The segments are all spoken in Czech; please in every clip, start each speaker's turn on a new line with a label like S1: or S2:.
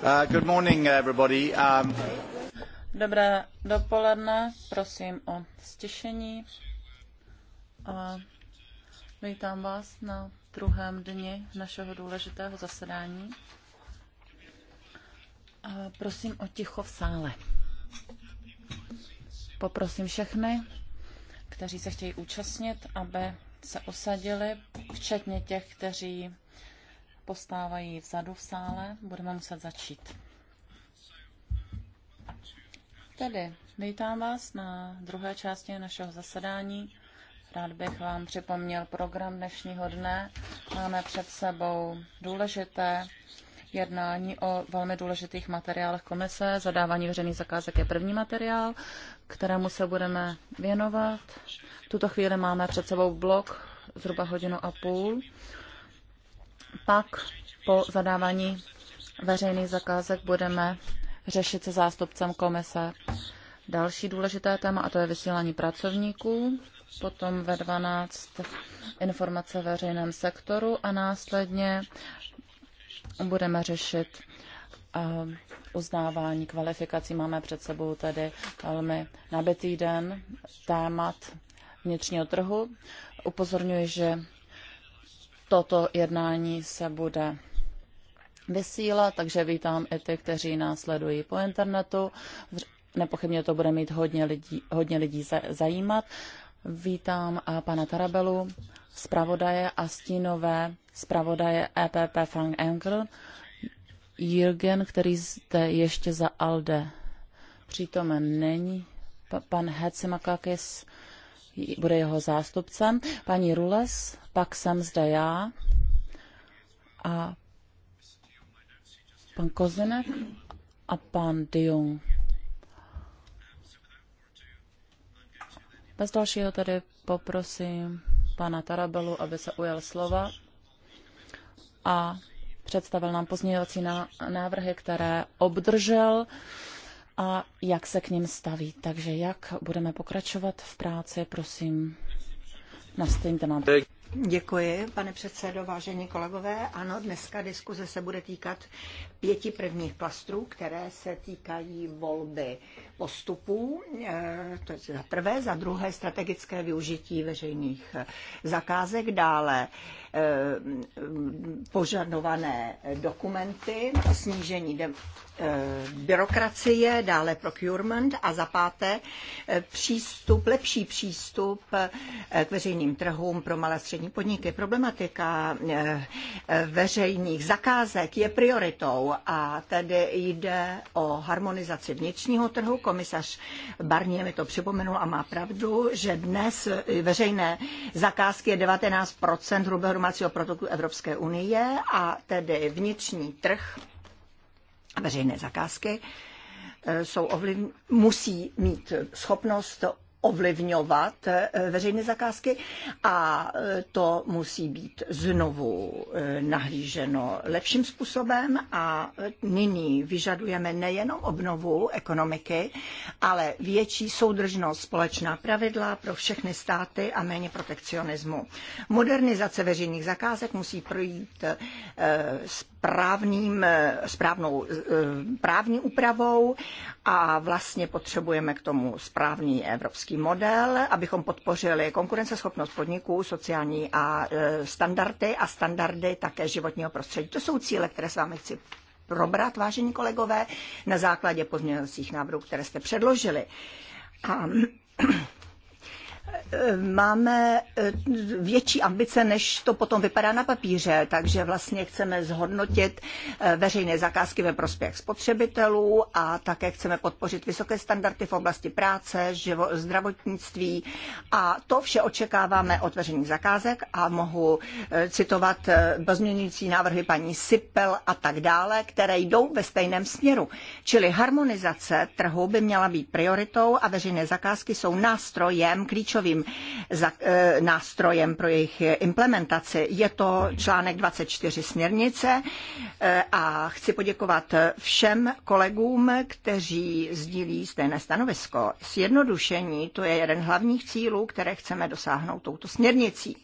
S1: Uh, um, Dobré dopoledne, prosím o stišení. A vítám vás na druhém dni našeho důležitého zasedání. A prosím o ticho v sále. Poprosím všechny, kteří se chtějí účastnit, aby se osadili, včetně těch, kteří postávají vzadu v sále. Budeme muset začít. Tedy, vítám vás na druhé části našeho zasedání. Rád bych vám připomněl program dnešního dne. Máme před sebou důležité jednání o velmi důležitých materiálech komise. Zadávání veřejných zakázek je první materiál, kterému se budeme věnovat. V tuto chvíli máme před sebou blok zhruba hodinu a půl pak po zadávání veřejných zakázek budeme řešit se zástupcem komise další důležité téma, a to je vysílání pracovníků, potom ve 12 informace v veřejném sektoru a následně budeme řešit eh, uznávání kvalifikací. Máme před sebou tedy velmi nabitý den témat vnitřního trhu. Upozorňuji, že toto jednání se bude vysílat, takže vítám i ty, kteří nás sledují po internetu. Nepochybně to bude mít hodně lidí, hodně lidí zajímat. Vítám a pana Tarabelu, zpravodaje a stínové zpravodaje EPP Frank Engel, Jürgen, který zde ještě za ALDE přítomen není, pan Hetzimakakis bude jeho zástupcem, paní Rules, pak jsem zde já a pan Kozinek a pan Dion. Bez dalšího tady poprosím pana Tarabelu, aby se ujal slova a představil nám pozměňovací návrhy, které obdržel a jak se k ním staví. Takže jak budeme pokračovat v práci, prosím,
S2: nastaňte nám.
S1: Děkuji,
S2: pane předsedo, vážení kolegové. Ano, dneska diskuze se bude týkat pěti prvních plastrů, které se týkají volby postupů. E, to je za prvé, za druhé strategické využití veřejných zakázek, dále Eh, požadované dokumenty, snížení de, eh, byrokracie, dále procurement a za páté eh, přístup, lepší přístup k veřejným trhům pro malé a střední podniky. Problematika veřejných zakázek je prioritou a tedy jde o harmonizaci vnitřního trhu. Komisař Barnier mi to připomenul a má pravdu, že dnes veřejné zakázky je 19 hrubého domácího produktu Evropské unie a tedy vnitřní trh a veřejné zakázky e, jsou ovlivn- musí mít schopnost ovlivňovat eh, veřejné zakázky a eh, to musí být znovu eh, nahlíženo lepším způsobem a nyní vyžadujeme nejenom obnovu ekonomiky, ale větší soudržnost společná pravidla pro všechny státy a méně protekcionismu. Modernizace veřejných zakázek musí projít právním, eh, správnou eh, právní úpravou a vlastně potřebujeme k tomu správný evropský model, abychom podpořili konkurenceschopnost podniků, sociální a eh, standardy a standardy také životního prostředí. To jsou cíle, které s vámi chci probrat, vážení kolegové, na základě pozměňovacích návrhů, které jste předložili. A máme eh, větší ambice, než to potom vypadá na papíře, takže vlastně chceme zhodnotit eh, veřejné zakázky ve prospěch spotřebitelů a také chceme podpořit vysoké standardy v oblasti práce, živo, zdravotnictví a to vše očekáváme od veřejných zakázek a mohu eh, citovat pozměňující návrhy paní Sipel a tak dále, které jdou ve stejném směru. Čili harmonizace trhu by měla být prioritou a veřejné zakázky jsou nástrojem klíčovým klíčovým eh, nástrojem pro jejich implementaci. Je to článek 24 směrnice eh, a chci poděkovat všem kolegům, kteří sdílí stejné stanovisko. Sjednodušení to je jeden hlavních cílů, které chceme dosáhnout touto směrnicí.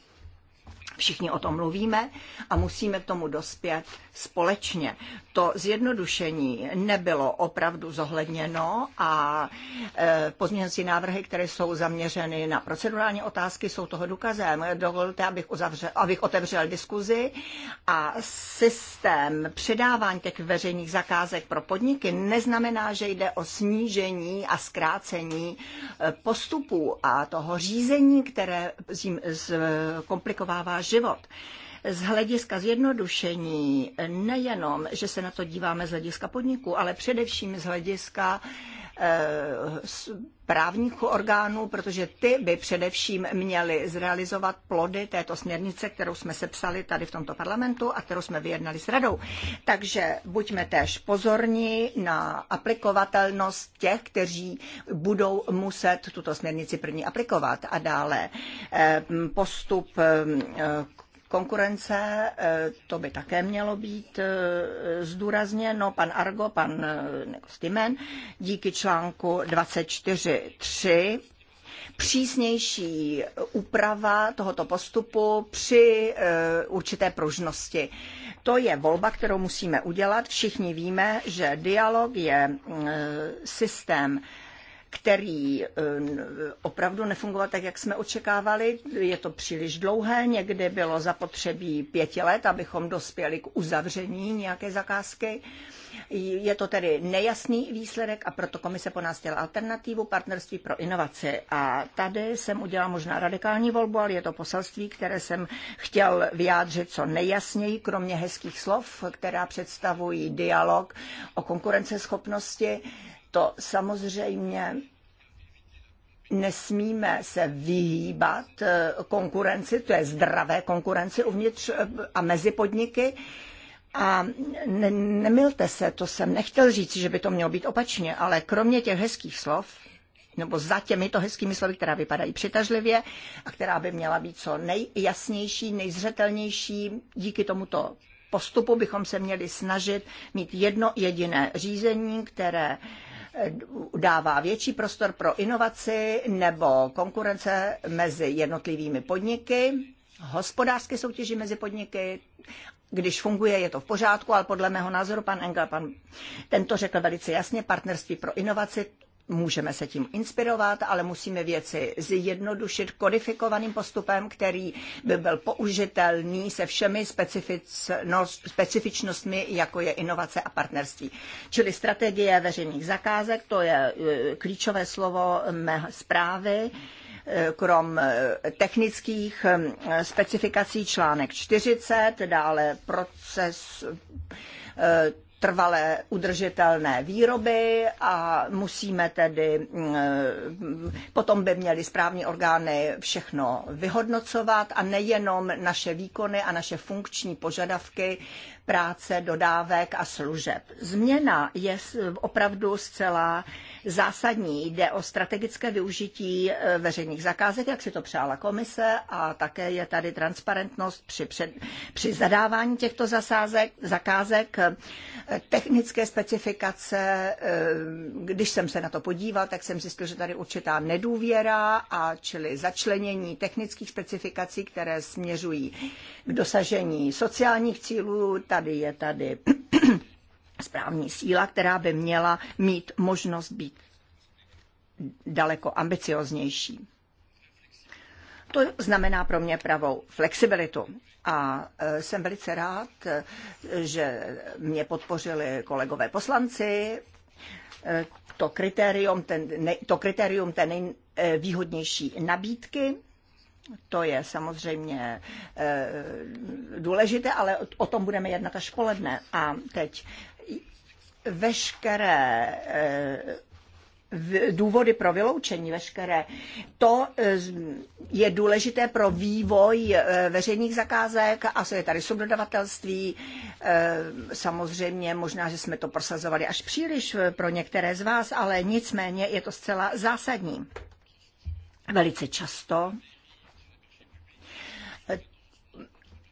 S2: Všichni o tom mluvíme a musíme k tomu dospět společně. To zjednodušení nebylo opravdu zohledněno a e, pozměňovací návrhy, které jsou zaměřeny na procedurální otázky, jsou toho důkazem. Dovolte, abych, uzavřel, abych otevřel diskuzi a systém předávání těch veřejných zakázek pro podniky neznamená, že jde o snížení a zkrácení e, postupů a toho řízení, které e, komplikovává život z hlediska zjednodušení nejenom, že se na to díváme z hlediska podniku, ale především z hlediska Eh, právních orgánů, protože ty by především měly zrealizovat plody této směrnice, kterou jsme sepsali tady v tomto parlamentu a kterou jsme vyjednali s radou. Takže buďme též pozorní na aplikovatelnost těch, kteří budou muset tuto směrnici první aplikovat a dále eh, postup eh, Konkurence, eh, to by také mělo být eh, zdůrazněno. Pan Argo, pan eh, Stimen, díky článku 24.3 přísnější úprava tohoto postupu při určité pružnosti. To je volba, kterou musíme udělat. Všichni víme, že dialog je mm, systém který eh, opravdu nefungoval tak, jak jsme očekávali. Je to příliš dlouhé, někdy bylo zapotřebí pěti let, abychom dospěli k uzavření nějaké zakázky. Je to tedy nejasný výsledek a proto komise po nás chtěla alternativu partnerství pro inovaci. A tady jsem udělal možná radikální volbu, ale je to poselství, které jsem chtěl vyjádřit co nejjasněji, kromě hezkých slov, která představují dialog o konkurenceschopnosti to samozřejmě nesmíme se vyhýbat eh, konkurenci, to je zdravé konkurenci uvnitř eh, a mezi podniky. A ne, nemilte se, to jsem nechtěl říct, že by to mělo být opačně, ale kromě těch hezkých slov, nebo za těmito hezkými slovy, která vypadají přitažlivě a která by měla být co nejjasnější, nejzřetelnější, díky tomuto postupu bychom se měli snažit mít jedno jediné řízení, které dává větší prostor pro inovaci nebo konkurence mezi jednotlivými podniky, hospodářské soutěži mezi podniky. Když funguje, je to v pořádku, ale podle mého názoru pan Engel, pan, tento řekl velice jasně, partnerství pro inovaci, Můžeme se tím inspirovat, ale musíme věci zjednodušit kodifikovaným postupem, který by byl použitelný se všemi specifičnostmi, jako je inovace a partnerství. Čili strategie veřejných zakázek, to je e, klíčové slovo mé zprávy e, krom e, technických specifikací článek 40, dále proces trvalé udržitelné výroby a musíme tedy, mm, potom by měly správní orgány všechno vyhodnocovat a nejenom naše výkony a naše funkční požadavky práce, dodávek a služeb. Změna je opravdu zcela zásadní. Jde o strategické využití eh, veřejných zakázek, jak si to přála komise, a také je tady transparentnost při, před, při zadávání těchto zasázek, zakázek, eh, technické specifikace. Eh, když jsem se na to podíval, tak jsem zjistil, že tady určitá nedůvěra a čili začlenění technických specifikací, které směřují
S3: k dosažení
S2: sociálních cílů. Tady je tady správní síla, která by měla mít možnost být daleko ambicioznější. To znamená pro mě pravou flexibilitu. A e, jsem velice rád, že mě podpořili kolegové poslanci. E, to kritérium, ten, to kritérium té nejvýhodnější e, nabídky to je samozřejmě eh, důležité, ale o tom budeme jednat až poledne. A teď veškeré eh, důvody pro vyloučení veškeré. To eh, je důležité pro vývoj veřejných zakázek a co je tady subdodavatelství. Samozřejmě možná, že jsme to prosazovali až příliš pro některé z vás, ale nicméně je to zcela zásadní. Velice často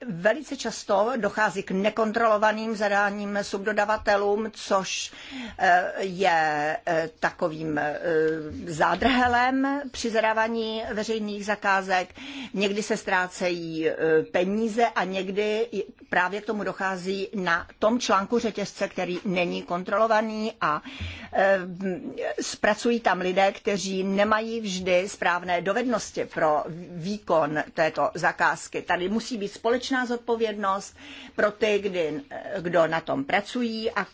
S2: Velice často dochází k nekontrolovaným zadáním subdodavatelům, což eh, je eh, takovým eh, zádrhelem při zadávání veřejných zakázek. Někdy se ztrácejí peníze a někdy právě k tomu dochází na tom článku řetězce, který není kontrolovaný a zpracují tam lidé, kteří nemají vždy správné dovednosti pro výkon této zakázky. Tady musí být společná společná zodpovědnost pro ty, kdy, kdo na tom pracují a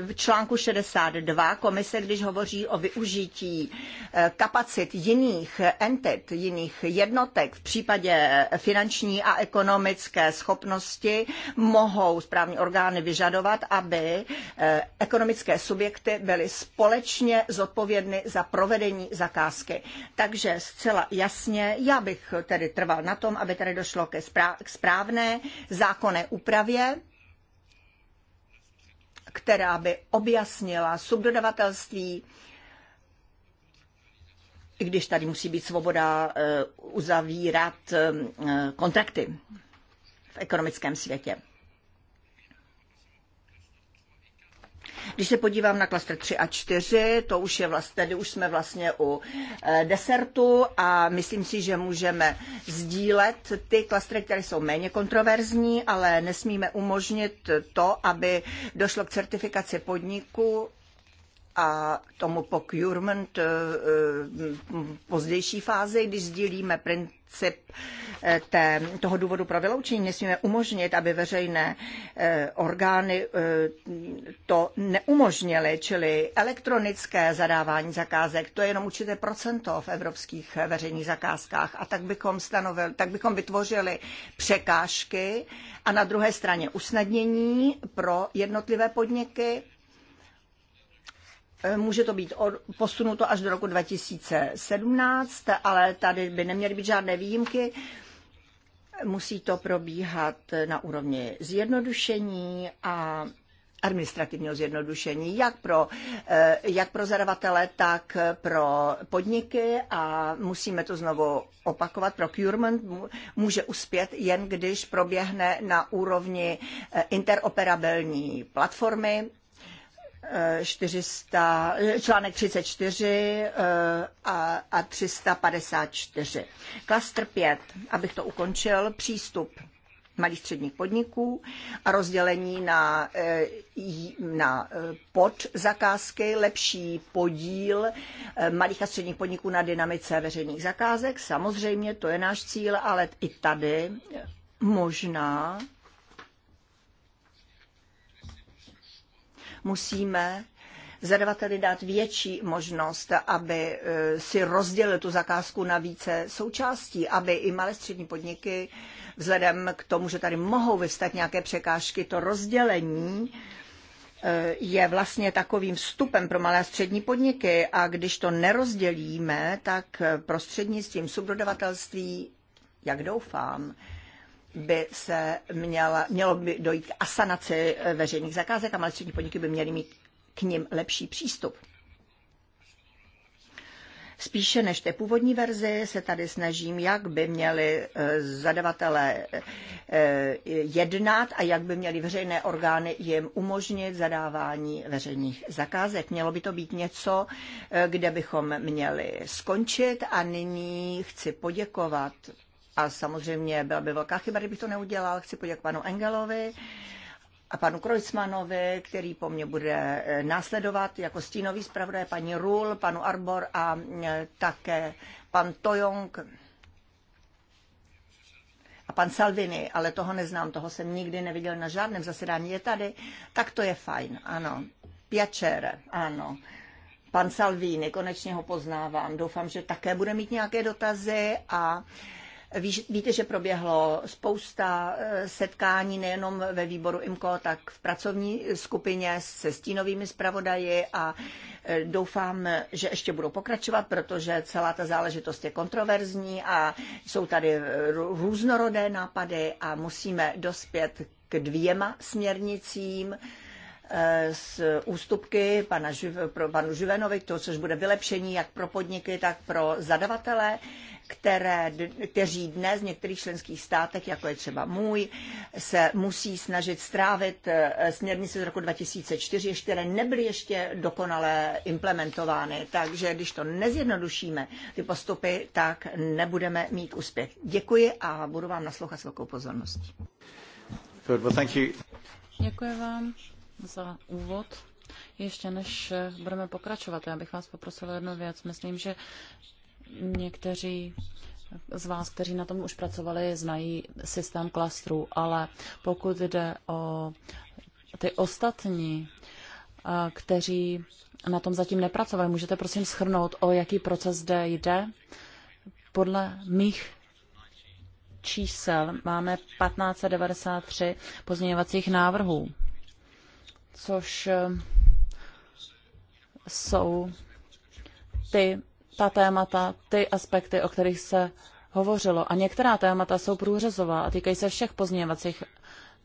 S2: v článku 62 komise, když hovoří o využití eh, kapacit jiných entit, jiných jednotek v případě finanční a ekonomické schopnosti, mohou správní orgány vyžadovat, aby eh, ekonomické subjekty byly společně zodpovědny za provedení zakázky. Takže zcela jasně, já bych tedy trval na tom, aby tady došlo ke správné zákonné úpravě která by objasnila subdodavatelství, i když tady musí být svoboda eh, uzavírat eh, kontrakty v ekonomickém světě. Když se podívám na klaster 3 a 4, to už je vlastně, tedy už jsme vlastně u eh, desertu a myslím si, že můžeme sdílet ty klastry, které jsou méně kontroverzní, ale nesmíme umožnit to, aby došlo k certifikaci podniku a tomu procurement eh, eh, pozdější fázi, když sdílíme princip eh, té, toho důvodu pro vyloučení, nesmíme umožnit, aby veřejné orgány to neumožnily, čili elektronické zadávání zakázek, to je jenom určité procento v evropských veřejných zakázkách a tak bychom, stanovil, tak bychom vytvořili překážky a na druhé straně usnadnění pro jednotlivé podniky, Eh, může to být posunuto až do roku 2017, ale tady by neměly být žádné výjimky. Musí to probíhat na úrovni zjednodušení a administrativního zjednodušení, jak pro, eh, jak pro zadavatele, tak pro podniky a musíme to znovu opakovat. Procurement může uspět jen, když proběhne na úrovni eh, interoperabilní platformy 400, článek 34 eh, a, a 354. Klaster 5, abych to ukončil, přístup malých středních podniků a rozdělení na, eh, na eh, podzakázky, lepší podíl malých a středních podniků na dynamice veřejných zakázek. Samozřejmě to je náš cíl, ale i tady možná musíme zadavateli dát větší možnost, aby e, si rozdělil tu zakázku na více součástí, aby i malé střední podniky vzhledem k tomu, že tady mohou vyvstat nějaké překážky, to rozdělení e, je vlastně takovým vstupem pro malé a střední podniky a když to nerozdělíme, tak prostřednictvím subdodavatelství, jak doufám, by se měla, mělo by dojít k asanaci eh, veřejných zakázek a malé střední podniky by měly mít k ním lepší přístup. Spíše než té původní verzi se tady snažím, jak by měli eh, zadavatelé eh, jednat a jak by měli veřejné orgány jim umožnit zadávání veřejných zakázek. Mělo by to být něco, kde bychom měli skončit a nyní chci poděkovat a samozřejmě byla by velká chyba, kdybych to neudělal. Chci poděkovat panu Engelovi a panu Krojcmanovi, který po mně bude eh, následovat jako stínový zpravodaj, paní Rul, panu Arbor a eh, také pan Tojong a pan Salvini, ale toho neznám, toho jsem nikdy neviděl na žádném zasedání, je tady, tak to je fajn, ano. Piacere, ano. Pan Salvini, konečně ho poznávám, doufám, že také bude mít nějaké dotazy a uh, Víte, že proběhlo spousta eh, setkání nejenom ve výboru IMCO, tak v pracovní skupině se stínovými zpravodaji a eh, doufám, že ještě budou pokračovat, protože celá ta záležitost je kontroverzní a jsou tady eh, různorodé nápady a musíme dospět k dvěma směrnicím z ústupky pana, pro panu Živenovi, to, což bude vylepšení jak pro podniky, tak pro zadavatele které, kteří dnes v některých členských státech, jako je třeba můj, se musí snažit strávit eh, směrnice z roku 2004, které nebyly ještě dokonale implementovány. Takže když to nezjednodušíme, ty postupy, tak nebudeme mít úspěch. Děkuji a budu vám naslouchat s velkou pozorností. thank you.
S1: Děkuji vám za úvod. Ještě než eh, budeme pokračovat, já bych vás poprosila jednu věc. Myslím, že Někteří z vás, kteří na tom už pracovali, znají systém klastrů, ale pokud jde o ty ostatní, kteří na tom zatím nepracovali, můžete prosím schrnout, o jaký proces zde jde? Podle mých čísel máme 1593 pozměňovacích návrhů, což e, jsou ty ta témata, ty aspekty, o kterých se hovořilo. A některá témata jsou průřezová a týkají se všech pozměňovacích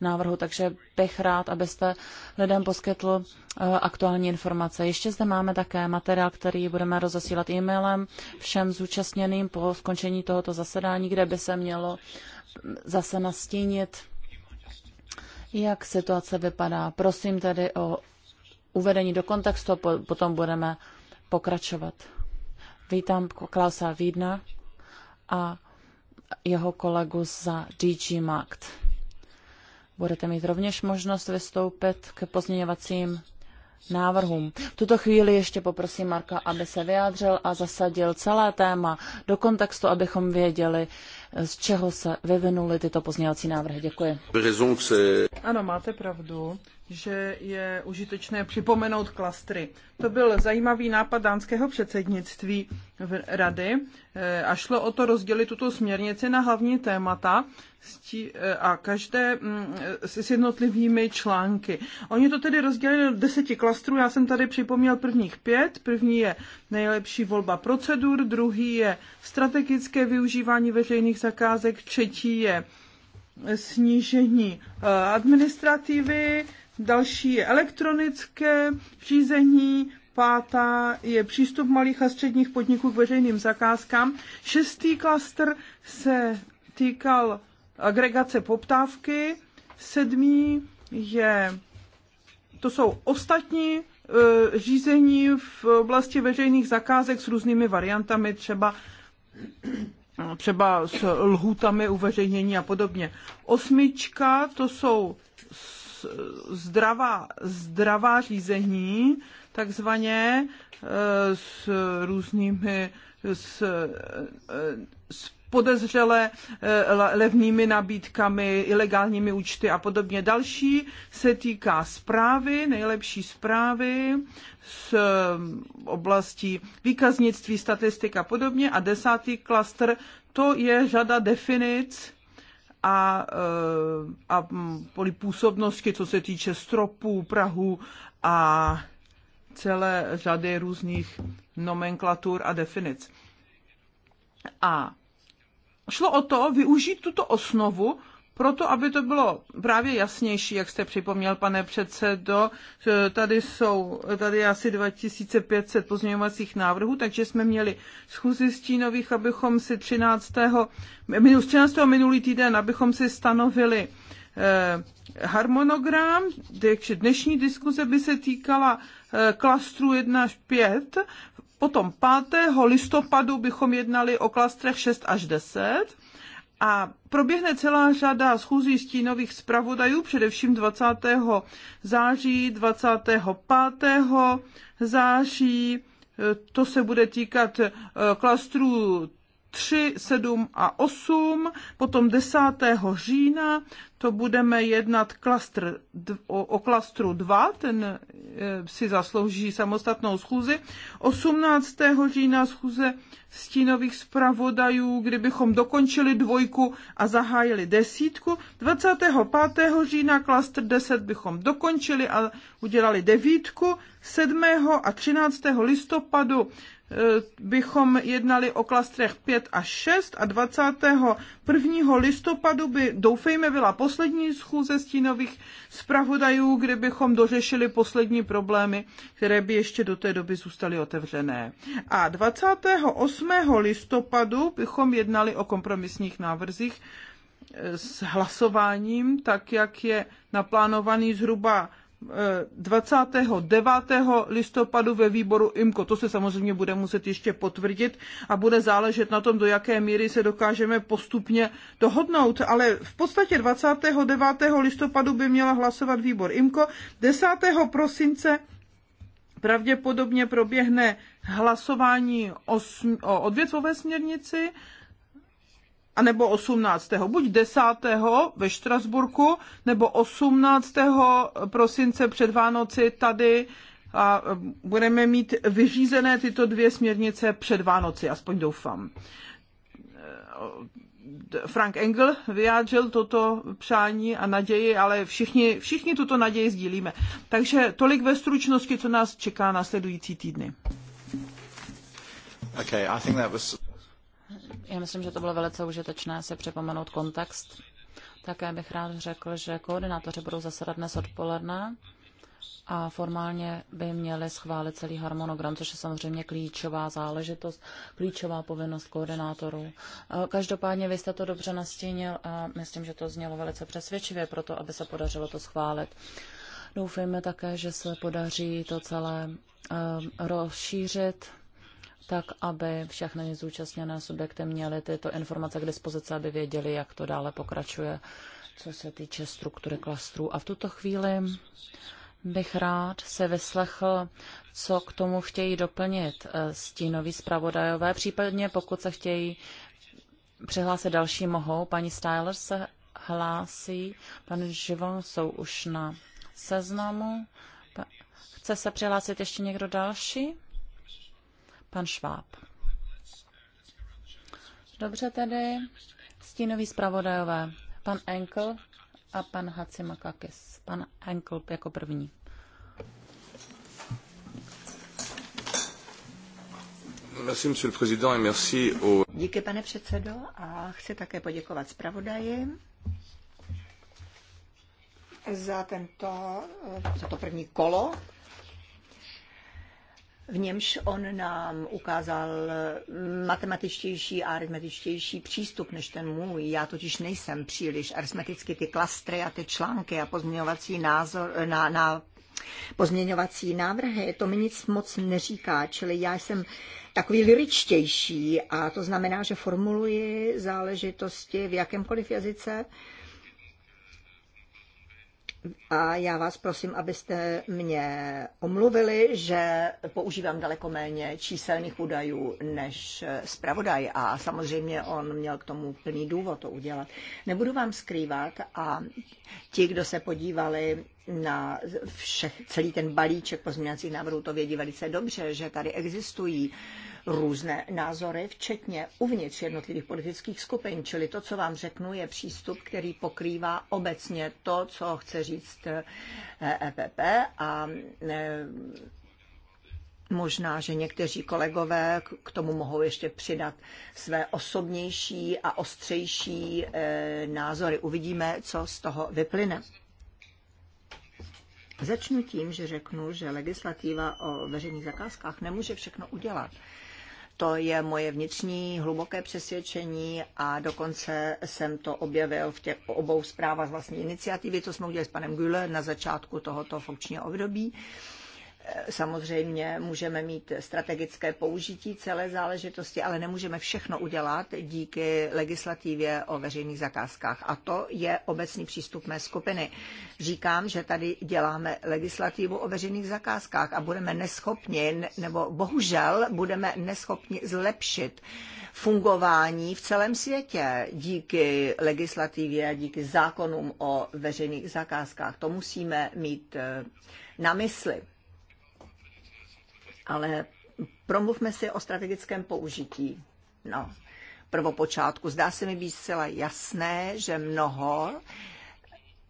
S1: návrhů, takže bych rád, abyste lidem poskytl eh, aktuální informace. Ještě zde máme také materiál, který budeme rozesílat e-mailem všem zúčastněným po skončení tohoto zasedání, kde by se mělo hm, zase nastínit, jak situace vypadá. Prosím tedy o uvedení do kontextu a potom budeme pokračovat. Vítám Klausa Vídna a jeho kolegu za DG Markt. Budete mít rovněž možnost vystoupit k pozměňovacím návrhům. V tuto chvíli ještě poprosím Marka, aby se vyjádřil a zasadil celé téma do kontextu, abychom věděli,
S3: z čeho se vyvinuly tyto pozměňovací návrhy. Děkuji. Ano, máte pravdu že je užitečné připomenout klastry. To byl zajímavý nápad dánského předsednictví v rady eh, a šlo o to rozdělit tuto směrnici na hlavní témata eh, a každé mm, eh, s jednotlivými články. Oni to tedy rozdělili do deseti klastrů, já jsem tady připomněl prvních pět. První je nejlepší volba procedur, druhý je strategické využívání veřejných zakázek, třetí je snížení administrativy, další je elektronické řízení, pátá je přístup malých a středních podniků k veřejným zakázkám. Šestý klaster se týkal agregace poptávky, sedmý je, to jsou ostatní e, řízení v oblasti veřejných zakázek s různými variantami, třeba třeba s lhůtami uveřejnění a podobně. Osmička, to jsou zdravá, zdravá řízení, takzvaně eh, s různými s, eh, s podezřele eh, levnými nabídkami, ilegálními účty a podobně. Další se týká zprávy, nejlepší zprávy z oblastí výkaznictví, statistik a podobně. A desátý klaster, to je řada definic, a, eh, a působnosti, co se týče stropů, Prahu a celé řady různých nomenklatur a definic. A šlo o to využít tuto osnovu proto, aby to bylo právě jasnější, jak jste připomněl, pane předsedo, tady jsou tady asi 2500 pozměňovacích návrhů, takže jsme měli schůzi stínových, abychom si 13. minus 13. minulý týden, abychom si stanovili eh, harmonogram, takže dnešní diskuze by se týkala eh, klastru 1 až 5, potom 5. listopadu bychom jednali o klastrech 6 až 10, a proběhne celá řada schůzí stínových zpravodajů, především 20. září, 25. září, e, to se bude týkat e, klastrů 3, 7 a 8, potom 10. října, to budeme jednat klastr, o, o klastru 2, ten e, si zaslouží samostatnou schůzi. 18. října schůze stínových zpravodajů, kdybychom dokončili dvojku a zahájili desítku. 25. října klastr 10 bychom dokončili a udělali devítku. 7. a 13. listopadu Eh, bychom jednali o klastrech 5 a 6 a 21. listopadu by, doufejme, byla poslední schůze stínových zpravodajů, kde bychom dořešili poslední problémy, které by ještě do té doby zůstaly otevřené. A 28. listopadu bychom jednali o kompromisních návrzích eh, s hlasováním, tak jak je naplánovaný zhruba 29. listopadu ve výboru IMKO. To se samozřejmě bude muset ještě potvrdit a bude záležet na tom, do jaké míry se dokážeme postupně dohodnout. Ale v podstatě 29. listopadu by měla hlasovat výbor IMKO. 10. prosince pravděpodobně proběhne hlasování o, o odvětvové směrnici anebo 18. buď 10. ve Štrasburku, nebo 18. prosince před Vánoci tady a budeme mít vyřízené tyto dvě směrnice před Vánoci, aspoň doufám. Frank Engel vyjádřil toto přání a naději, ale všichni, všichni tuto naději sdílíme. Takže tolik ve stručnosti, co nás čeká následující týdny.
S1: Okay, I think that was... Já myslím, že to bylo velice užitečné si připomenout kontext. Také bych rád řekl, že koordinátoři budou zasedat dnes odpoledne a formálně by měli schválit celý harmonogram, což je samozřejmě klíčová záležitost, klíčová povinnost koordinátorů. Eh, každopádně vy jste to dobře nastínil a myslím, že to znělo velice přesvědčivě pro to, aby se podařilo to schválit. Doufejme také, že se podaří to celé eh, rozšířit tak aby všechny zúčastněné subjekty měly tyto informace k dispozici, aby věděli, jak to dále pokračuje, co se týče struktury klastrů. A v tuto chvíli bych rád se vyslechl, co k tomu chtějí doplnit eh, stínoví zpravodajové, případně pokud se chtějí přihlásit další mohou. Paní Styler se hlásí, pan Živon jsou už na seznamu. Chce se přihlásit ještě někdo další? Pan Šváb. Dobře tedy, stínový zpravodajové, pan Enkel a pan Hacimakakis. Pan Enkel jako první.
S2: Díky, pane předsedo, a chci také poděkovat zpravodaji za tento, za to první kolo v němž on nám ukázal matematičtější a aritmetičtější přístup než ten můj. Já totiž nejsem příliš aritmeticky ty klastry a ty články a pozměňovací názor, na, na pozměňovací návrhy, to mi nic moc neříká, čili já jsem takový liričtější a to znamená, že formuluji záležitosti v jakémkoliv jazyce, a já vás prosím, abyste mě omluvili, že používám daleko méně číselných údajů než zpravodaj a samozřejmě on měl k tomu plný důvod to udělat. Nebudu vám skrývat a ti, kdo se podívali na všech, celý ten balíček pozměňovacích návrhů, to vědí velice dobře, že tady existují uh, různé názory, včetně uvnitř jednotlivých politických skupin. Čili to, co vám řeknu, je přístup, který pokrývá obecně to, co chce říct EPP eh, e a eh, Možná, že někteří kolegové k tomu mohou ještě přidat své osobnější a ostřejší eh, názory. Uvidíme, co z toho vyplyne. Začnu tím, že řeknu, že legislativa o veřejných zakázkách nemůže všechno udělat. To je moje vnitřní hluboké přesvědčení a dokonce jsem to objevil v těch obou zprávách vlastní iniciativy. co jsme udělali s panem Güller na začátku tohoto funkčního období. Samozřejmě můžeme mít strategické použití celé záležitosti, ale nemůžeme všechno udělat díky legislativě o veřejných zakázkách. A to je obecný přístup mé skupiny. Říkám, že tady děláme legislativu o veřejných zakázkách a budeme neschopni, nebo bohužel budeme neschopni zlepšit fungování v celém světě díky legislativě a díky zákonům o veřejných zakázkách. To musíme mít eh, na mysli ale promluvme si o strategickém použití. No, prvopočátku. Zdá se mi být zcela jasné, že mnoho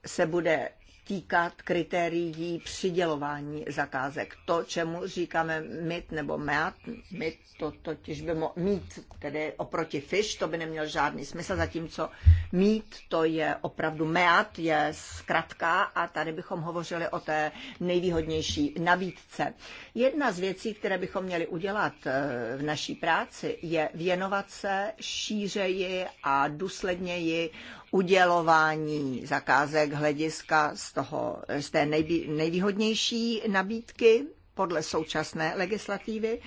S2: se bude týkat kritérií přidělování zakázek. To, čemu říkáme MIT nebo MAT, MIT to totiž by mo- mít, tedy oproti FISH, to by neměl žádný smysl, zatímco mít to je opravdu MEAT, je zkratka a tady bychom hovořili o té nejvýhodnější nabídce. Jedna z věcí, které bychom měli udělat eh, v naší práci, je věnovat se šířeji a důsledněji udělování zakázek hlediska z, toho, z té nejvýhodnější nabídky podle současné legislativy,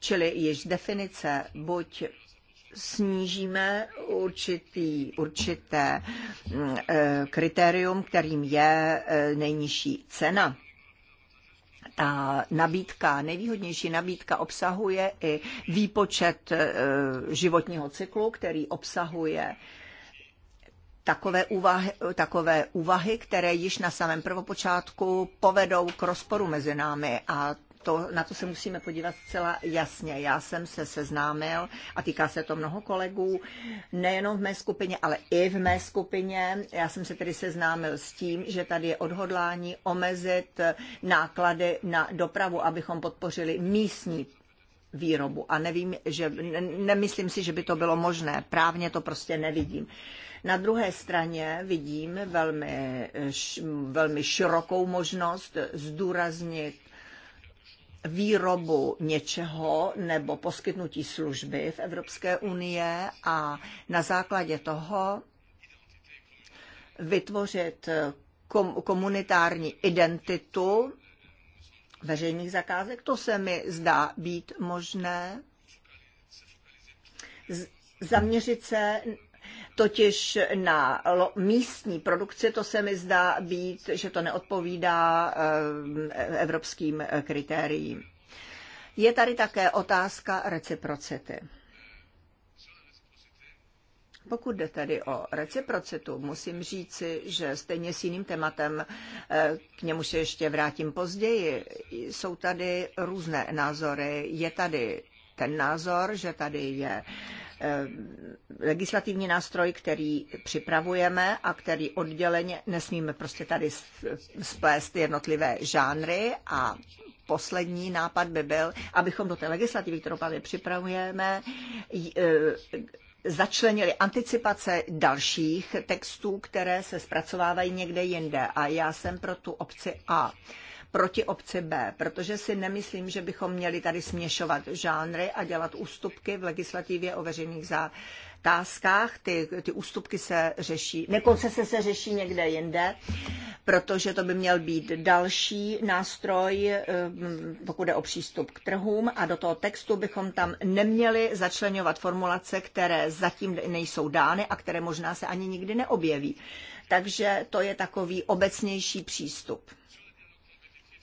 S2: čili již z definice buď snížíme určitý, určité mm, e, kritérium, kterým je e, nejnižší cena ta nabídka, nejvýhodnější nabídka obsahuje i výpočet e, životního cyklu, který obsahuje takové úvahy, takové úvahy, které již na samém prvopočátku povedou k rozporu mezi námi a to, na to se musíme podívat zcela jasně. Já jsem se seznámil a týká se to mnoho kolegů, nejenom v mé skupině, ale i v mé skupině. Já jsem se tedy seznámil s tím, že tady je odhodlání omezit náklady na dopravu, abychom podpořili místní výrobu. A nevím, že, nemyslím si, že by to bylo možné. Právně to prostě nevidím. Na druhé straně vidím velmi, velmi širokou možnost zdůraznit výrobu něčeho nebo poskytnutí služby v Evropské unie a na základě toho vytvořit komunitární identitu veřejných zakázek. To se mi zdá být možné. Zaměřit se totiž na místní produkci, to se mi zdá být, že to neodpovídá eh, evropským eh, kritériím. Je tady také otázka reciprocity. Pokud jde tedy o reciprocitu, musím říci, že stejně s jiným tématem, eh, k němu se ještě vrátím později, jsou tady různé názory. Je tady ten názor, že tady je eh, legislativní nástroj, který připravujeme a který odděleně nesmíme prostě tady splést jednotlivé žánry a poslední nápad by byl, abychom do té legislativy, kterou právě připravujeme, eh, začlenili anticipace dalších textů, které se zpracovávají někde jinde. A já jsem pro tu obci A proti obci B, protože si nemyslím, že bychom měli tady směšovat žánry a dělat ústupky v legislativě o veřejných zátázkách. Ty, ty ústupky se řeší, nekoncese se řeší někde jinde, protože to by měl být další nástroj, eh, pokud je o přístup k trhům a do toho textu bychom tam neměli začlenovat formulace, které zatím nejsou dány a které možná se ani nikdy neobjeví. Takže to je takový obecnější přístup.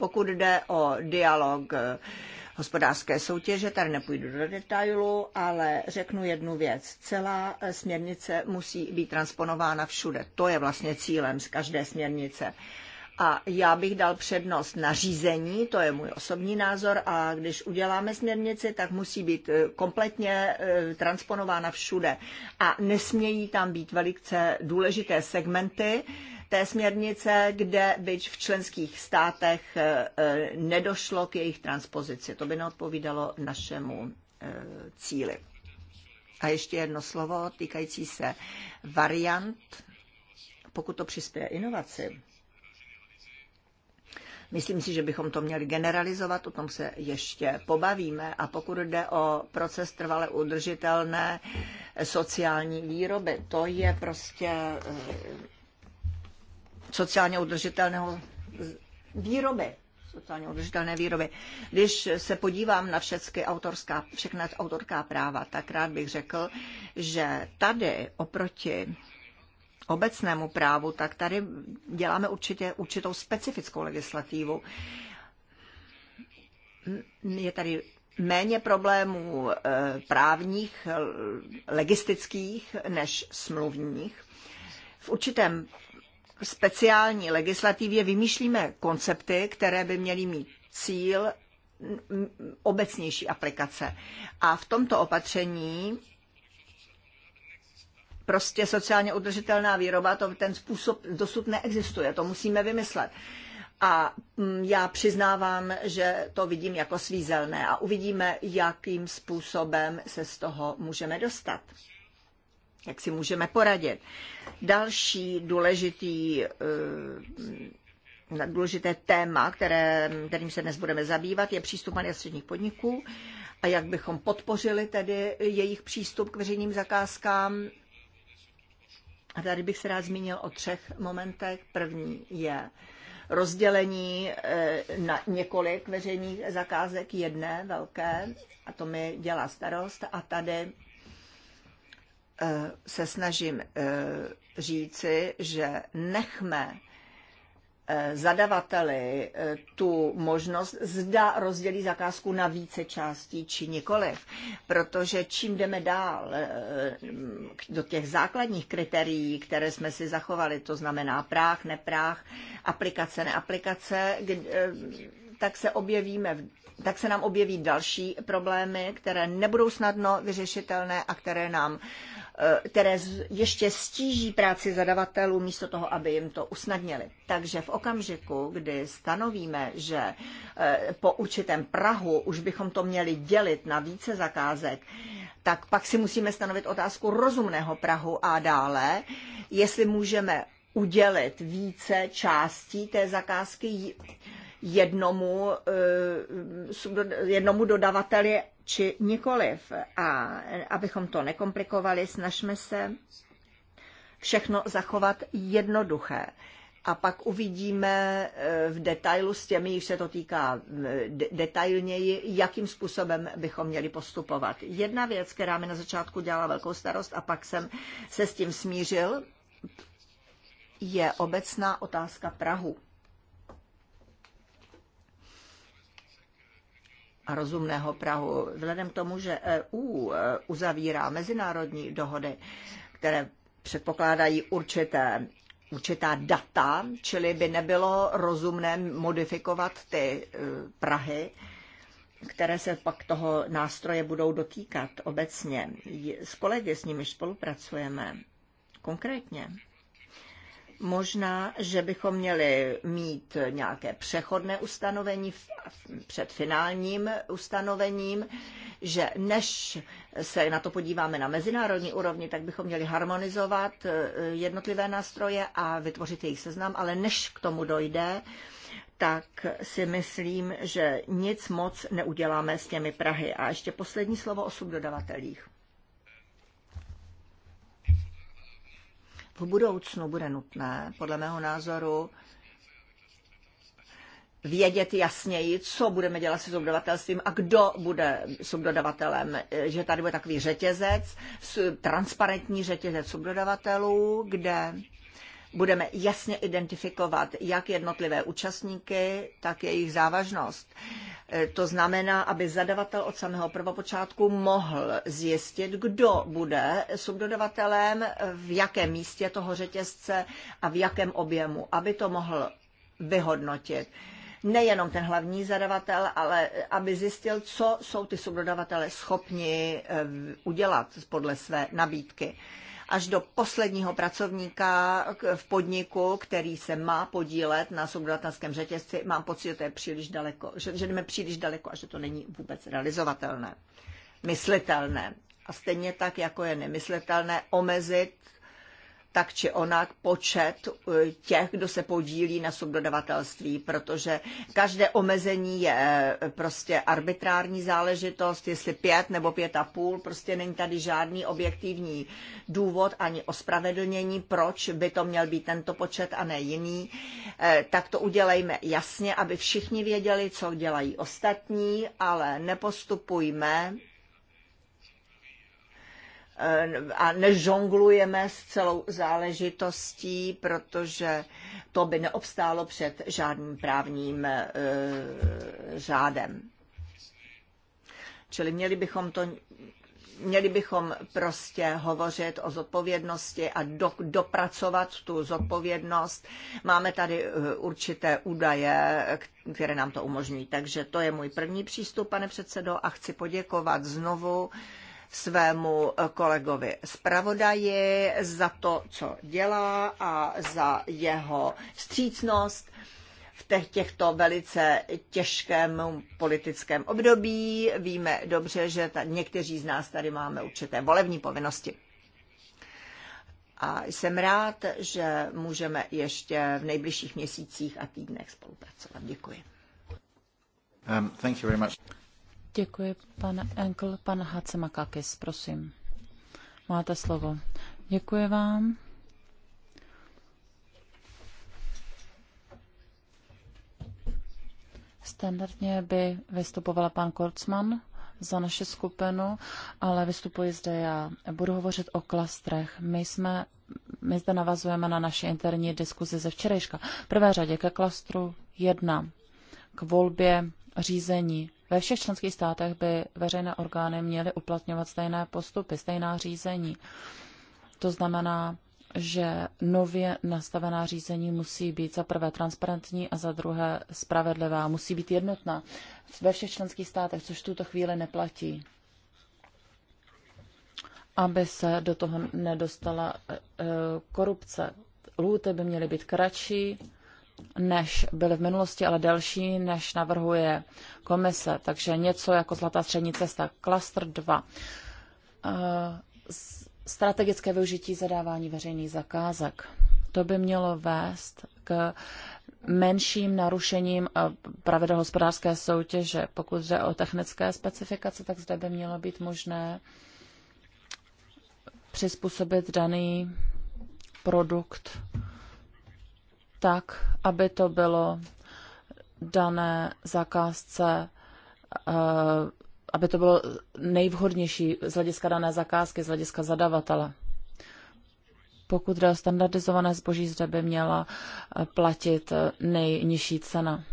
S2: Pokud jde o dialog eh, hospodářské soutěže, tady nepůjdu do detailu, ale řeknu jednu věc. Celá eh, směrnice musí být transponována všude. To je vlastně cílem z každé směrnice. A já bych dal přednost nařízení, to je můj osobní názor, a když uděláme směrnici, tak musí být eh, kompletně transponována všude. A nesmějí tam být velice důležité segmenty, té směrnice, kde byť v členských státech eh, eh, nedošlo k jejich transpozici. To by neodpovídalo našemu eh, cíli. A ještě jedno slovo týkající se variant, pokud to přispěje inovaci. Myslím si, že bychom to měli generalizovat, o tom se ještě pobavíme. A pokud jde o proces trvale udržitelné sociální výroby, to je prostě sociálně udržitelného výroby sociálně udržitelné výroby. Když se podívám na všechny autorská, všechna autorská práva, tak rád bych řekl, že tady oproti obecnému právu, tak tady děláme určitě určitou specifickou legislativu. Je tady méně problémů eh, právních, legistických než smluvních. V určitém speciální legislativě vymýšlíme koncepty, které by měly mít cíl obecnější aplikace. A v tomto opatření prostě sociálně udržitelná výroba, to, ten způsob dosud neexistuje, to musíme vymyslet. A mm, já přiznávám, že to vidím jako svízelné a uvidíme, jakým způsobem se z toho můžeme dostat jak si můžeme poradit. Další důležitý, eh, důležité téma, které, kterým se dnes budeme zabývat, je přístup malých a středních podniků a jak bychom podpořili tedy jejich přístup k veřejným zakázkám. A tady bych se rád zmínil o třech momentech. První je rozdělení eh, na několik veřejných zakázek jedné velké, a to mi dělá starost, a tady Eh, se snažím eh, říci, že nechme eh, zadavateli tu možnost, zda rozdělí zakázku na více částí či nikoliv. Protože čím jdeme dál do těch základních kritérií, které jsme si zachovali, to znamená práh, nepráh, aplikace, neaplikace, tak se objevíme v tak se nám objeví další problémy, které nebudou snadno vyřešitelné a které nám Eh, které ještě stíží práci zadavatelů místo toho, aby jim to usnadnili. Takže v okamžiku, kdy stanovíme, že eh, po určitém Prahu už bychom to měli dělit na více zakázek, tak pak si musíme stanovit otázku rozumného Prahu a dále, jestli můžeme udělit více částí té zakázky jednomu, eh, jednomu dodavateli či nikoliv. A abychom to nekomplikovali, snažme se všechno zachovat jednoduché. A pak uvidíme eh, v detailu s těmi, když se to týká eh, detailněji, jakým způsobem bychom měli postupovat. Jedna věc, která mi na začátku dělala velkou starost a pak jsem se s tím smířil, je obecná otázka Prahu. a rozumného Prahu. Vzhledem k tomu, že EU e, uzavírá mezinárodní dohody, které předpokládají určité určitá data, čili by nebylo rozumné modifikovat ty e, Prahy, které se pak toho nástroje budou dotýkat obecně. S kolegy, s nimi spolupracujeme konkrétně, Možná, že bychom měli mít nějaké přechodné ustanovení před finálním ustanovením, že než se na to podíváme na mezinárodní úrovni, tak bychom měli harmonizovat e, jednotlivé nástroje a vytvořit jejich seznam, ale než k tomu dojde, tak si myslím, že nic moc neuděláme s těmi Prahy. A ještě poslední slovo o subdodavatelích. v budoucnu bude nutné, podle mého názoru, vědět jasněji, co budeme dělat se subdodavatelstvím a kdo bude subdodavatelem. Že tady bude takový řetězec, transparentní řetězec subdodavatelů, kde budeme jasně identifikovat jak jednotlivé účastníky, tak jejich závažnost. To znamená, aby zadavatel od samého prvopočátku mohl zjistit, kdo bude subdodavatelem, v jakém místě toho řetězce a v jakém objemu, aby to mohl vyhodnotit nejenom ten hlavní zadavatel, ale aby zjistil, co jsou ty subdodavatele schopni eh, udělat podle své nabídky až do posledního pracovníka v podniku, který se má podílet na subdodatelském řetězci, mám pocit, že to je příliš daleko, že, že jdeme příliš daleko a že to není vůbec realizovatelné, myslitelné. A stejně tak, jako je nemyslitelné omezit tak či onak počet eh, těch, kdo se podílí na subdodavatelství, protože každé omezení je eh, prostě arbitrární záležitost, jestli pět nebo pět a půl, prostě není tady žádný objektivní důvod ani ospravedlnění, proč by to měl být tento počet a ne jiný. Eh, tak to udělejme jasně, aby všichni věděli, co dělají ostatní, ale nepostupujme a nežonglujeme s celou záležitostí, protože to by neobstálo před žádným právním e, řádem. Čili měli bychom to měli bychom prostě hovořit o zodpovědnosti a do, dopracovat tu zodpovědnost. Máme tady e, určité údaje, které nám to umožní. Takže to je můj první přístup, pane předsedo, a chci poděkovat znovu svému eh, kolegovi zpravodaji za to, co dělá a za jeho střícnost v těchto velice těžkém politickém období. Víme dobře, že ta, někteří z nás tady máme určité volební povinnosti. A jsem rád, že můžeme ještě v nejbližších měsících a týdnech spolupracovat. Děkuji. Um, thank you very much. Děkuji, pan
S1: Enkl. Pan Hacemakakis, prosím. Máte slovo. Děkuji vám. Standardně by vystupovala pan Korcman za naši skupinu, ale vystupuji zde já. Budu hovořit o klastrech. My jsme my zde navazujeme na naše interní diskuzi ze včerejška. V prvé řadě ke klastru jedna, k volbě řízení ve všech členských státech by veřejné orgány měly uplatňovat stejné postupy, stejná řízení. To znamená, že nově nastavená řízení musí být za prvé transparentní a za druhé spravedlivá. Musí být jednotná ve všech členských státech, což v tuto chvíli neplatí. Aby se do toho nedostala eh, eh, korupce. Lůty by měly být kratší, než byly v minulosti, ale delší, než navrhuje komise. Takže něco jako zlatá střední cesta. Cluster 2. Eh, strategické využití zadávání veřejných zakázek. To by mělo vést k menším narušením eh, pravidel hospodářské soutěže. Pokud jde o technické specifikace, tak zde by mělo být možné přizpůsobit daný produkt tak, aby to bylo dané zakázce, eh, aby to bylo nejvhodnější z hlediska dané zakázky, z hlediska zadavatele. Pokud jde o standardizované zboží, zde by měla eh, platit eh, nejnižší cena.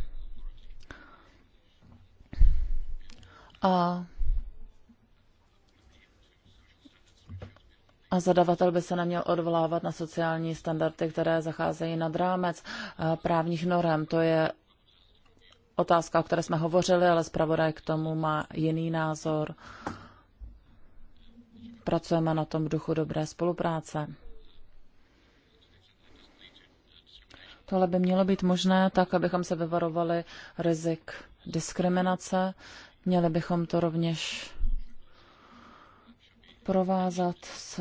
S1: A A zadavatel by se neměl odvolávat na sociální standardy, které zacházejí nad rámec eh, právních norem. To je otázka, o které jsme hovořili, ale zpravodaj k tomu má jiný názor. Pracujeme na tom v duchu dobré spolupráce. Tohle by mělo být možné tak, abychom se vyvarovali rizik diskriminace. Měli bychom to rovněž provázat s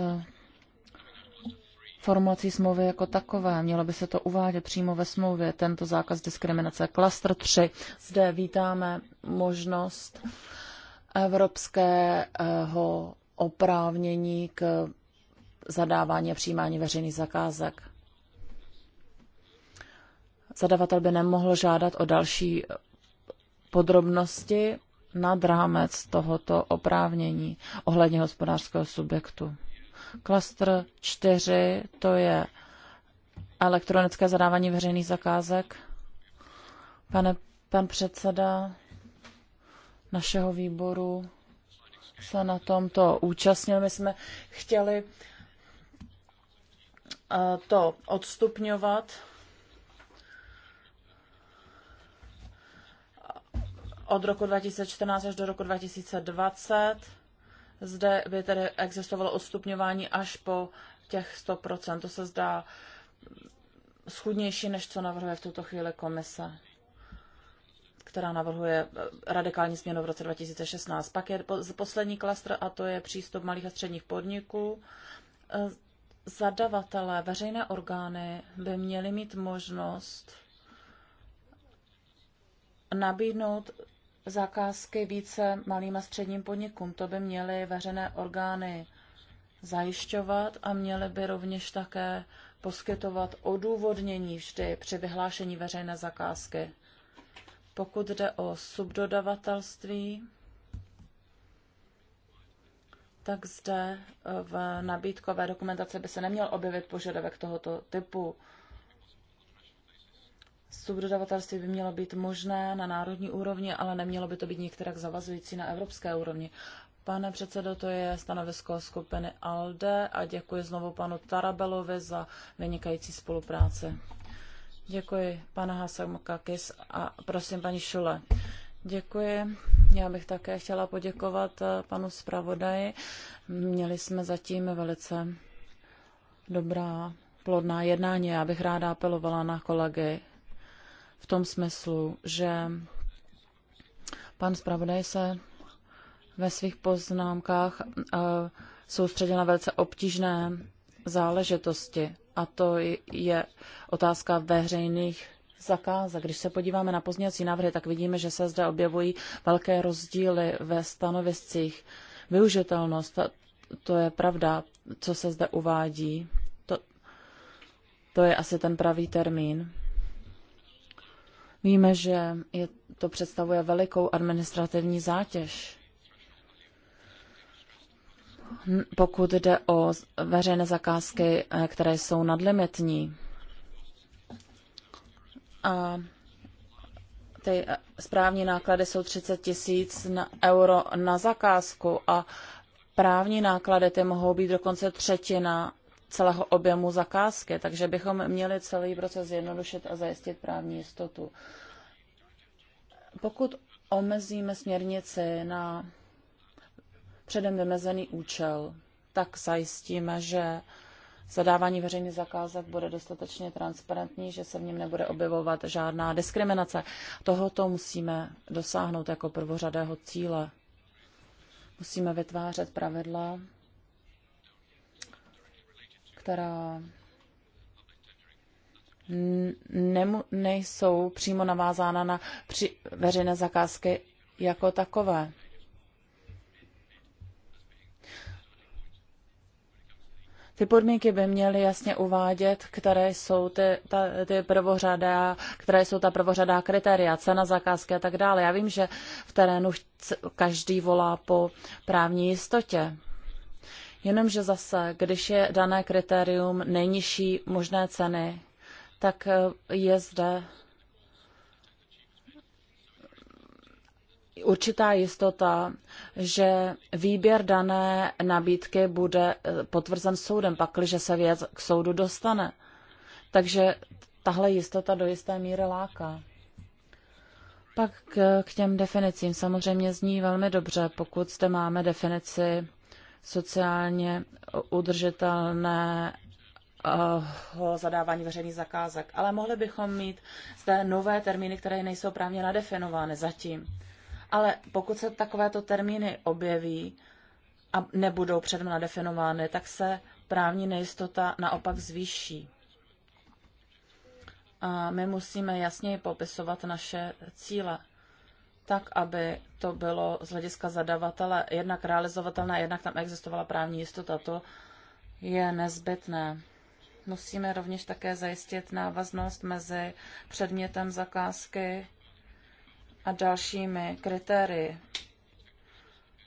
S1: formulací smlouvy jako takové. Mělo by se to uvádět přímo ve smlouvě, tento zákaz diskriminace. Klaster 3. Zde vítáme možnost evropského oprávnění k zadávání a přijímání veřejných zakázek. Zadavatel by nemohl žádat o další podrobnosti nad rámec tohoto oprávnění ohledně hospodářského subjektu. Klastr 4 to je elektronické zadávání veřejných zakázek. Pane, pan předseda našeho výboru se na tomto účastnil. My jsme chtěli eh, to odstupňovat od roku 2014 až do roku 2020. Zde by tedy existovalo odstupňování až po těch 100%. To se zdá schudnější, než co navrhuje v tuto chvíli komise která navrhuje eh, radikální změnu v roce 2016. Pak je poslední klastr a to je přístup malých a středních podniků. Eh, zadavatelé, veřejné orgány by měly mít možnost nabídnout zakázky více malým a středním podnikům. To by měly veřejné orgány zajišťovat a měly by rovněž také poskytovat odůvodnění vždy při vyhlášení veřejné zakázky. Pokud jde o subdodavatelství, tak zde v nabídkové dokumentaci by se neměl objevit požadavek tohoto typu subdodavatelství by mělo být možné na národní úrovni, ale nemělo by to být některak zavazující na evropské úrovni. Pane předsedo, to je stanovisko skupiny ALDE a děkuji znovu panu Tarabelovi za vynikající spolupráci. Děkuji, pane Hasamukakis a prosím, paní Šule. Děkuji. Já bych také chtěla poděkovat eh, panu zpravodaji. Měli jsme zatím velice dobrá plodná jednání. Já bych ráda apelovala na kolegy v tom smyslu, že pan zpravodaj se ve svých poznámkách eh, soustředil na velice obtížné záležitosti a to je otázka veřejných zakázek. Když se podíváme na pozněcí návrhy, tak vidíme, že se zde objevují velké rozdíly ve stanoviscích. Využitelnost, to je pravda, co se zde uvádí, to, to je asi ten pravý termín. Víme, že je, to představuje velikou administrativní zátěž. Pokud jde o veřejné zakázky, eh, které jsou nadlimitní, a ty eh, správní náklady jsou 30 tisíc euro na zakázku a právní náklady ty mohou být dokonce třetina celého objemu zakázky, takže bychom měli celý proces zjednodušit a zajistit právní jistotu. Pokud omezíme směrnici na předem vymezený účel, tak zajistíme, že zadávání veřejných zakázek bude dostatečně transparentní, že se v něm nebude objevovat žádná diskriminace. Tohoto musíme dosáhnout jako prvořadého cíle. Musíme vytvářet pravidla, která nemu, nejsou přímo navázána na při, veřejné zakázky jako takové. Ty podmínky by měly jasně uvádět, které jsou ty, ta, ty prvořadá, které jsou ta prvořadá kritéria, cena zakázky a tak dále. Já vím, že v terénu každý volá po právní jistotě. Jenomže zase, když je dané kritérium nejnižší možné ceny, tak eh, je zde určitá jistota, že výběr dané nabídky bude eh, potvrzen soudem, pakliže se věc k soudu dostane. Takže tahle jistota do jisté míry láká. Pak k, těm definicím. Samozřejmě zní velmi dobře, pokud zde máme definici sociálně udržitelného eh, zadávání veřejných zakázek. Ale mohli bychom mít zde nové termíny, které nejsou právně nadefinovány zatím. Ale pokud se takovéto termíny objeví a nebudou předem nadefinovány, tak se právní nejistota naopak zvýší. A my musíme jasněji popisovat naše cíle tak, aby to bylo z hlediska zadavatele jednak realizovatelné, jednak tam existovala právní jistota. To je nezbytné. Musíme rovněž také zajistit návaznost mezi předmětem zakázky a dalšími kritérii.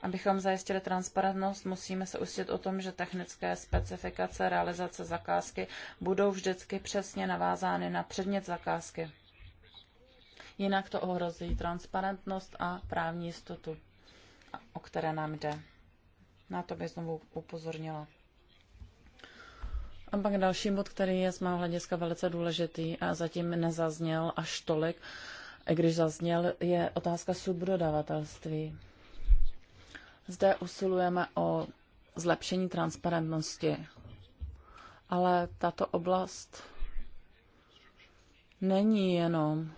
S1: Abychom zajistili transparentnost, musíme se ujistit o tom, že technické specifikace realizace zakázky budou vždycky přesně navázány na předmět zakázky jinak to ohrozí transparentnost a právní jistotu, o které nám jde. Na to bych znovu upozornila. A pak další bod, který je z mého hlediska velice důležitý a zatím nezazněl až tolik, i když zazněl, je otázka subdodavatelství. Zde usilujeme o zlepšení transparentnosti, ale tato oblast není jenom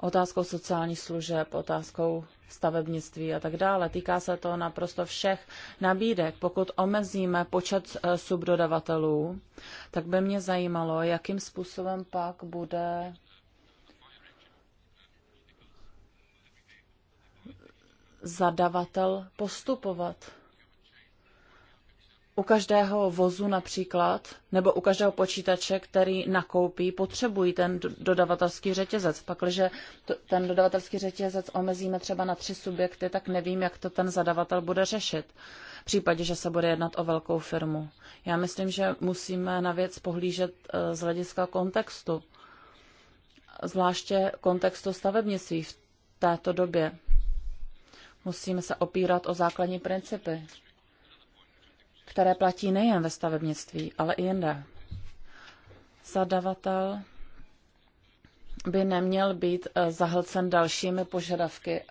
S1: otázkou sociálních služeb, otázkou stavebnictví a tak dále. Týká se to naprosto všech nabídek. Pokud omezíme počet eh, subdodavatelů, tak by mě zajímalo, jakým způsobem pak bude eh, zadavatel postupovat u každého vozu například, nebo u každého počítače, který nakoupí, potřebují ten dodavatelský řetězec. Pakliže ten dodavatelský řetězec omezíme třeba na tři subjekty, tak nevím, jak to ten zadavatel bude řešit. V případě, že se bude jednat o velkou firmu. Já myslím, že musíme na věc pohlížet e, z hlediska kontextu. Zvláště kontextu stavebnictví v této době. Musíme se opírat o základní principy které platí nejen ve stavebnictví, ale i jinde. Zadavatel by neměl být eh, zahlcen dalšími požadavky.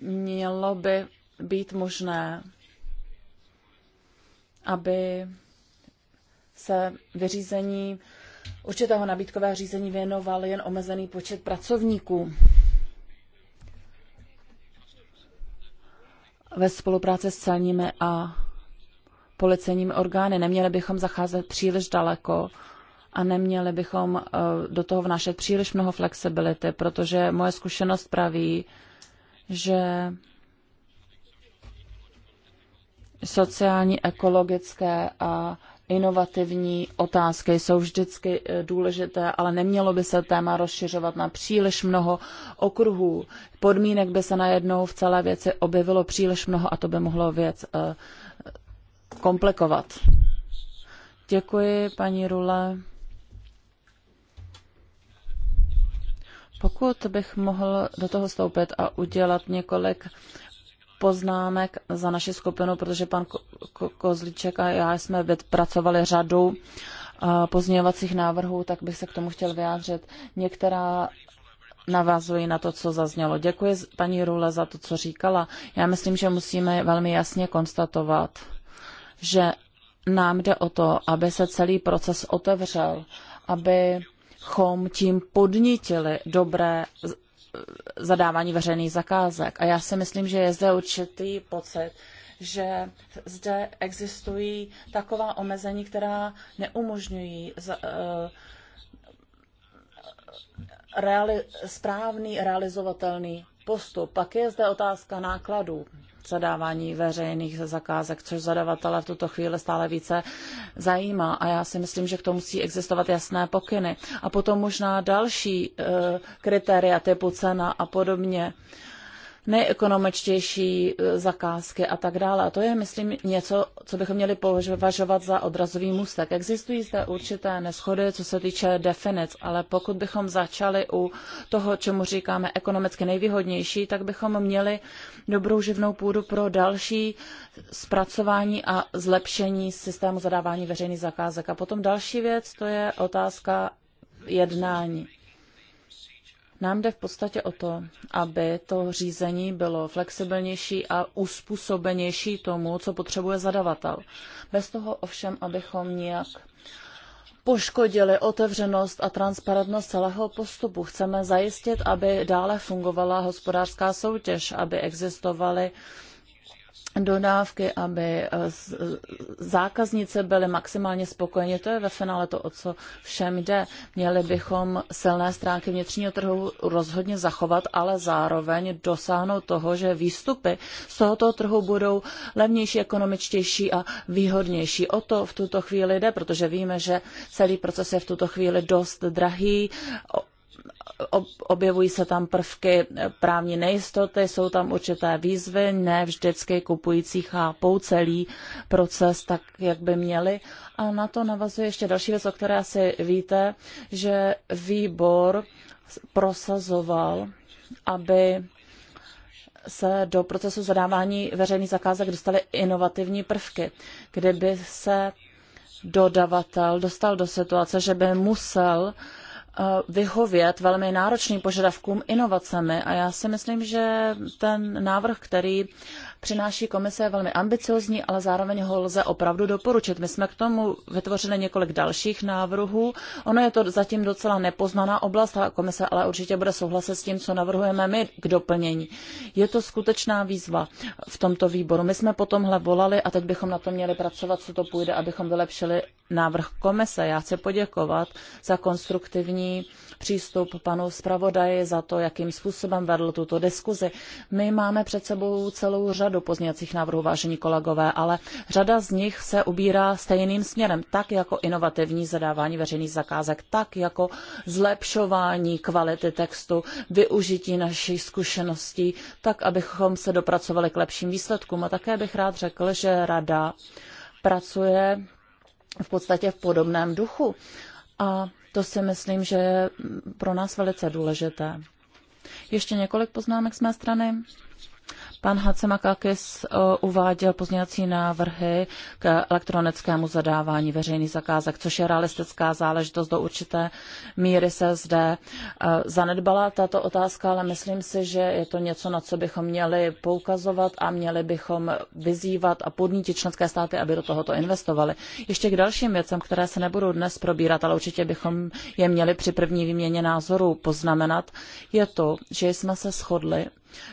S1: Mělo by být možné, aby se vyřízení určitého nabídkového řízení věnoval jen omezený počet pracovníků. ve spolupráci s celními a policejními orgány. Neměli bychom zacházet příliš daleko a neměli bychom eh, do toho vnášet příliš mnoho flexibility, protože moje zkušenost praví, že sociální, ekologické a inovativní otázky jsou vždycky eh, důležité, ale nemělo by se téma rozšiřovat na příliš mnoho okruhů. Podmínek by se najednou v celé věci objevilo příliš mnoho a to by mohlo věc eh, komplikovat. Děkuji, paní Rule. Pokud bych mohl do toho stoupit a udělat několik poznámek za naši skupinu, protože pan Ko- Kozlíček a já jsme vypracovali řadu eh, pozměňovacích návrhů, tak bych se k tomu chtěl vyjádřit. Některá navazují na to, co zaznělo. Děkuji paní Rule za to, co říkala. Já myslím, že musíme velmi jasně konstatovat, že nám jde o to, aby se celý proces otevřel, abychom tím podnítili dobré zadávání veřejných zakázek. A já si myslím, že je zde určitý pocit, že zde existují taková omezení, která neumožňují za, eh, reali, správný realizovatelný postup. Pak je zde otázka nákladů zadávání veřejných zakázek, což zadavatele v tuto chvíli stále více zajímá. A já si myslím, že k tomu musí existovat jasné pokyny. A potom možná další e, kritéria typu cena a podobně. E, nejekonomičtější e, zakázky a tak dále. A to je, myslím, něco, co bychom měli považovat za odrazový můstek. Existují zde určité neschody, co se týče definic, ale pokud bychom začali u toho, čemu říkáme ekonomicky nejvýhodnější, tak bychom měli dobrou živnou půdu pro další zpracování a zlepšení systému zadávání veřejných zakázek. A potom další věc, to je otázka jednání. Nám jde v podstatě o to, aby to řízení bylo flexibilnější a uspůsobenější tomu, co potřebuje zadavatel. Bez toho ovšem, abychom nijak. poškodili otevřenost a transparentnost celého postupu. Chceme zajistit, aby dále fungovala hospodářská soutěž, aby existovaly dodávky, aby eh, zákaznice byly maximálně spokojeni. To je ve finále to, o co všem jde. Měli bychom silné stránky vnitřního trhu rozhodně zachovat, ale zároveň dosáhnout toho, že výstupy z tohoto trhu budou levnější, ekonomičtější a výhodnější. O to v tuto chvíli jde, protože víme, že celý proces je v tuto chvíli dost drahý objevují se tam prvky právní nejistoty, jsou tam určité výzvy, ne vždycky kupující chápou celý proces tak, jak by měli. A na to navazuje ještě další věc, o které asi víte, že výbor prosazoval, aby se do procesu zadávání veřejných zakázek dostaly inovativní prvky, kdyby se dodavatel dostal do situace, že by musel uh, Eh, vyhovět velmi náročným požadavkům inovacemi. A já si myslím, že ten návrh, který přináší komise je velmi ambiciozní, ale zároveň ho lze opravdu doporučit. My jsme k tomu vytvořili několik dalších návrhů. Ono je to zatím docela nepoznaná oblast a komise ale určitě bude souhlasit s tím, co navrhujeme my k doplnění. Je to skutečná výzva v tomto výboru. My jsme po tomhle volali a teď bychom na to měli pracovat, co to půjde, abychom vylepšili návrh komise. Já chci poděkovat za konstruktivní přístup panu zpravodaji, za to, jakým způsobem vedl tuto diskuzi. My máme před sebou celou řadu řadu pozměňovacích návrhů, vážení kolegové, ale řada z nich se ubírá stejným směrem, tak jako inovativní zadávání veřejných zakázek, tak jako zlepšování kvality textu, využití našich zkušeností, tak abychom se dopracovali k lepším výsledkům. A také bych rád řekl, že rada pracuje v podstatě v podobném duchu. A to si myslím, že je pro nás velice důležité. Ještě několik poznámek z mé strany. Pan Hacemakakis eh, uváděl pozměňovací návrhy k elektronickému zadávání veřejných zakázek, což je realistická záležitost. Do určité míry se zde eh, zanedbala tato otázka, ale myslím si, že je to něco, na co bychom měli poukazovat a měli bychom vyzývat a podnítit členské státy, aby do tohoto investovali. Ještě k dalším věcem, které se nebudou dnes probírat, ale určitě bychom je měli při první výměně názorů poznamenat, je to, že jsme se shodli,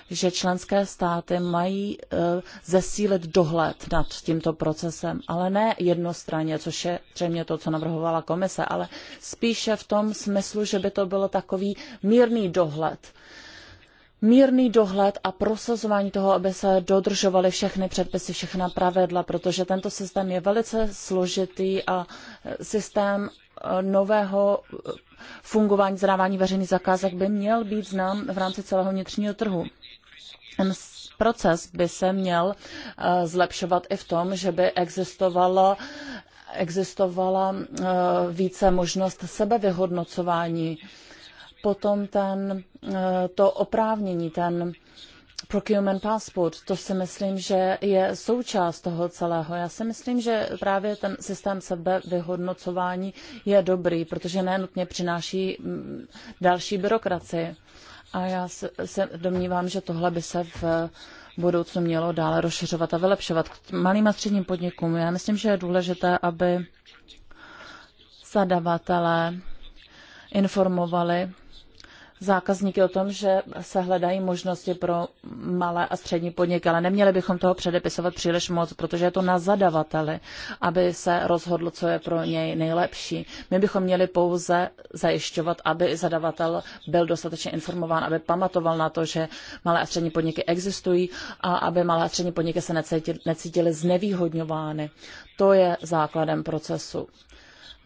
S1: že členské státy mají e, zesílit dohled nad tímto procesem, ale ne jednostranně, což je zřejmě to, co navrhovala komise, ale spíše v tom smyslu, že by to bylo takový mírný dohled mírný dohled a prosazování toho, aby se dodržovaly všechny předpisy, všechna pravidla, protože tento systém je velice složitý a e, systém nového fungování zadávání veřejných zakázek by měl být znám v rámci celého vnitřního trhu. Ten proces by se měl eh, zlepšovat i v tom, že by existovala existovala eh, více možnost sebevyhodnocování. Potom ten, eh, to oprávnění, ten Procurement Passport, to si myslím, že je součást toho celého. Já si myslím, že právě ten systém sebevyhodnocování je dobrý, protože nenutně přináší mm, další byrokracii. A já se domnívám, že tohle by se v budoucnu mělo dále rozšiřovat a vylepšovat. K malým a středním podnikům, já myslím, že je důležité, aby zadavatelé informovali zákazníky o tom, že se hledají možnosti pro malé a střední podniky, ale neměli bychom toho předepisovat příliš moc, protože je to na zadavateli, aby se rozhodlo, co je pro něj nejlepší. My bychom měli pouze zajišťovat, aby zadavatel byl dostatečně informován, aby pamatoval na to, že malé a střední podniky existují a aby malé a střední podniky se necítily znevýhodňovány. To je základem procesu.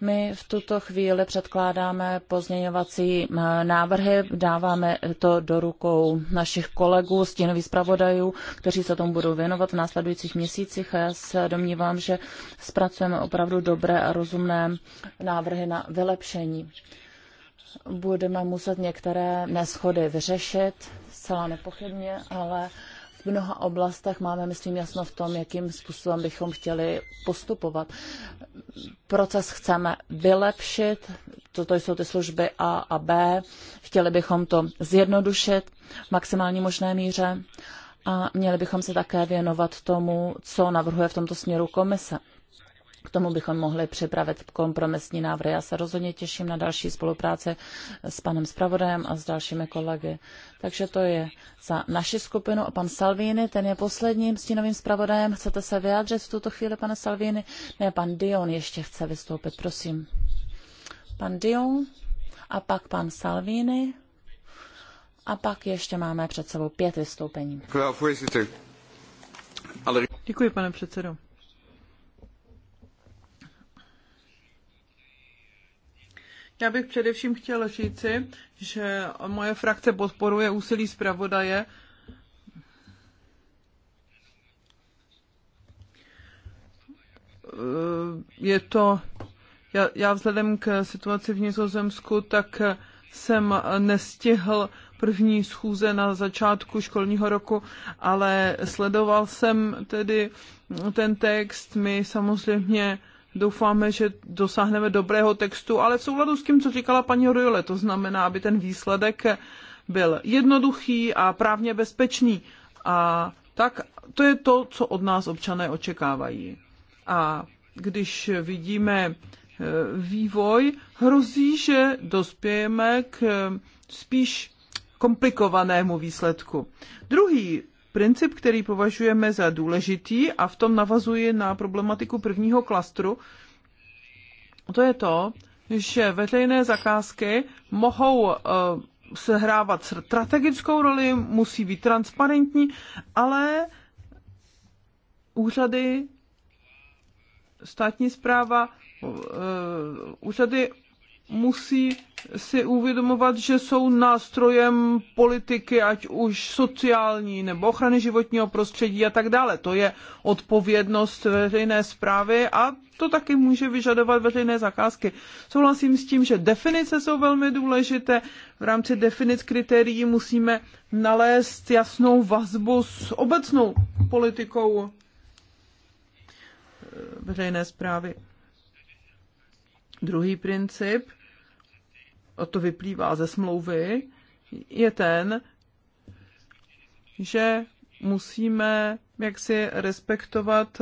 S1: My v tuto chvíli předkládáme pozměňovací eh, návrhy, dáváme to do rukou našich kolegů, stínových zpravodajů, kteří se tomu budou věnovat v následujících měsících a já se domnívám, že zpracujeme opravdu dobré a rozumné návrhy na vylepšení. Budeme muset některé neschody vyřešit, zcela nepochybně, ale v mnoha oblastech máme, myslím, jasno v tom, jakým způsobem bychom chtěli postupovat. Proces chceme vylepšit, toto jsou ty služby A a B, chtěli bychom to zjednodušit v maximální možné míře a měli bychom se také věnovat tomu, co navrhuje v tomto směru komise. K tomu bychom mohli připravit kompromisní návrhy. Já se rozhodně těším na další spolupráce s panem Spravodajem a s dalšími kolegy. Takže to je za naši skupinu. A pan Salvini, ten je posledním stínovým zpravodajem. Chcete se vyjádřit v tuto chvíli, pane Salvini? Ne, pan Dion ještě chce vystoupit, prosím. Pan Dion a pak pan Salvini. A pak ještě máme před sebou pět vystoupení.
S3: Děkuji, pane předsedo. Já bych především chtěl říci, že moje frakce podporuje úsilí zpravodaje eh, je to, já, já vzhledem k situaci v Nizozemsku, tak jsem nestihl první schůze na začátku školního roku, ale sledoval jsem tedy ten text. My samozřejmě doufáme, že dosáhneme dobrého textu, ale v souladu s tím, co říkala paní Rojole, to znamená, aby ten výsledek byl jednoduchý a právně bezpečný. A tak to je to, co od nás občané očekávají. A když vidíme eh, vývoj, hrozí, že dospějeme k eh, spíš komplikovanému výsledku. Druhý Princip, který považujeme za důležitý a v tom navazuji na problematiku prvního klastru, to je to, že veřejné zakázky mohou eh, sehrávat strategickou roli, musí být transparentní, ale úřady, státní zpráva, eh, úřady musí si uvědomovat, že jsou nástrojem politiky, ať už sociální nebo ochrany životního prostředí a tak dále. To je odpovědnost veřejné zprávy a to taky může vyžadovat veřejné zakázky. Souhlasím s tím, že definice jsou velmi důležité. V rámci definic kritérií musíme nalézt jasnou vazbu s obecnou politikou veřejné zprávy. Druhý princip, a to vyplývá ze smlouvy, je ten, že musíme jaksi respektovat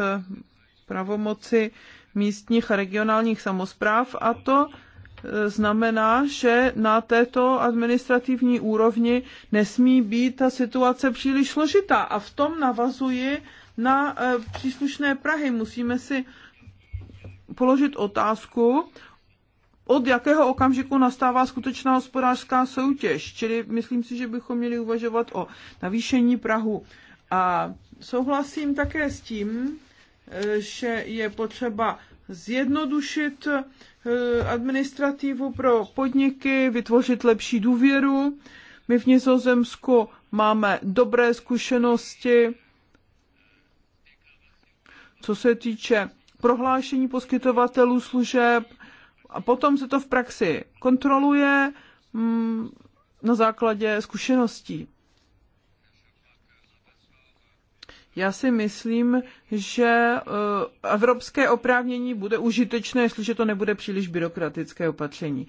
S3: pravomoci místních a regionálních samozpráv a to e, znamená, že na této administrativní úrovni nesmí být ta situace příliš složitá a v tom navazuji na e, příslušné Prahy. Musíme si položit otázku, od jakého okamžiku nastává skutečná hospodářská soutěž. Čili myslím si, že bychom měli uvažovat o navýšení Prahu. A souhlasím také s tím, eh, že je potřeba zjednodušit eh, administrativu pro podniky, vytvořit lepší důvěru. My v Nizozemsku máme dobré zkušenosti, co se týče prohlášení poskytovatelů služeb, a potom se to v praxi kontroluje mm, na základě zkušeností. Já si myslím, že eh, evropské oprávnění bude užitečné, jestliže to nebude příliš byrokratické opatření.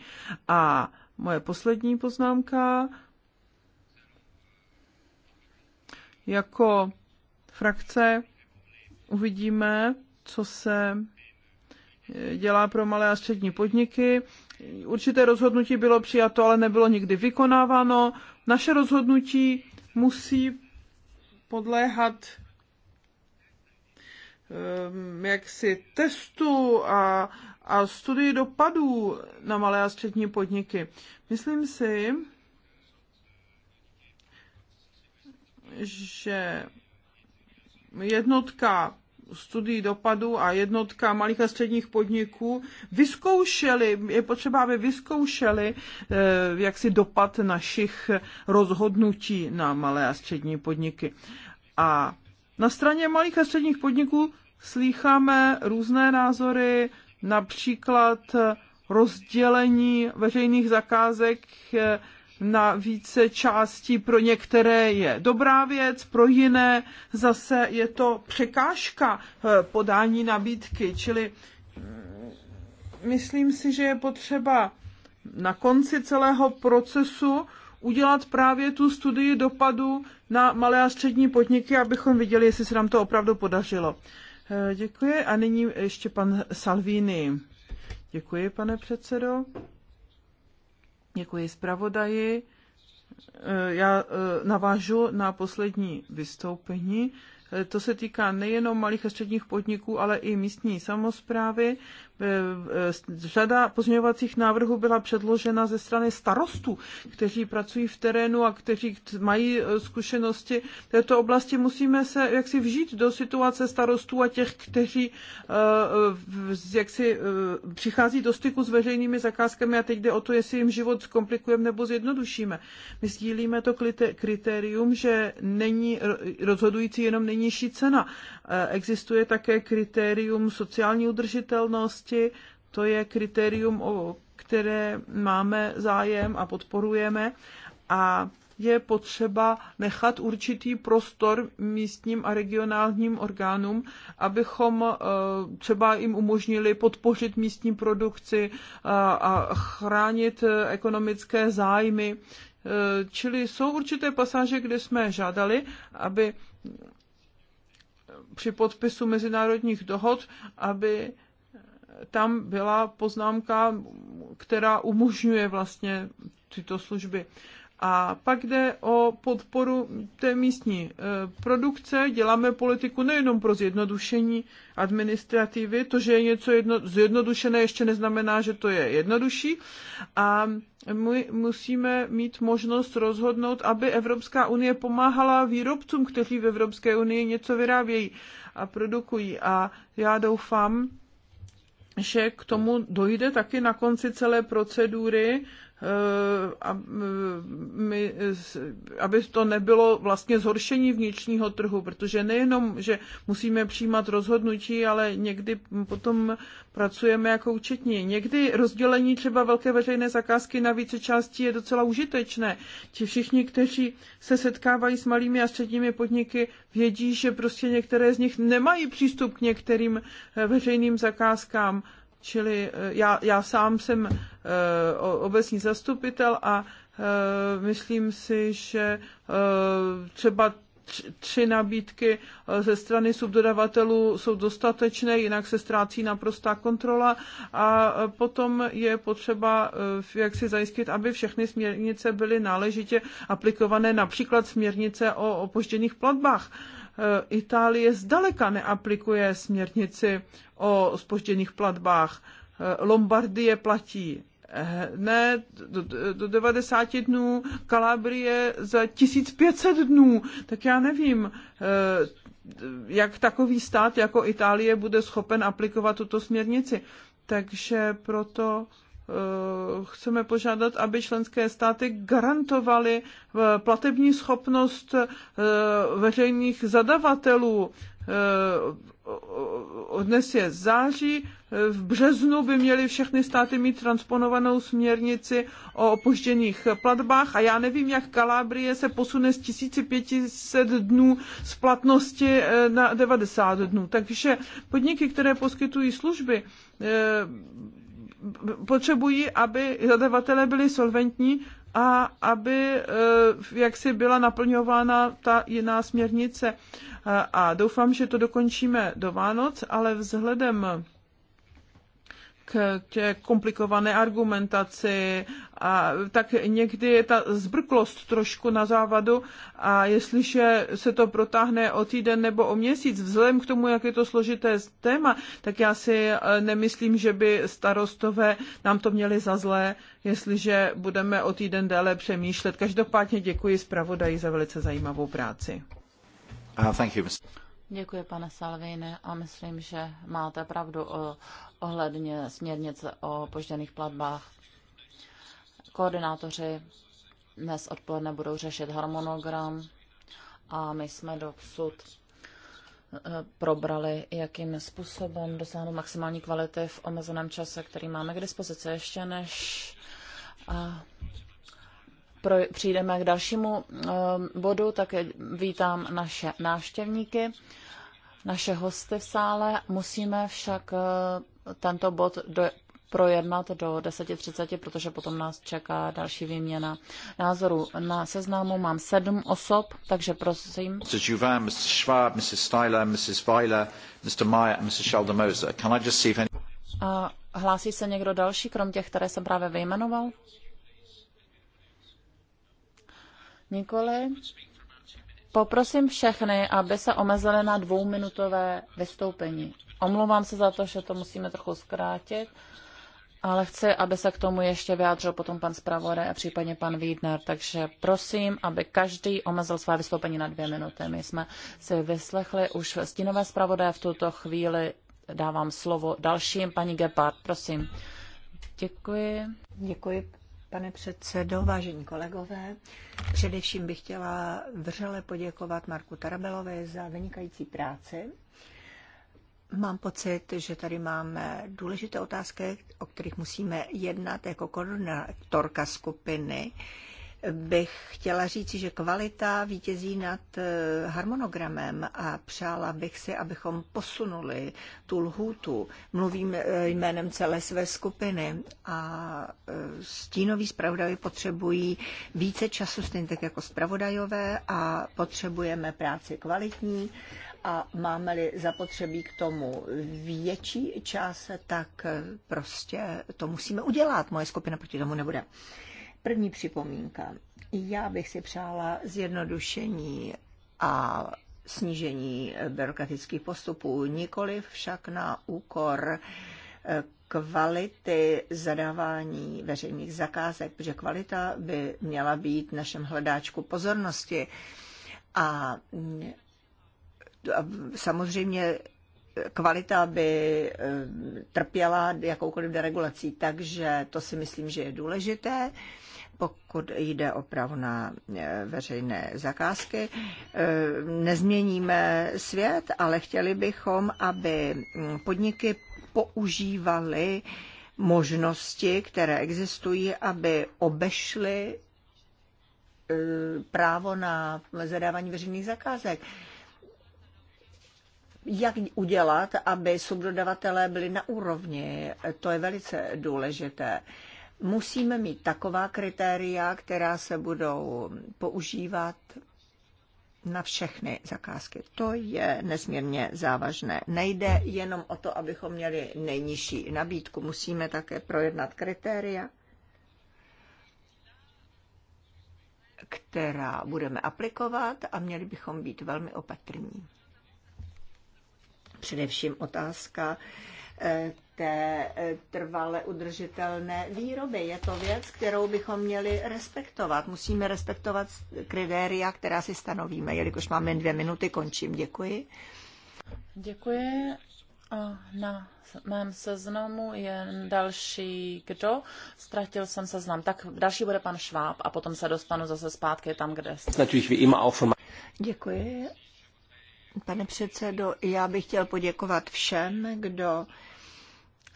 S3: A moje poslední poznámka. Jako frakce uvidíme, co se dělá pro malé a střední podniky. Určité rozhodnutí bylo přijato, ale nebylo nikdy vykonáváno. Naše rozhodnutí musí podléhat ehm, jaksi testu a, a studii dopadů na malé a střední podniky. Myslím si, že jednotka studií dopadu a jednotka malých a středních podniků vyzkoušeli, je potřeba, aby vyzkoušeli eh, jak si dopad našich rozhodnutí na malé a střední podniky. A na straně malých a středních podniků slýcháme různé názory, například rozdělení veřejných zakázek eh, na více částí. Pro některé je dobrá věc, pro jiné zase je to překážka eh, podání nabídky. Čili mm, myslím si, že je potřeba na konci celého procesu udělat právě tu studii dopadu na malé a střední podniky, abychom viděli, jestli se nám to opravdu podařilo. Eh, děkuji a nyní ještě pan Salvini. Děkuji, pane předsedo. Děkuji zpravodaji. Eh, já eh, navážu na poslední vystoupení. Eh, to se týká nejenom malých a středních podniků, ale i místní samozprávy. Eh, řada pozměňovacích návrhů byla předložena ze strany starostů, kteří pracují v terénu a kteří mají eh, zkušenosti v této oblasti. Musíme se jaksi vžít do situace starostů a těch, kteří eh, jaksi přichází do styku s veřejnými zakázkami a teď jde o to, jestli jim život zkomplikujeme nebo zjednodušíme. My sdílíme to kritérium, že není rozhodující jenom nejnižší cena, E, existuje také kritérium sociální udržitelnosti, to je kritérium, o které máme zájem a podporujeme. A je potřeba nechat určitý prostor místním a regionálním orgánům, abychom e, třeba jim umožnili podpořit místní produkci e, a chránit ekonomické zájmy. Čili jsou určité pasáže, kde jsme žádali, aby při podpisu mezinárodních dohod, aby tam byla poznámka, která umožňuje vlastně tyto služby. A pak jde o podporu té místní eh, produkce. Děláme politiku nejenom pro zjednodušení administrativy. To, že je něco jedno, zjednodušené, ještě neznamená, že to je jednodušší. A my musíme mít možnost rozhodnout, aby Evropská unie pomáhala výrobcům, kteří v Evropské unii něco vyrábějí a produkují. A já doufám, že k tomu dojde taky na konci celé procedury, Eh, eh, eh, aby to nebylo vlastně zhoršení vnitřního trhu, protože nejenom, že musíme přijímat rozhodnutí, ale někdy potom pracujeme jako účetní. Někdy rozdělení třeba velké veřejné zakázky na více částí je docela užitečné. Ti všichni, kteří se setkávají s malými a středními podniky, vědí, že prostě některé z nich nemají přístup k některým veřejným zakázkám Čili eh, já, já sám jsem eh, obecní zastupitel a eh, myslím si, že třeba tři nabídky ze strany subdodavatelů jsou dostatečné, jinak se ztrácí naprostá kontrola a potom je potřeba jak si zajistit, aby všechny směrnice byly náležitě aplikované, například směrnice o opožděných platbách E, Itálie zdaleka neaplikuje směrnici o spožděných platbách. E, Lombardie platí ne do, do 90 dnů, Kalabrie za 1500 dnů. Tak já nevím, e, jak takový stát jako Itálie bude schopen aplikovat tuto směrnici. Takže proto Eh, chceme požádat, aby členské státy garantovaly eh, platební schopnost eh, veřejných zadavatelů. Dnes je září, v březnu by měly všechny státy mít transponovanou směrnici o opožděných platbách a já nevím, jak Kalábrie se posune z 1500 dnů splatnosti na 90 dnů. Takže podniky, které poskytují služby, potřebují, aby zadavatelé byli solventní a aby eh, jaksi byla naplňována ta jiná směrnice. Eh, a doufám, že to dokončíme do Vánoc, ale vzhledem ke komplikované argumentaci, a tak někdy je ta zbrklost trošku na závadu a jestliže se to protáhne o týden nebo o měsíc, vzhledem k tomu, jak je to složité téma, tak já si eh, nemyslím, že by starostové nám to měli za zlé, jestliže budeme o týden déle přemýšlet. Každopádně děkuji zpravodaji za velice zajímavou práci.
S1: Uh, thank you, Děkuji, pane Salvine, a myslím, že máte pravdu o ohledně směrnice o požděných platbách. Koordinátoři dnes odpoledne budou řešit harmonogram a my jsme dosud eh, probrali, jakým způsobem dosáhnout maximální kvality v omezeném čase, který máme k dispozici. Ještě než eh, pro, přijdeme k dalšímu eh, bodu, tak vítám naše návštěvníky, naše hosty v sále. Musíme však tento bod do, projednat do 10.30, protože potom nás čeká další výměna názorů. Na seznamu mám sedm osob, takže prosím.
S2: Mr. Juvin, Mr. Schwab, Mrs. Steiler, Mrs. Weiler, Mr. Meyer a Mrs. Schaldemoser. Can I just see if any...
S1: A hlásí se někdo další, krom těch, které jsem právě vyjmenoval? Nikoli. Poprosím všechny, aby se omezili na dvouminutové vystoupení. Omlouvám se za to, že to musíme trochu zkrátit, ale chci, aby se k tomu ještě vyjádřil potom pan zpravodaj a případně pan Vídner. Takže prosím, aby každý omezil své vystoupení na dvě minuty. My jsme si vyslechli už stínové zpravodaje v tuto chvíli. Dávám slovo dalším.
S2: Paní Gepard, prosím. Děkuji. Děkuji, Pane předsedo, vážení kolegové, především bych chtěla vřele poděkovat Marku Tarabelovi za vynikající práci Mám pocit, že tady máme důležité otázky, o kterých musíme jednat jako koordinátorka skupiny. Bych chtěla říct, že kvalita vítězí nad eh, harmonogramem a přála bych si, abychom posunuli tu lhůtu. Mluvím eh, jménem celé své skupiny a eh, stínoví zpravodaj potřebují více času, stejně tak jako zpravodajové a potřebujeme práci kvalitní a máme-li zapotřebí k tomu větší čas, tak prostě to musíme udělat. Moje skupina proti tomu nebude. První připomínka. Já bych si přála zjednodušení a snížení byrokratických postupů, nikoli však na úkor eh, kvality zadávání veřejných zakázek, protože kvalita by měla být našem hledáčku pozornosti. A samozřejmě kvalita by eh, trpěla jakoukoliv deregulací, takže to si myslím, že je důležité pokud jde o právo na eh, veřejné zakázky. Eh, nezměníme svět, ale chtěli bychom, aby hm, podniky používaly možnosti, které existují, aby obešly právo na zadávání veřejných zakázek jak udělat, aby subdodavatelé byli na úrovni. To je velice důležité. Musíme mít taková kritéria, která se budou používat na všechny zakázky. To je nesmírně závažné. Nejde jenom o to, abychom měli nejnižší nabídku. Musíme také projednat kritéria, která budeme aplikovat a měli bychom být velmi opatrní především otázka eh, té eh, trvale udržitelné výroby. Je to věc, kterou bychom měli respektovat. Musíme respektovat kritéria, která si stanovíme. Jelikož máme jen dvě minuty, končím. Děkuji.
S1: Děkuji. A na mém seznamu je další kdo. Ztratil jsem seznam. Tak další bude pan
S2: Šváb a potom se dostanu zase zpátky tam, kde jste. Děkuji Pane předsedo, já bych chtěl poděkovat všem, kdo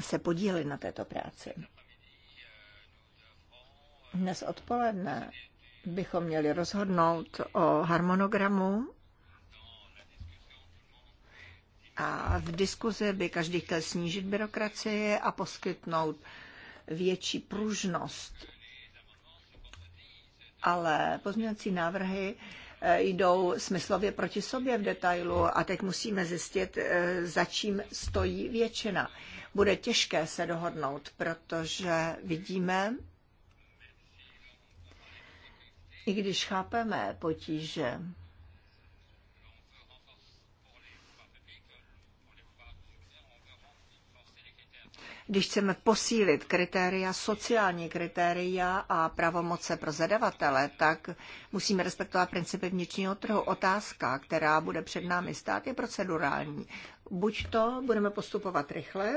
S2: se podíleli na této práci. Dnes odpoledne bychom měli rozhodnout o harmonogramu a v diskuzi by každý chtěl snížit byrokracii a poskytnout větší pružnost. Ale pozměňovací návrhy Eh, jdou smyslově proti sobě v detailu a teď musíme zjistit, eh, za čím stojí většina. Bude těžké se dohodnout, protože vidíme, i když chápeme potíže, když chceme posílit kritéria, sociální kritéria a pravomoce pro zadavatele, tak musíme respektovat principy vnitřního trhu. Otázka, která bude před námi stát, je procedurální. Buď to budeme postupovat rychle,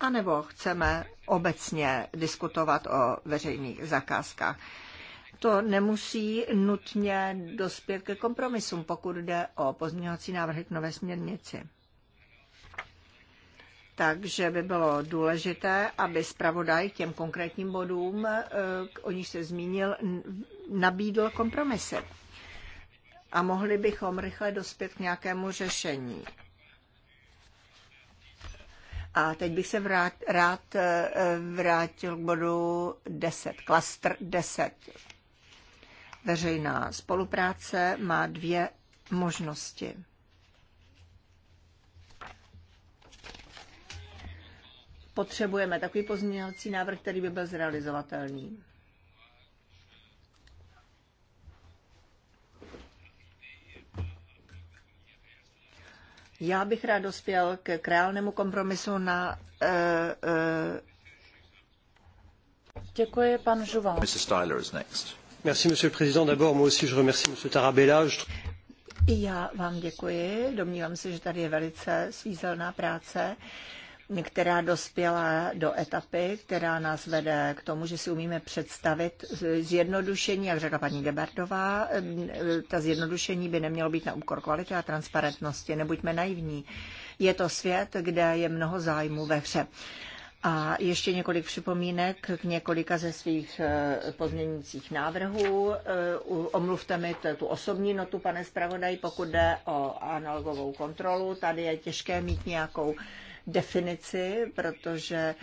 S2: anebo chceme obecně diskutovat o veřejných zakázkách. To nemusí nutně dospět ke kompromisům, pokud jde o pozměňovací návrhy k nové směrnici takže by bylo důležité, aby zpravodaj těm konkrétním bodům, eh, o nich se zmínil, nabídl kompromisy. A mohli bychom rychle dospět k nějakému řešení. A teď bych se vrát, rád eh, vrátil k bodu 10, klastr 10. Veřejná spolupráce má dvě možnosti. potřebujeme takový pozměňovací návrh, který by byl zrealizovatelný. Já bych rád dospěl k, k reálnému kompromisu na. Uh, uh... Děkuji, pan Žuval. Mr.
S3: Styler is next. Merci, monsieur le président. D'abord, moi aussi, je remercie monsieur Tarabella. Je...
S2: I já vám děkuji. Domnívám se, že tady je velice svízelná práce. Uh, která dospěla do etapy, která nás vede k tomu, že si umíme představit zjednodušení, jak řekla paní Gebardová, eh, ta zjednodušení by nemělo být na úkor kvality a transparentnosti, nebuďme naivní. Je to svět, kde je mnoho zájmu ve hře. A ještě několik připomínek k několika ze svých eh, pozměňujících návrhů. Eh, omluvte mi tu osobní notu, pane zpravodaj, pokud jde o analogovou kontrolu. Tady je těžké mít nějakou definici, protože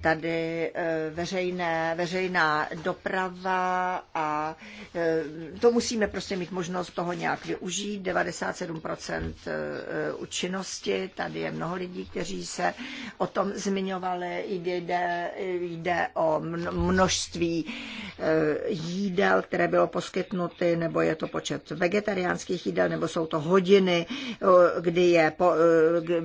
S2: tady eh, veřejné, veřejná doprava a eh, to musíme prostě mít možnost toho nějak využít. 97% účinnosti, eh, tady je mnoho lidí, kteří se o tom zmiňovali, jde, jde o množství jídel, které bylo poskytnuty, nebo je to počet vegetariánských jídel, nebo jsou to hodiny, kdy je,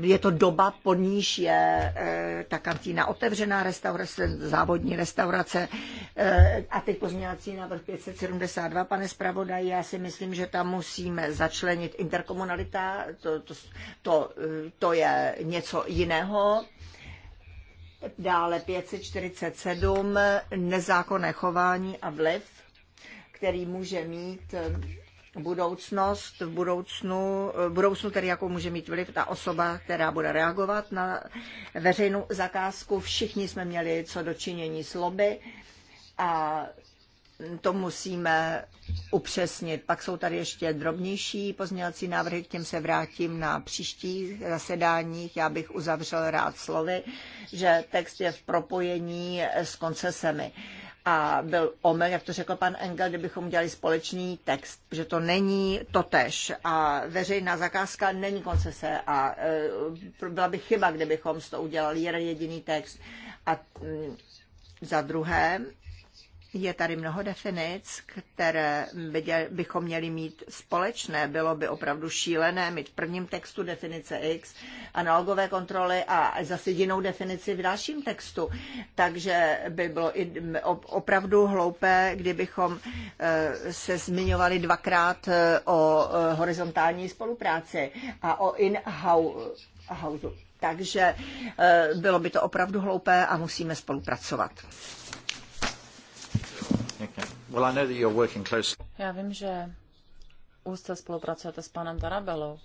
S2: je to doba, po ní níž je eh, ta kantýna otevřená restaurace, závodní restaurace. Eh, a teď pozměňovací návrh 572, pane zpravodaj, já si myslím, že tam musíme začlenit interkomunalita, to, to, to, eh, to je něco jiného. Dále 547, nezákonné chování a vliv, který může mít budoucnost v budoucnu, v budoucnu tedy jakou může mít vliv ta osoba, která bude reagovat na veřejnou zakázku. Všichni jsme měli co dočinění s lobby a to musíme upřesnit. Pak jsou tady ještě drobnější pozměňovací návrhy, k těm se vrátím na příštích zasedáních. Já bych uzavřel rád slovy, že text je v propojení s koncesemi a byl omer, jak to řekl pan Engel, kdybychom dělali společný text, že to není totež a veřejná zakázka není koncese a e, byla by chyba, kdybychom z toho udělali jeden jediný text. A e, za druhé, je tady mnoho definic, které bychom měli mít společné. Bylo by opravdu šílené mít v prvním textu definice X, analogové kontroly a zase jinou definici v dalším textu. Takže by bylo i opravdu hloupé, kdybychom eh, se zmiňovali dvakrát eh, o eh, horizontální spolupráci a o in-house. Takže bylo by to opravdu hloupé a musíme spolupracovat.
S1: Já vím, že úzce spolupracujete s panem Tarabelou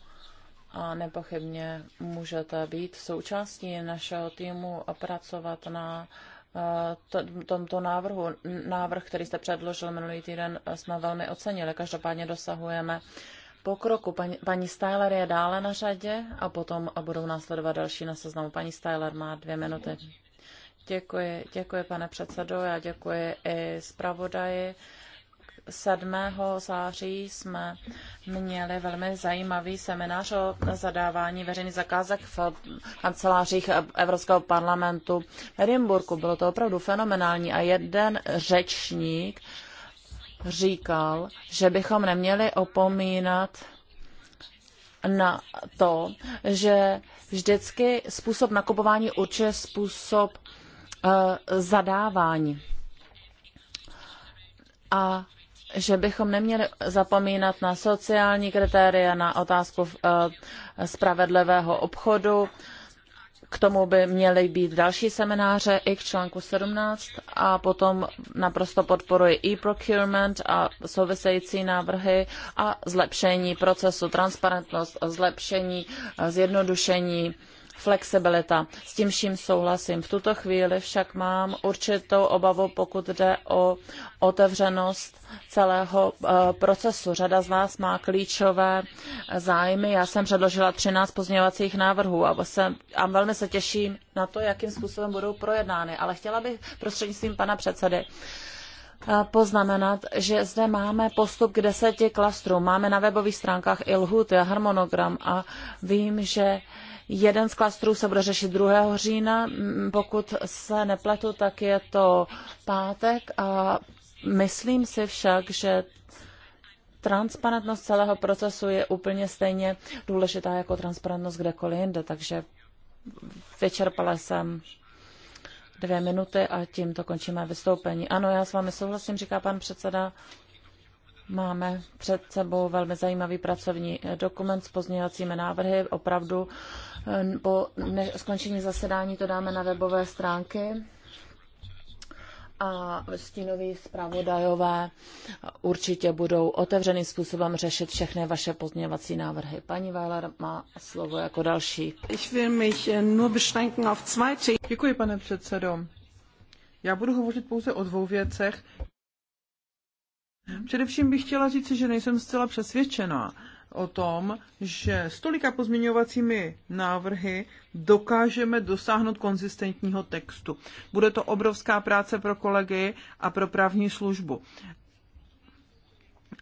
S1: a nepochybně můžete být součástí našeho týmu a pracovat na eh, tomto návrhu. Návrh, který jste předložil minulý týden, jsme velmi ocenili. Každopádně dosahujeme pokroku. Paní, paní Styler je dále na řadě a potom budou následovat další na seznamu. Paní Styler má dvě minuty. Děkuji, děkuji pane předsedo, já děkuji i zpravodaji. 7. září jsme měli velmi zajímavý seminář o zadávání veřejných zakázek v kancelářích Evropského parlamentu v Edinburgu. Bylo to opravdu fenomenální a jeden řečník říkal, že bychom neměli opomínat na to, že vždycky způsob nakupování určuje způsob Eh, zadávání. A že bychom neměli zapomínat na sociální kritéria, na otázku eh, spravedlivého obchodu. K tomu by měly být další semináře i k článku 17 a potom naprosto podporuji e-procurement a související návrhy a zlepšení procesu, transparentnost, zlepšení, eh, zjednodušení flexibilita. S tím vším souhlasím. V tuto chvíli však mám určitou obavu, pokud jde o otevřenost celého eh, procesu. Řada z vás má klíčové eh, zájmy. Já jsem předložila 13 pozměňovacích návrhů a, jsem, a velmi se těším na to, jakým způsobem budou projednány. Ale chtěla bych prostřednictvím pana předsedy eh, poznamenat, že zde máme postup k deseti klastrům. Máme na webových stránkách i lhut a harmonogram a vím, že Jeden z klastrů se bude řešit 2. října, pokud se nepletu, tak je to pátek a myslím si však, že transparentnost celého procesu je úplně stejně důležitá jako transparentnost kdekoliv jinde, takže vyčerpala jsem dvě minuty a tím to končíme vystoupení. Ano, já s vámi souhlasím, říká pan předseda. Máme před sebou velmi zajímavý pracovní dokument s pozměňovacími návrhy. Opravdu Eh, po skončení zasedání to dáme na webové stránky a stínoví zpravodajové určitě budou otevřeným způsobem řešit všechny vaše pozměňovací návrhy. Paní
S3: Weiler má slovo jako další. Ich will mich eh, nur beschränken auf zwei Děkuji, pane předsedo. Já budu hovořit pouze o dvou věcech. Především bych chtěla říct, že nejsem zcela přesvědčená o tom, že s tolika pozměňovacími návrhy dokážeme dosáhnout konzistentního textu. Bude to obrovská práce pro kolegy a pro právní službu.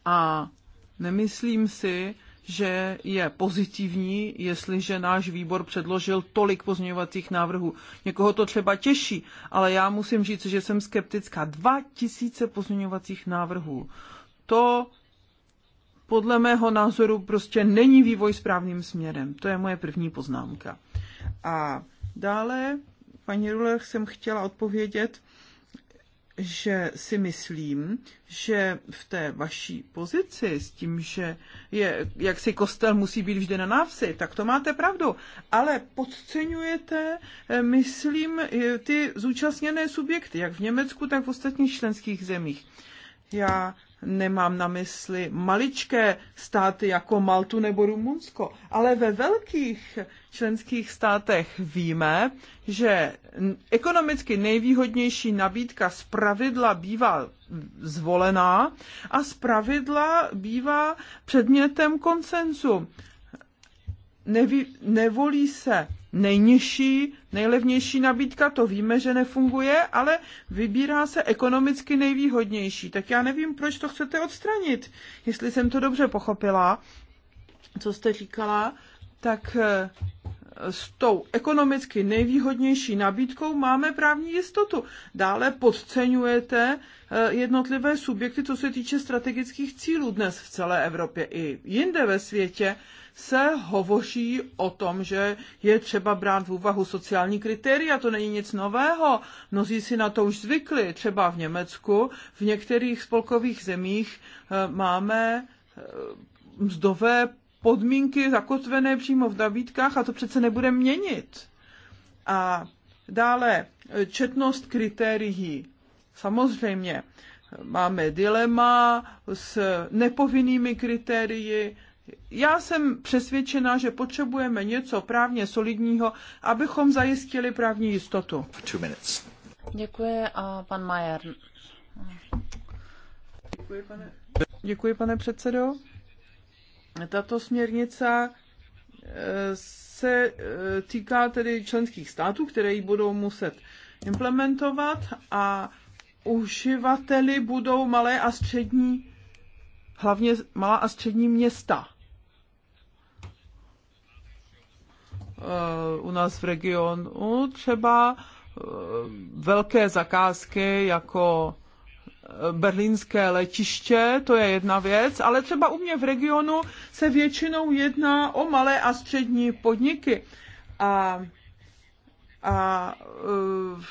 S3: A nemyslím si, že je pozitivní, jestliže náš výbor předložil tolik pozměňovacích návrhů. Někoho to třeba těší, ale já musím říct, že jsem skeptická. Dva tisíce pozměňovacích návrhů. To podle mého názoru prostě není vývoj správným směrem. To je moje první poznámka. A dále, paní Ruler, jsem chtěla odpovědět, že si myslím, že v té vaší pozici s tím, že je, jak si kostel musí být vždy na návsi, tak to máte pravdu. Ale podceňujete, eh, myslím, eh, ty zúčastněné subjekty, jak v Německu, tak v ostatních členských zemích. Já nemám na mysli maličké státy jako Maltu nebo Rumunsko, ale ve velkých členských státech víme, že ekonomicky nejvýhodnější nabídka z pravidla bývá zvolená a z pravidla bývá předmětem koncenzu. nevolí se nejnižší, nejlevnější nabídka, to víme, že nefunguje, ale vybírá se ekonomicky nejvýhodnější. Tak já nevím, proč to chcete odstranit. Jestli jsem to dobře pochopila, co jste říkala, tak eh, s tou ekonomicky nejvýhodnější nabídkou máme právní jistotu. Dále podceňujete eh, jednotlivé subjekty, co se týče strategických cílů dnes v celé Evropě i jinde ve světě se hovoří o tom, že je třeba brát v úvahu sociální kritéria, to není nic nového. Mnozí si na to už zvykli, třeba v Německu, v některých spolkových zemích eh, máme eh, mzdové podmínky zakotvené přímo v nabídkách a to přece nebude měnit. A dále eh, četnost kritérií. Samozřejmě máme dilema s nepovinnými kritérii. Já jsem přesvědčena, že potřebujeme něco právně solidního, abychom zajistili právní jistotu.
S1: Děkuji a pan Majer.
S3: Děkuji, pane, děkuji, pane předsedo. Tato směrnice eh, se eh, týká tedy členských států, které ji budou muset implementovat a uživateli budou malé a střední, hlavně malá a střední města. Eh, u nás v regionu třeba velké zakázky jako berlínské letiště, to je jedna věc, ale třeba u mě v regionu se většinou jedná o malé a střední podniky. A, a e,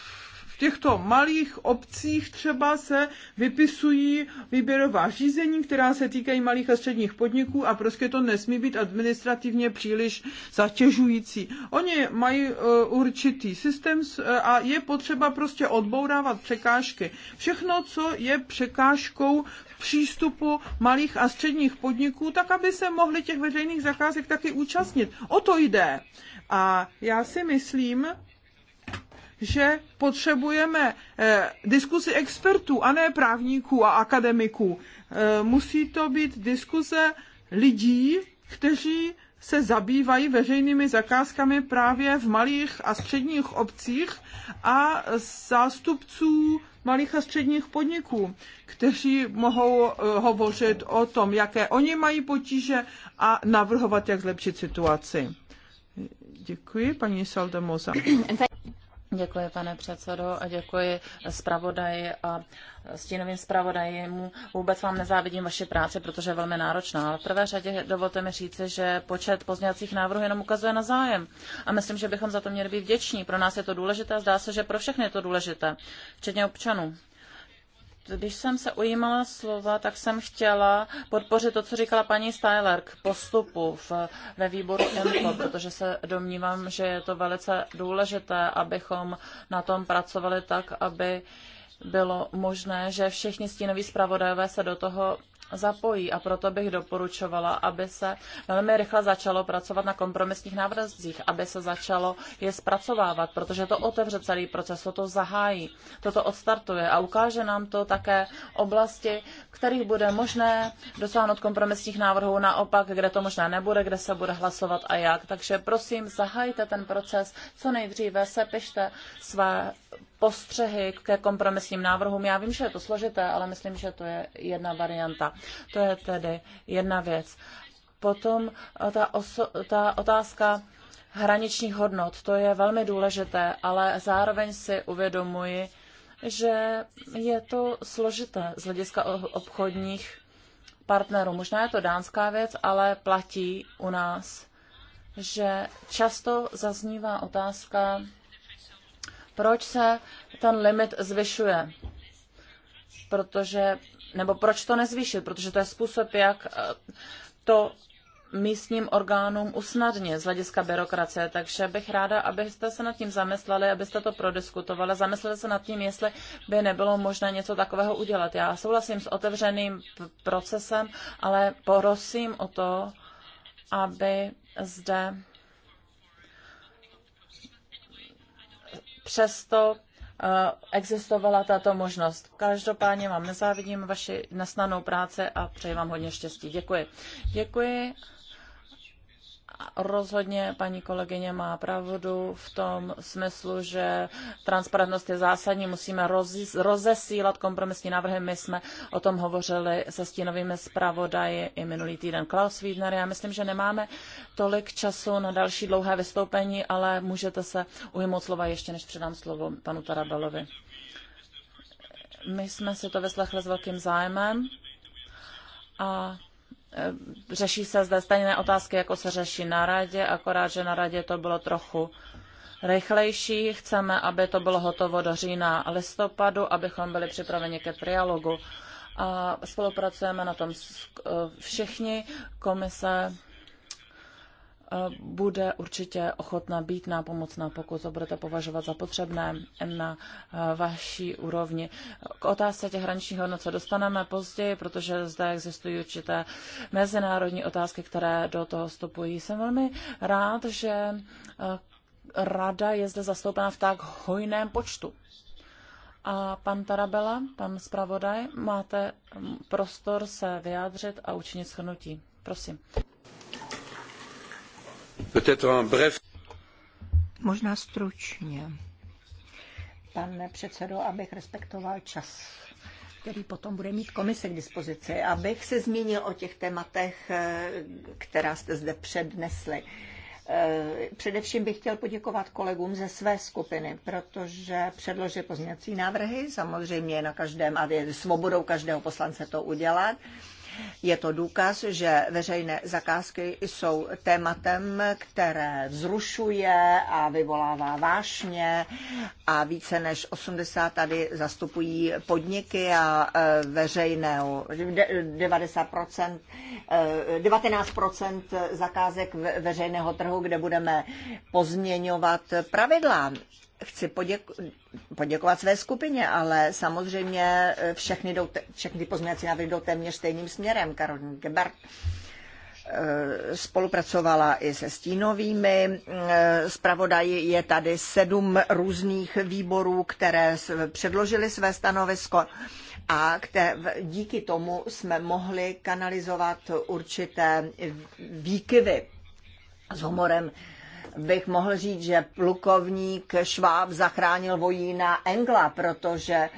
S3: těchto malých obcích třeba se vypisují výběrová řízení, která se týkají malých a středních podniků a prostě to nesmí být administrativně příliš zatěžující. Oni mají e, určitý systém e, a je potřeba prostě odbourávat překážky. Všechno, co je překážkou přístupu malých a středních podniků, tak aby se mohli těch veřejných zakázek taky účastnit. O to jde. A já si myslím, že potřebujeme eh, diskuzi expertů a ne právníků a akademiků. Eh, musí to být diskuze lidí, kteří se zabývají veřejnými zakázkami právě v malých a středních obcích a zástupců malých a středních podniků, kteří mohou eh, hovořit o tom, jaké oni mají potíže a navrhovat, jak zlepšit situaci. Děkuji, paní Saldemoza.
S1: Děkuji, pane předsedo, a děkuji zpravodaji a stínovým zpravodajům. Vůbec vám nezávidím vaši práci, protože je velmi náročná. Ale v prvé řadě dovolte mi říci, že počet pozměňovacích návrhů jenom ukazuje na zájem. A myslím, že bychom za to měli být vděční. Pro nás je to důležité a zdá se, že pro všechny je to důležité, včetně občanů. Když jsem se ujímala slova, tak jsem chtěla podpořit to, co říkala paní Styler k postupu v, ve výboru IMCO, protože se domnívám, že je to velice důležité, abychom na tom pracovali tak, aby bylo možné, že všichni stínoví zpravodajové se do toho zapojí a proto bych doporučovala, aby se velmi rychle začalo pracovat na kompromisních návrzích, aby se začalo je zpracovávat, protože to otevře celý proces, toto zahájí, toto odstartuje a ukáže nám to také oblasti, kterých bude možné dosáhnout kompromisních návrhů, naopak, kde to možná nebude, kde se bude hlasovat a jak. Takže prosím, zahajte ten proces, co nejdříve sepište své postřehy ke kompromisním návrhům. Já vím, že je to složité, ale myslím, že to je jedna varianta. To je tedy jedna věc. Potom eh, ta, oso- ta otázka hraničních hodnot, to je velmi důležité, ale zároveň si uvědomuji, že je to složité z hlediska obchodních partnerů. Možná je to dánská věc, ale platí u nás, že často zaznívá otázka proč se ten limit zvyšuje? Protože, nebo proč to nezvýšit? Protože to je způsob, jak eh, to místním orgánům usnadně z hlediska byrokracie, takže bych ráda, abyste se nad tím zamysleli, abyste to prodiskutovali, zamysleli se nad tím, jestli by nebylo možné něco takového udělat. Já souhlasím s otevřeným procesem, ale porosím o to, aby zde Přesto eh, existovala tato možnost. Každopádně vám nezávidím vaši nesnadnou práci a přeji vám hodně štěstí. Děkuji. Děkuji Rozhodně paní kolegyně má pravdu v tom smyslu, že transparentnost je zásadní, musíme rozesílat kompromisní návrhy. My jsme o tom hovořili se stínovými zpravodaji i minulý týden Klaus Wiedner. Já myslím, že nemáme tolik času na další dlouhé vystoupení, ale můžete se ujmout slova ještě, než předám slovo panu Tarabelovi. My jsme si to vyslechli s velkým zájmem a Eh, řeší se zde stejné otázky, jako se řeší na radě, akorát, že na radě to bylo trochu rychlejší. Chceme, aby to bylo hotovo do října a listopadu, abychom byli připraveni ke trialogu. A spolupracujeme na tom eh, všichni, komise, Eh, bude určitě ochotná být nápomocná, pokud to budete považovat za potřebné na eh, vaší úrovni. K otázce těch hraničních hodnot se dostaneme později, protože zde existují určité mezinárodní otázky, které do toho vstupují. Jsem velmi rád, že eh, rada je zde zastoupena v tak hojném počtu. A pan Tarabela, pan zpravodaj, máte prostor se vyjádřit a učinit shrnutí. Prosím.
S2: Možná stručně. Pane předsedo, abych respektoval čas, který potom bude mít komise k dispozici, abych se zmínil o těch tématech, eh, která jste zde přednesli. Eh, především bych chtěl poděkovat kolegům ze své skupiny, protože předložili pozměňovací návrhy, samozřejmě na každém a je svobodou každého poslance to udělat. Je to důkaz, že veřejné zakázky jsou tématem, které vzrušuje a vyvolává vášně a více než 80 tady zastupují podniky a veřejné 90%, 19% zakázek veřejného trhu, kde budeme pozměňovat pravidla chci poděku, poděkovat své skupině, ale samozřejmě eh, všechny, jdou, všechny pozměňovací návrhy jdou téměř stejným směrem. Karolín Gebert eh, spolupracovala i se stínovými. Spravodaji eh, je tady sedm různých výborů, které předložili své stanovisko a díky tomu jsme mohli kanalizovat určité výkyvy s humorem bych mohl říct, že plukovník Šváb zachránil vojína Engla, protože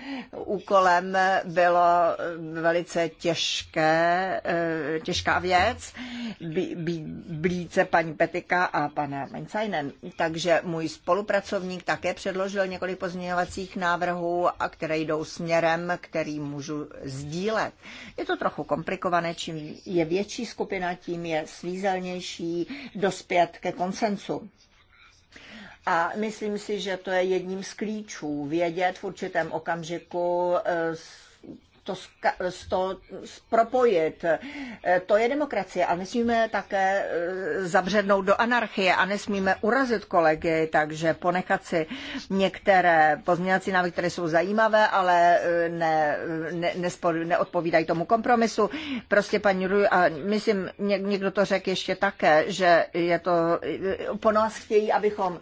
S2: úkolem bylo velice těžké, eh, těžká věc blíce paní Petika a pana Mencajnen. Takže můj spolupracovník také předložil několik pozměňovacích návrhů, a které jdou směrem, který můžu sdílet. Je to trochu komplikované, čím je větší skupina, tím je svízelnější dospět ke konsensu. A myslím si, že to je jedním z klíčů vědět v určitém okamžiku eh, to, to propojit. Eh, to je demokracie a nesmíme také eh, zabřednout do anarchie a nesmíme urazit kolegy, takže ponechat si některé pozměňovací návrhy, které jsou zajímavé, ale ne, ne, nespod, neodpovídají tomu kompromisu. Prostě paní Ruj, a myslím, někdo to řekl ještě také, že je to, po nás chtějí, abychom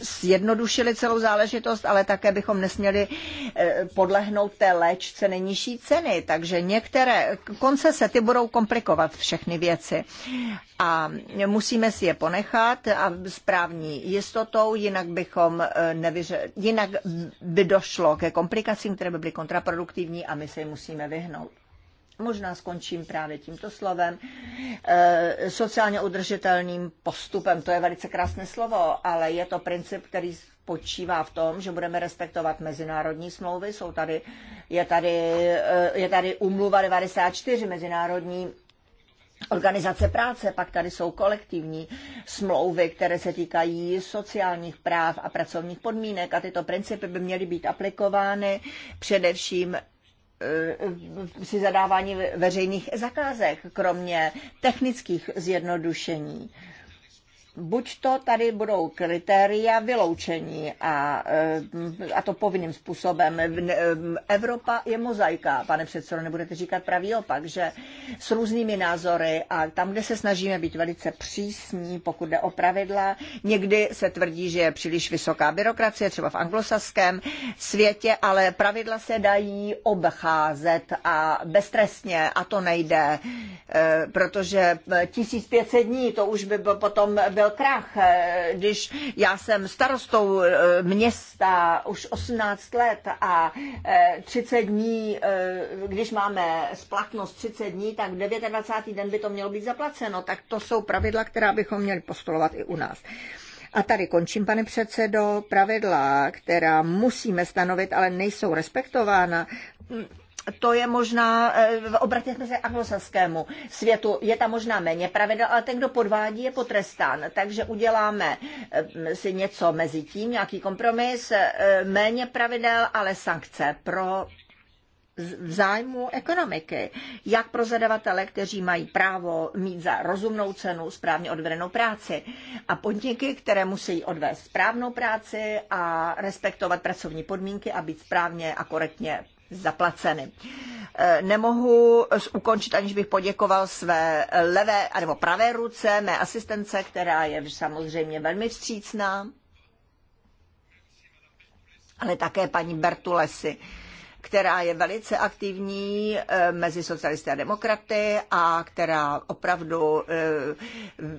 S2: zjednodušili celou záležitost, ale také bychom nesměli eh, podlehnout té léčce nejnižší ceny. Takže některé konce se ty budou komplikovat všechny věci. A musíme si je ponechat a správní jistotou, jinak, bychom eh, nevyře... jinak by došlo ke komplikacím, které by byly kontraproduktivní a my se jim musíme vyhnout možná skončím právě tímto slovem, e, sociálně udržitelným postupem. To je velice krásné slovo, ale je to princip, který spočívá v tom, že budeme respektovat mezinárodní smlouvy. Jsou tady, je, tady, e, je tady umluva 94 mezinárodní organizace práce, pak tady jsou kolektivní smlouvy, které se týkají sociálních práv a pracovních podmínek a tyto principy by měly být aplikovány především Eh, při zadávání veřejných zakázek, kromě technických zjednodušení buď to tady budou kritéria vyloučení a, eh, a to povinným způsobem. Eh, Evropa je mozaika, pane předsedo, nebudete říkat pravý opak, že s různými názory a tam, kde se snažíme být velice přísní, pokud jde o pravidla, někdy se tvrdí, že je příliš vysoká byrokracie, třeba v anglosaském světě, ale pravidla se dají obcházet a beztrestně a to nejde, eh, protože 1500 dní to už by potom byl krach. Eh, když já jsem starostou eh, města už 18 let a 30 eh, dní, když máme splatnost 30 dní, tak 29. den by to mělo být zaplaceno. Tak to jsou pravidla, která bychom měli postulovat i u nás. A tady končím, pane předsedo, pravidla, která musíme stanovit, ale nejsou respektována, to je možná, eh, obratěme se anglosaskému světu, je tam možná méně pravidel, ale ten, kdo podvádí, je potrestán. Takže uděláme eh, si něco mezi tím, nějaký kompromis, eh, méně pravidel, ale sankce pro v zájmu ekonomiky, jak pro zadavatele, kteří mají právo mít za rozumnou cenu správně odvedenou práci a podniky, které musí odvést správnou práci a respektovat pracovní podmínky a být správně a korektně zaplaceny. E, nemohu ukončit, aniž bych poděkoval své levé nebo pravé ruce, mé asistence, která je samozřejmě velmi vstřícná, ale také paní Bertulesi která je velice aktivní eh, mezi socialisty a demokraty a která opravdu eh,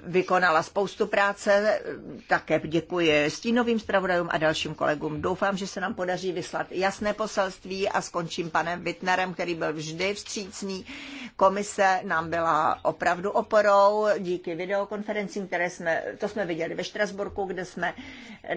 S2: vykonala spoustu práce. Také děkuji stínovým zpravodajům a dalším kolegům. Doufám, že se nám podaří vyslat jasné poselství a skončím panem Wittnerem, který byl vždy vstřícný. Komise nám byla opravdu oporou díky videokonferencím, které jsme, to jsme viděli ve Štrasburku, kde jsme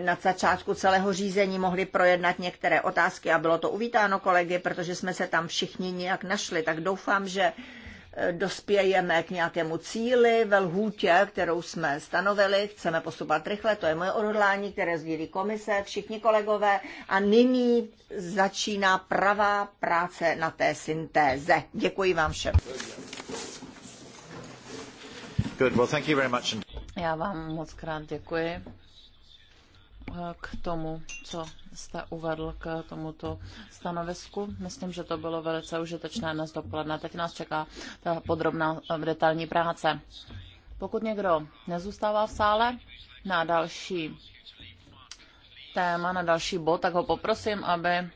S2: na začátku celého řízení mohli projednat některé otázky a bylo to uvítáno kolegům kolegy, protože jsme se tam všichni nějak našli. Tak doufám, že eh, dospějeme k nějakému cíli ve lhůtě, kterou jsme stanovili. Chceme postupovat rychle, to je moje odhodlání, které sdílí komise, všichni kolegové. A nyní začíná pravá práce na té syntéze. Děkuji vám všem. Good. Well, thank you very much.
S1: Já vám moc krát děkuji k tomu, co jste uvedl k tomuto stanovisku. Myslím, že to bylo velice užitečné dnes dopoledne. Teď nás čeká ta podrobná eh, detailní práce. Pokud někdo nezůstává v sále na další téma, na další bod, tak ho poprosím, aby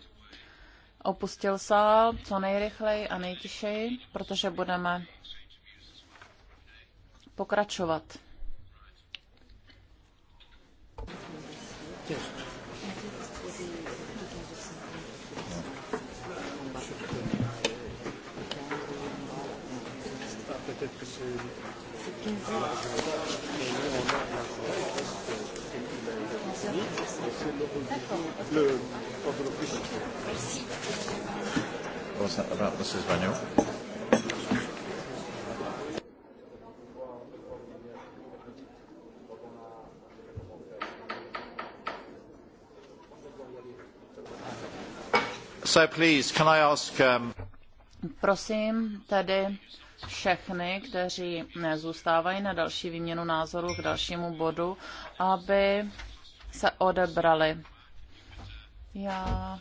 S1: opustil sál co nejrychleji a nejtišeji, protože budeme pokračovat. text.
S2: Peut-être que c'est... C'est 15 ans. D'accord. Le... Merci. Bonsoir, Mrs. Vagnon. Um,
S1: Prosím tedy všechny, kteří zůstávají na další výměnu názorů k dalšímu bodu, aby se odebrali. Já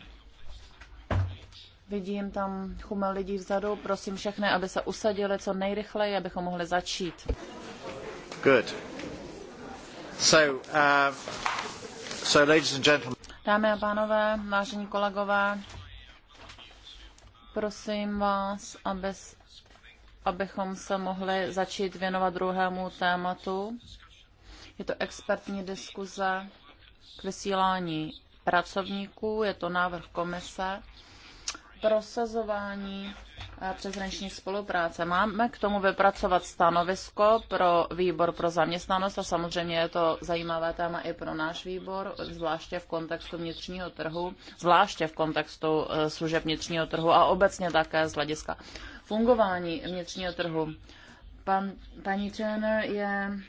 S1: vidím tam chumel lidí vzadu. Prosím všechny, aby se usadili co nejrychleji, abychom mohli začít.
S2: Good. So, uh, so ladies and gentlemen.
S1: Dámy a pánové, vážení kolegové, Prosím vás, aby, abychom se mohli začít věnovat druhému tématu. Je to expertní diskuze k vysílání pracovníků, je to návrh komise prosazování eh, přeshraniční spolupráce. Máme k tomu vypracovat stanovisko pro výbor pro zaměstnanost a samozřejmě je to zajímavé téma i pro náš výbor, zvláště v kontextu vnitřního trhu, zvláště v kontextu eh, služeb vnitřního trhu a obecně také z hlediska fungování vnitřního trhu. Pan, paní Turner je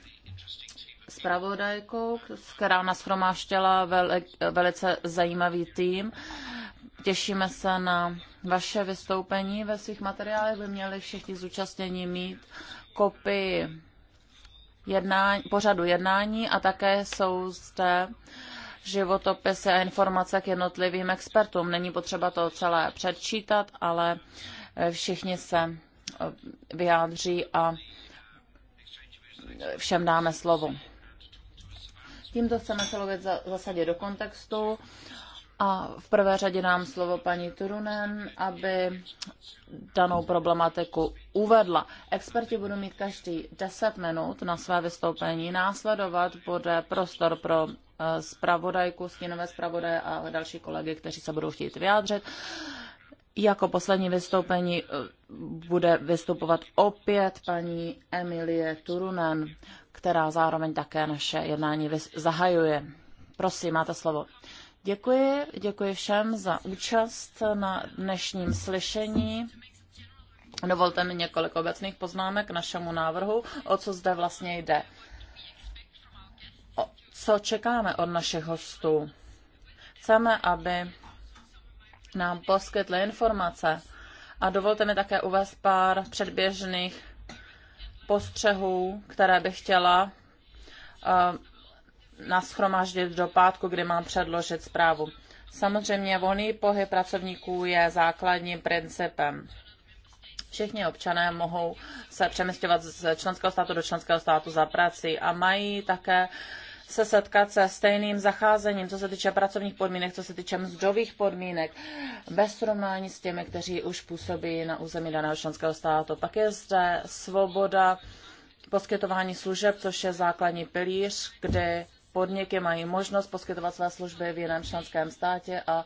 S1: zpravodajkou, která nashromáštěla vel, velice zajímavý tým. Uh, Těšíme se na vaše vystoupení. Ve svých materiálech by měli všichni zúčastnění mít kopii jednání, pořadu jednání a také jsou zde životopisy a informace k jednotlivým expertům. Není potřeba to celé předčítat, ale eh, všichni se eh, vyjádří a všem dáme slovo. Tímto chceme celou věc zasadit do kontextu a v prvé řadě nám slovo paní Turunen, aby danou problematiku uvedla. Experti budou mít každý 10 minut na své vystoupení. Následovat bude prostor pro eh, zpravodajku, stínové zpravodaje a další kolegy, kteří se budou chtít vyjádřit. Jako poslední vystoupení eh, bude vystupovat opět paní Emilie Turunen, která zároveň také naše jednání zahajuje. Prosím, máte slovo. Děkuji, děkuji všem za účast na dnešním slyšení. Dovolte mi několik obecných poznámek k našemu návrhu, o co zde vlastně jde. O co čekáme od našich hostů? Chceme, aby nám poskytli informace a dovolte mi také uvést pár předběžných postřehů, které bych chtěla eh, nashromáždit do pátku, kdy mám předložit zprávu. Samozřejmě volný pohyb pracovníků je základním principem. Všichni občané mohou se přemysťovat z členského státu do členského státu za prací a mají také se setkat se stejným zacházením, co se týče pracovních podmínek, co se týče mzdových podmínek, bez srovnání s těmi, kteří už působí na území daného členského státu. Pak je zde svoboda poskytování služeb, což je základní pilíř, kdy podniky mají možnost poskytovat své služby v jiném členském státě a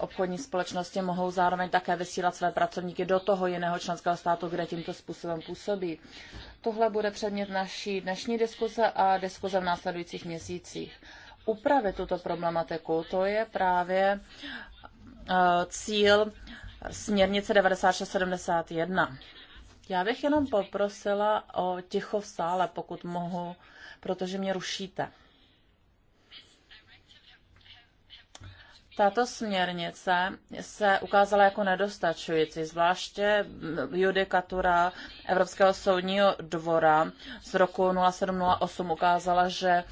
S1: obchodní společnosti mohou zároveň také vysílat své pracovníky do toho jiného členského státu, kde tímto způsobem působí. Tohle bude předmět naší dnešní diskuse a diskuse v následujících měsících. Upravit tuto problematiku, to je právě e, cíl směrnice 9671. Já bych jenom poprosila o ticho v sále, pokud mohu, protože mě rušíte. Tato směrnice se ukázala jako nedostačující, zvláště judikatura Evropského soudního dvora z roku 0708 ukázala, že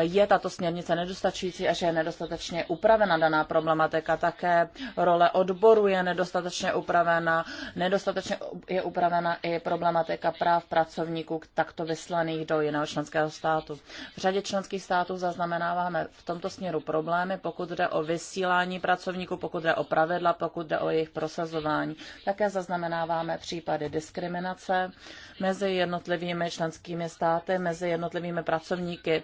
S1: je tato směrnice nedostačující a že je nedostatečně upravena daná problematika. Také role odboru je nedostatečně upravena, nedostatečně je upravena i problematika práv pracovníků takto vyslaných do jiného členského státu. V řadě členských států zaznamenáváme v tomto směru problémy, pokud jde o vysílání vysílání pracovníků, pokud jde o pravidla, pokud jde o jejich prosazování. Také zaznamenáváme případy diskriminace mezi jednotlivými členskými státy, mezi jednotlivými pracovníky.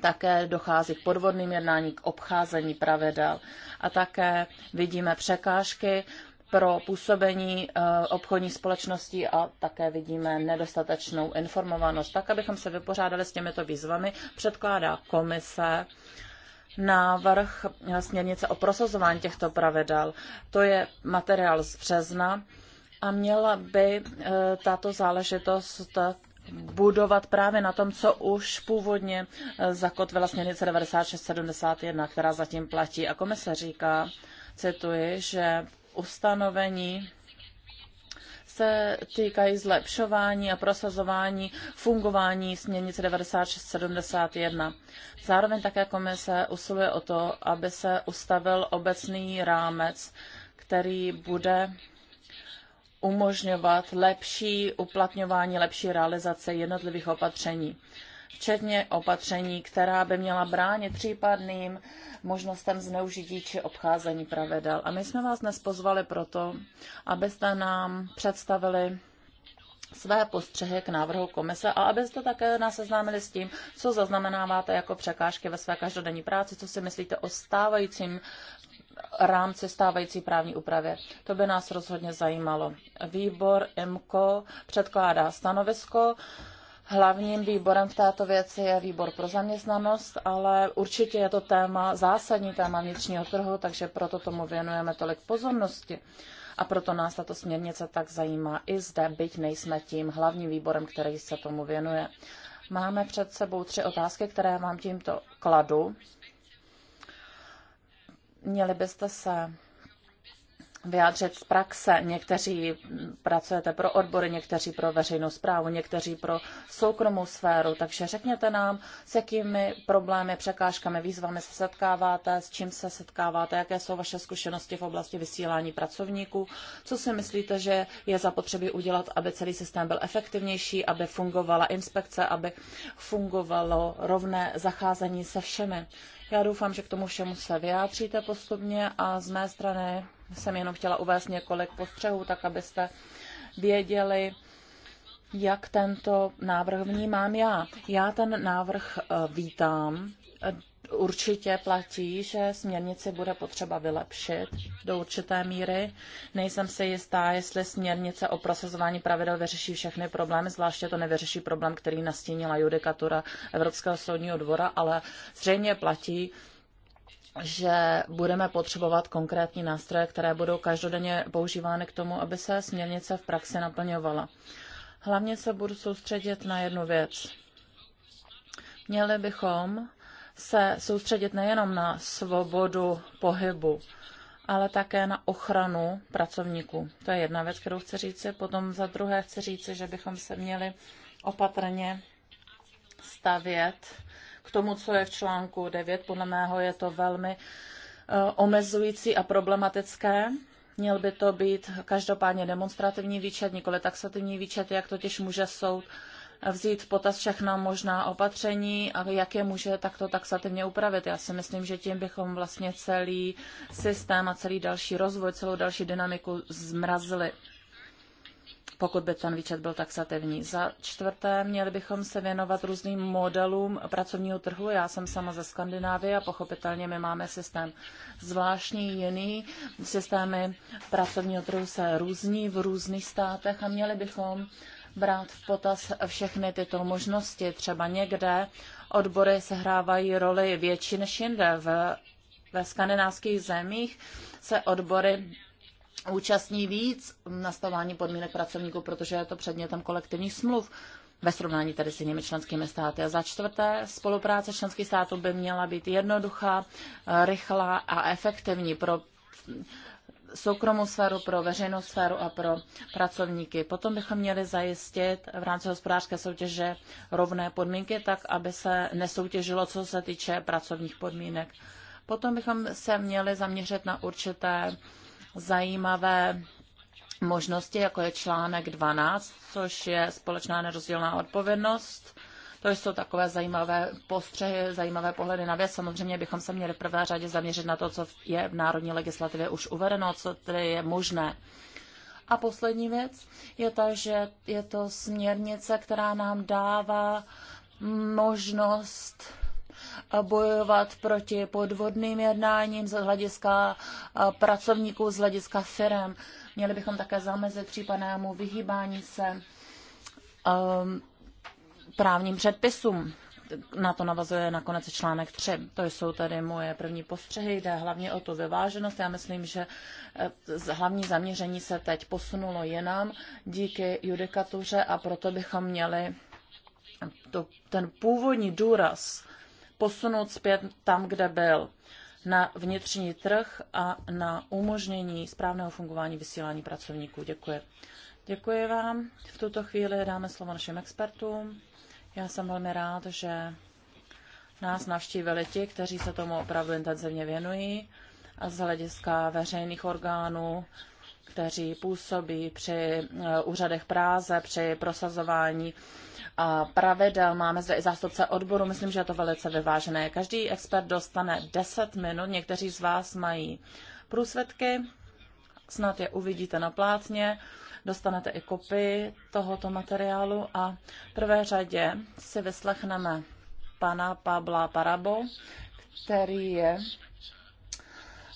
S1: Také dochází k podvodným jednání, k obcházení pravidel. A také vidíme překážky pro působení eh, obchodní společností a také vidíme nedostatečnou informovanost. Tak, abychom se vypořádali s těmito výzvami, předkládá komise návrh eh, směrnice o prosazování těchto pravidel. To je materiál z března a měla by eh, tato záležitost eh, budovat právě na tom, co už původně zakotvila směrnice 9671, která zatím platí. A komise říká, cituji, že ustanovení se týkají zlepšování a prosazování fungování směrnice 9671. Zároveň také komise usiluje o to, aby se ustavil obecný rámec, který bude umožňovat lepší uplatňování, lepší realizace jednotlivých opatření včetně opatření, která by měla bránit případným možnostem zneužití či obcházení pravidel. A my jsme vás dnes pozvali proto, abyste nám představili své postřehy k návrhu komise a abyste také nás seznámili s tím, co zaznamenáváte jako překážky ve své každodenní práci, co si myslíte o stávajícím rámci stávající právní úpravě. To by nás rozhodně zajímalo. Výbor MKO předkládá stanovisko. Hlavním výborem v této věci je výbor pro zaměstnanost, ale určitě je to téma, zásadní téma vnitřního trhu, takže proto tomu věnujeme tolik pozornosti. A proto nás tato směrnice tak zajímá i zde, byť nejsme tím hlavním výborem, který se tomu věnuje. Máme před sebou tři otázky, které vám tímto kladu. Měli byste se vyjádřit z praxe. Někteří pracujete pro odbory, někteří pro veřejnou zprávu, někteří pro soukromou sféru. Takže řekněte nám, s jakými problémy, překážkami, výzvami se setkáváte, s čím se setkáváte, jaké jsou vaše zkušenosti v oblasti vysílání pracovníků, co si myslíte, že je zapotřebí udělat, aby celý systém byl efektivnější, aby fungovala inspekce, aby fungovalo rovné zacházení se všemi. Já doufám, že k tomu všemu se vyjádříte postupně a z mé strany jsem jenom chtěla uvést několik postřehů, tak abyste věděli, jak tento návrh vnímám já. Já ten návrh eh, vítám. Eh, určitě platí, že směrnici bude potřeba vylepšit do určité míry. Nejsem si jistá, jestli směrnice o prosazování pravidel vyřeší všechny problémy, zvláště to nevyřeší problém, který nastínila judikatura Evropského soudního dvora, ale zřejmě platí, že budeme potřebovat konkrétní nástroje, které budou každodenně používány k tomu, aby se směrnice v praxi naplňovala. Hlavně se budu soustředit na jednu věc. Měli bychom se soustředit nejenom na svobodu pohybu, ale také na ochranu pracovníků. To je jedna věc, kterou chci říci. Potom za druhé chci říci, že bychom se měli opatrně stavět k tomu, co je v článku 9. Podle mého je to velmi eh, omezující a problematické. Měl by to být každopádně demonstrativní výčet, nikoli taxativní výčet, jak totiž může soud vzít v potaz všechna možná opatření a jak je může takto taxativně upravit. Já si myslím, že tím bychom vlastně celý systém a celý další rozvoj, celou další dynamiku zmrazili pokud by ten výčet byl taxativní. Za čtvrté, měli bychom se věnovat různým modelům pracovního trhu. Já jsem sama ze Skandinávie a pochopitelně my máme systém zvláštní, jiný. Systémy pracovního trhu se různí v různých státech a měli bychom brát v potaz všechny tyto možnosti. Třeba někde odbory sehrávají roli větší než jinde. V, ve skandinávských zemích se odbory účastní víc nastavování podmínek pracovníků, protože je to předmětem kolektivních smluv ve srovnání tady s jinými členskými státy. A za čtvrté, spolupráce členských států by měla být jednoduchá, eh, rychlá a efektivní pro soukromou sféru, pro veřejnou sféru a pro pracovníky. Potom bychom měli zajistit v rámci hospodářské soutěže rovné podmínky, tak aby se nesoutěžilo, co se týče pracovních podmínek. Potom bychom se měli zaměřit na určité zajímavé možnosti, jako je článek 12, což je společná nerozdělná odpovědnost. To jsou takové zajímavé postřehy, zajímavé pohledy na věc. Samozřejmě bychom se měli v prvé řadě zaměřit na to, co je v národní legislativě už uvedeno, co tedy je možné. A poslední věc je ta, že je to směrnice, která nám dává možnost bojovat proti podvodným jednáním z hlediska pracovníků, z hlediska firm. Měli bychom také zamezit případnému vyhýbání se um, právním předpisům. Na to navazuje nakonec článek 3. To jsou tady moje první postřehy. Jde hlavně o tu vyváženost. Já myslím, že eh, hlavní zaměření se teď posunulo jenom díky judikatuře a proto bychom měli to, ten původní důraz posunout zpět tam, kde byl, na vnitřní trh a na umožnění správného fungování vysílání pracovníků. Děkuji. Děkuji vám. V tuto chvíli dáme slovo našim expertům. Já jsem velmi rád, že nás navštívili ti, kteří se tomu opravdu intenzivně věnují a z hlediska veřejných orgánů, kteří působí při eh, úřadech práze, při prosazování pravidel. Máme zde i zástupce odboru, myslím, že je to velice vyvážené. Každý expert dostane 10 minut, někteří z vás mají průsvědky, snad je uvidíte na plátně, dostanete i kopii tohoto materiálu a v prvé řadě si vyslechneme pana Pabla Parabo, který je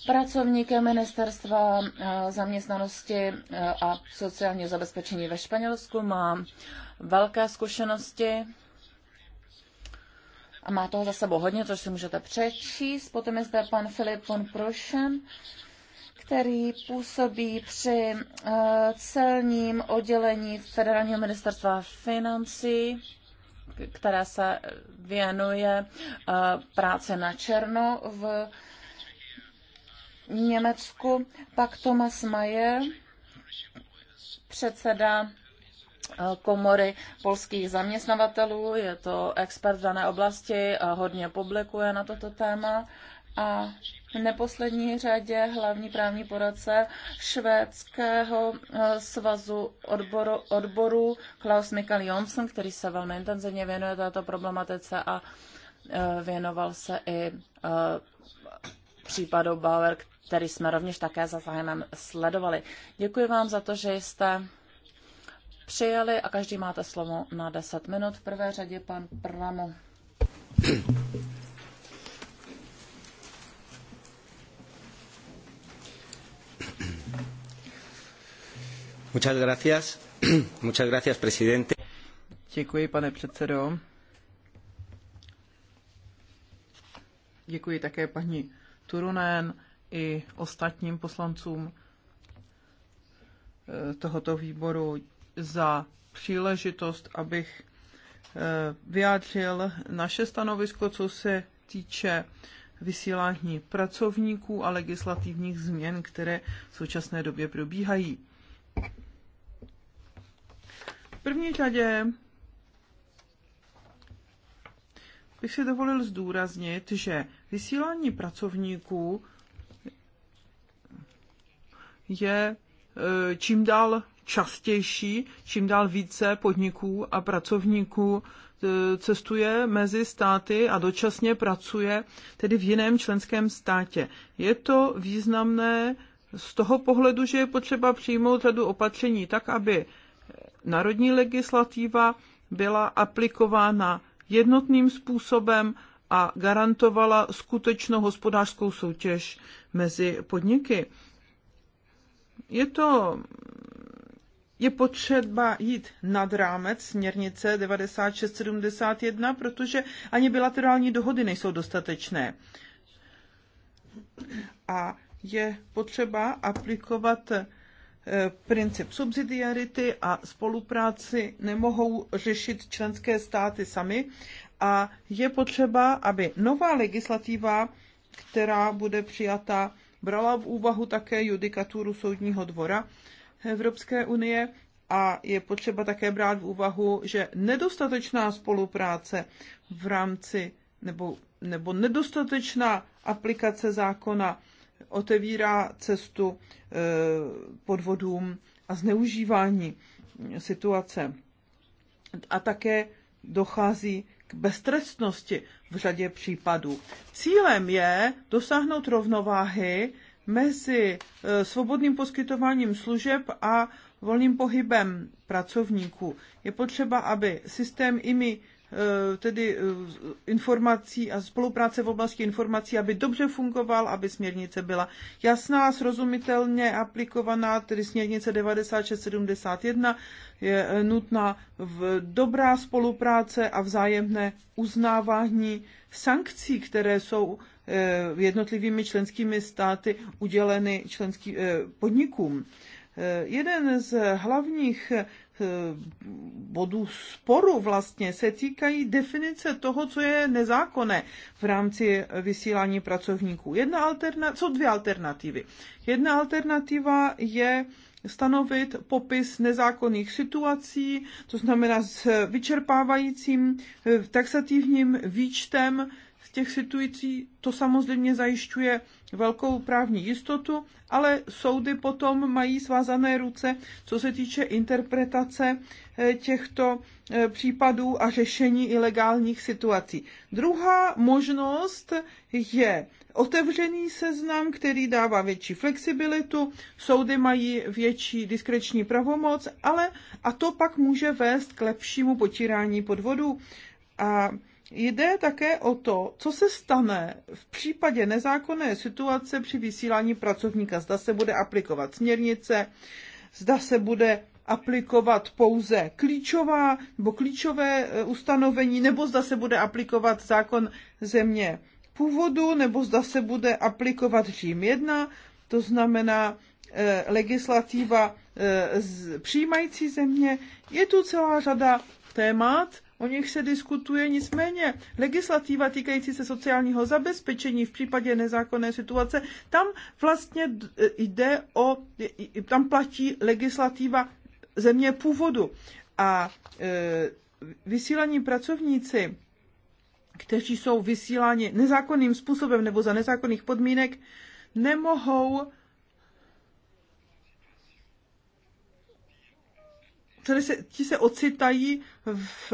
S1: pracovníkem ministerstva eh, zaměstnanosti eh, a sociálního zabezpečení ve Španělsku. Má velké zkušenosti a má toho za sebou hodně, což si můžete přečíst. Potom je zde pan Filip von Prošen, který působí při eh, celním oddělení Federálního ministerstva financí která se věnuje práci na černo v Německu, pak Thomas Mayer, předseda eh, komory polských zaměstnavatelů, je to expert v dané oblasti, eh, hodně publikuje na toto téma a v neposlední řadě hlavní právní poradce švédského eh, svazu odboru, odboru Klaus Mikael Jonsson, který se velmi intenzivně věnuje této problematice a věnoval se i případu Bauer, který jsme rovněž také za zájemem sledovali. Děkuji vám za to, že jste přijeli a každý máte slovo na 10 minut. V prvé řadě pan Pramo.
S3: Muchas gracias. Muchas gracias, presidente. Děkuji, pane předsedo. Děkuji také paní Turunen i ostatním poslancům eh, tohoto výboru za příležitost, abych eh, vyjádřil naše stanovisko, co se týče vysílání pracovníků a legislativních změn, které v současné době probíhají. V první řadě bych si dovolil zdůraznit, že vysílání pracovníků je eh, čím dál častější, čím dál více podniků a pracovníků eh, cestuje mezi státy a dočasně pracuje tedy v jiném členském státě. Je to významné z toho pohledu, že je potřeba přijmout řadu opatření tak, aby národní legislativa byla aplikována jednotným způsobem a garantovala skutečnou hospodářskou soutěž mezi podniky je to je potřeba jít nad rámec směrnice 9671, protože ani bilaterální dohody nejsou dostatečné. A je potřeba aplikovat eh, princip subsidiarity a spolupráci nemohou řešit členské státy sami a je potřeba, aby nová legislativa, která bude přijata, brala v úvahu také judikaturu Soudního dvora Evropské unie a je potřeba také brát v úvahu, že nedostatečná spolupráce v rámci nebo, nebo nedostatečná aplikace zákona otevírá cestu e, podvodům a zneužívání situace. A také dochází beztrestnosti v řadě případů. Cílem je dosáhnout rovnováhy mezi e, svobodným poskytováním služeb a volným pohybem pracovníků. Je potřeba, aby systém IMI Eh, tedy eh, informací a spolupráce v oblasti informací, aby dobře fungoval, aby směrnice byla jasná, srozumitelně aplikovaná, tedy směrnice 9671 je eh, nutná v dobrá spolupráce a vzájemné uznávání sankcí, které jsou jednotlivými členskými státy uděleny členským podnikům. Jeden z hlavních Eh, bodů sporu vlastně se týkají definice toho, co je nezákonné v rámci vysílání pracovníků. Jedna alterna- jsou dvě alternativy. Jedna alternativa je stanovit popis nezákonných situací, to znamená s vyčerpávajícím eh, taxativním výčtem z těch situací. To samozřejmě zajišťuje velkou právní jistotu, ale soudy potom mají svázané ruce, co se týče interpretace eh, těchto eh, případů a řešení ilegálních situací. Druhá možnost je otevřený seznam, který dává větší flexibilitu, soudy mají větší diskreční pravomoc, ale a to pak může vést k lepšímu potírání podvodů. A Jde také o to, co se stane v případě nezákonné situace při vysílání pracovníka. Zda se bude aplikovat směrnice, zda se bude aplikovat pouze klíčová nebo klíčové eh, ustanovení, nebo zda se bude aplikovat zákon země původu, nebo zda se bude aplikovat Řím 1, to znamená eh, legislativa eh, z přijímající země. Je tu celá řada témat, o nich se diskutuje, nicméně legislativa týkající se sociálního zabezpečení v případě nezákonné situace, tam vlastně e, jde o, e, e, tam platí legislativa země původu. A e, vysílaní pracovníci, kteří jsou vysíláni nezákonným způsobem nebo za nezákonných podmínek, nemohou které se, ti se ocitají v,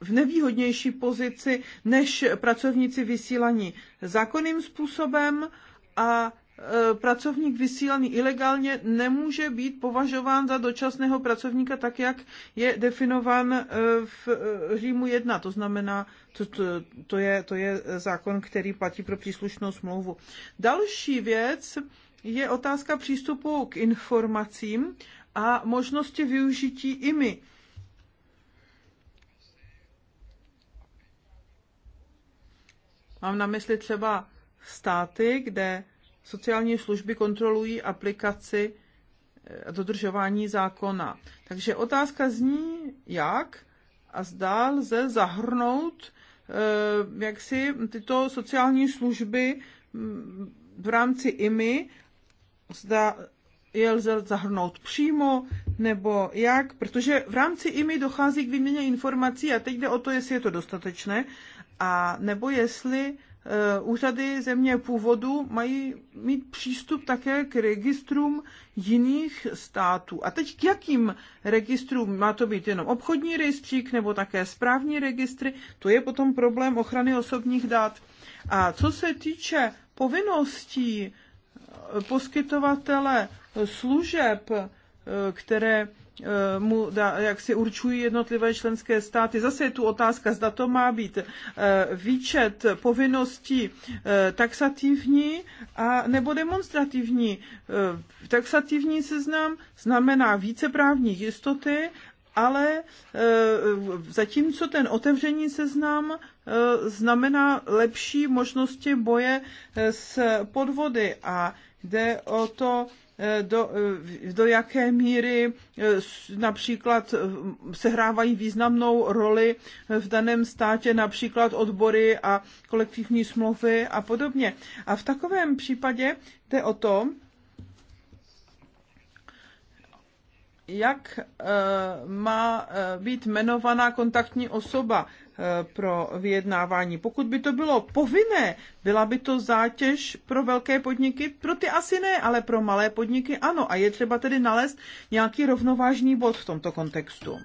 S3: v nevýhodnější pozici než pracovníci vysílaní zákonným způsobem a e, pracovník vysílaný ilegálně nemůže být považován za dočasného pracovníka tak, jak je definován e, v e, Římu 1. To znamená, to, to, to, je, to je zákon, který platí pro příslušnou smlouvu. Další věc je otázka přístupu k informacím a možnosti využití IMI. Mám na mysli třeba státy, kde sociální služby kontrolují aplikaci a eh, dodržování zákona. Takže otázka zní, jak a zdá lze zahrnout eh, jak si tyto sociální služby mm, v rámci IMI, zda je lze zahrnout přímo, nebo jak, protože v rámci IMI dochází k výměně informací a teď jde o to, jestli je to dostatečné, a nebo jestli e, úřady země původu mají mít přístup také k registrům jiných států. A teď k jakým registrům? Má to být jenom obchodní rejstřík nebo také správní registry? To je potom problém ochrany osobních dat. A co se týče povinností e, poskytovatele služeb, eh, které eh, mu da, jak si určují jednotlivé členské státy. Zase je tu otázka, zda to má být eh, výčet povinností taxativní a nebo demonstrativní. Taxativní seznam znamená více právní jistoty, ale zatímco ten otevřený seznam znamená lepší možnosti boje s podvody a jde o to, Eh, do, eh, do jaké míry eh, například sehrávají významnou roli v daném státě například odbory a kolektivní smlouvy a podobně. A v takovém případě jde o to, jak eh, má eh, být jmenovaná kontaktní osoba eh, pro vyjednávání. Pokud by to bylo povinné, byla by to zátěž pro velké podniky? Pro ty asi ne, ale pro malé podniky ano. A je třeba tedy nalézt nějaký rovnovážný bod v tomto kontextu.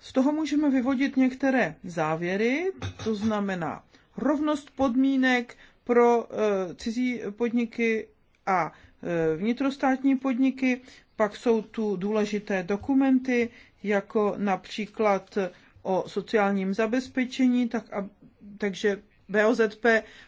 S3: Z toho můžeme vyvodit některé závěry, to znamená rovnost podmínek, pro eh, cizí podniky a eh, vnitrostátní podniky. Pak jsou tu důležité dokumenty, jako například eh, o sociálním zabezpečení, tak a, takže BOZP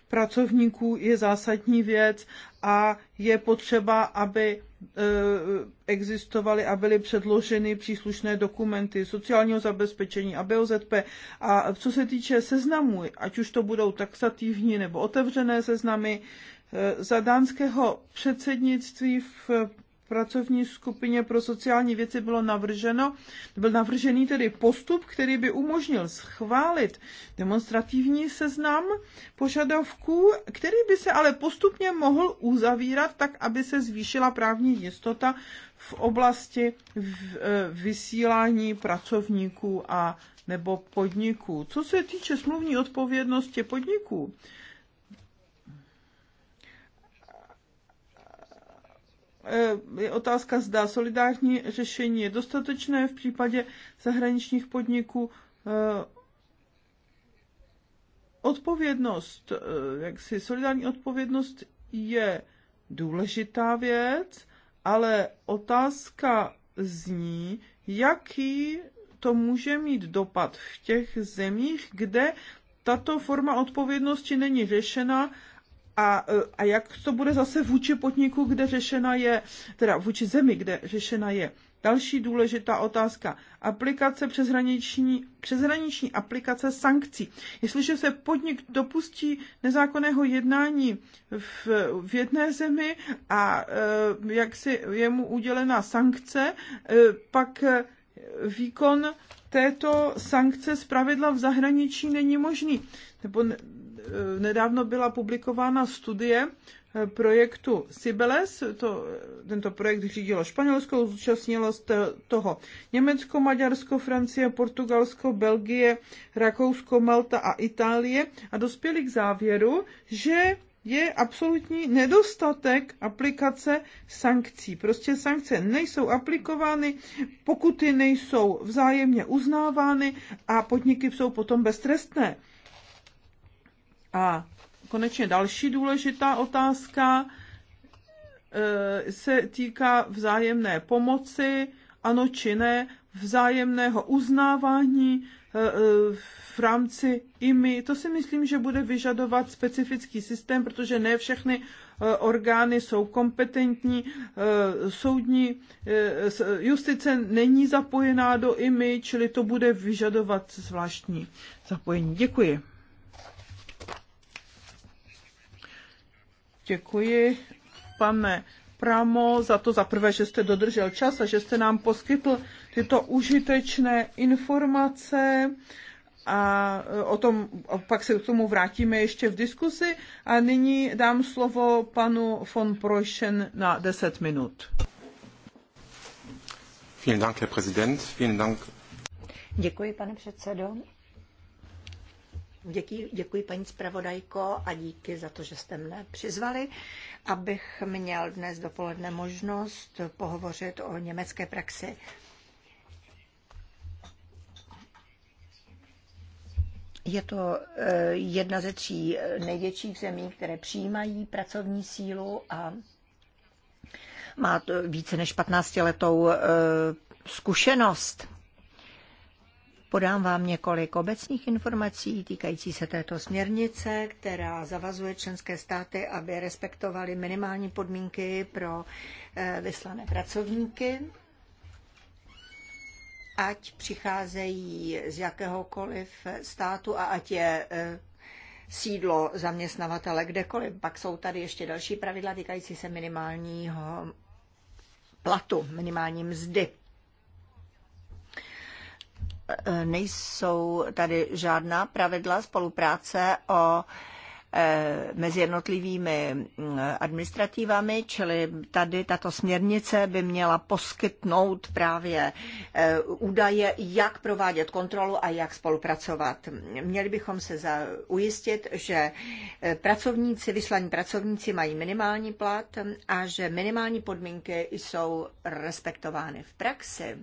S3: pracovníků je zásadní věc a je potřeba, aby Eh, existovaly a byly předloženy příslušné dokumenty sociálního zabezpečení a BOZP. A co se týče seznamů, ať už to budou taxativní nebo otevřené seznamy, eh, za dánského předsednictví v pracovní skupině pro sociální věci bylo navrženo, byl navržený tedy postup, který by umožnil schválit demonstrativní seznam požadavků, který by se ale postupně mohl uzavírat tak, aby se zvýšila právní jistota v oblasti e, vysílání pracovníků a nebo podniků. Co se týče smluvní odpovědnosti podniků, Eh, je otázka, zda solidární řešení je dostatečné v případě zahraničních podniků. Eh, odpovědnost, eh, jaksi solidární odpovědnost je důležitá věc, ale otázka zní, jaký to může mít dopad v těch zemích, kde tato forma odpovědnosti není řešena a, eh, a jak to bude zase vůči podniku, kde řešena je, teda vůči zemi, kde řešena je. Další důležitá otázka. Aplikace přeshraniční, přeshraniční aplikace sankcí. Jestliže se podnik dopustí nezákonného jednání v, v jedné zemi a e, jak si je mu udělena sankce, e, pak výkon této sankce zpravidla v zahraničí není možný. Nebo Eh, nedávno byla publikována studie eh, projektu Sibeles. To, eh, tento projekt řídilo Španělsko, zúčastnilo toho Německo, Maďarsko, Francie, Portugalsko, Belgie, Rakousko, Malta a Itálie a dospěli k závěru, že je absolutní nedostatek aplikace sankcí. Prostě sankce nejsou aplikovány, pokuty nejsou vzájemně uznávány a podniky jsou potom beztrestné. A konečně další důležitá otázka eh, se týká vzájemné pomoci, ano či ne, vzájemného uznávání eh, eh, v rámci IMI. To si myslím, že bude vyžadovat specifický systém, protože ne všechny orgány jsou kompetentní, soudní justice není zapojená do IMI, čili to bude vyžadovat zvláštní zapojení. Děkuji. Děkuji, pane Pramo, za to zaprvé, že jste dodržel čas a že jste nám poskytl tyto užitečné informace a e, o tom, pak se k tomu vrátíme ještě v diskusi a nyní dám slovo panu von Prošen na 10 minut.
S1: Vielen Dank, Herr Präsident. Vielen Dank.
S3: Děkuji, pane předsedo.
S2: Děkuji, děkuji paní zpravodajko a díky za to, že jste mne přizvali, abych měl dnes dopoledne možnost pohovořit o německé praxi. Je to eh, jedna ze tří eh, největších zemí, které přijímají pracovní sílu a má to více než 15 letou eh, zkušenost Podám vám několik obecných informací týkající se této směrnice, která zavazuje členské státy, aby respektovaly minimální podmínky pro eh, vyslané pracovníky, ať přicházejí z jakéhokoliv státu a ať je eh, sídlo zaměstnavatele kdekoliv. Pak jsou tady ještě další pravidla týkající se minimálního platu, minimální mzdy. E, nejsou tady žádná pravidla spolupráce o e, mezi jednotlivými mm, administrativami, čili tady tato směrnice by měla poskytnout právě e, údaje, jak provádět kontrolu a jak spolupracovat. Měli bychom se ujistit, že pracovníci, vyslaní pracovníci mají minimální plat a že minimální podmínky jsou respektovány v praxi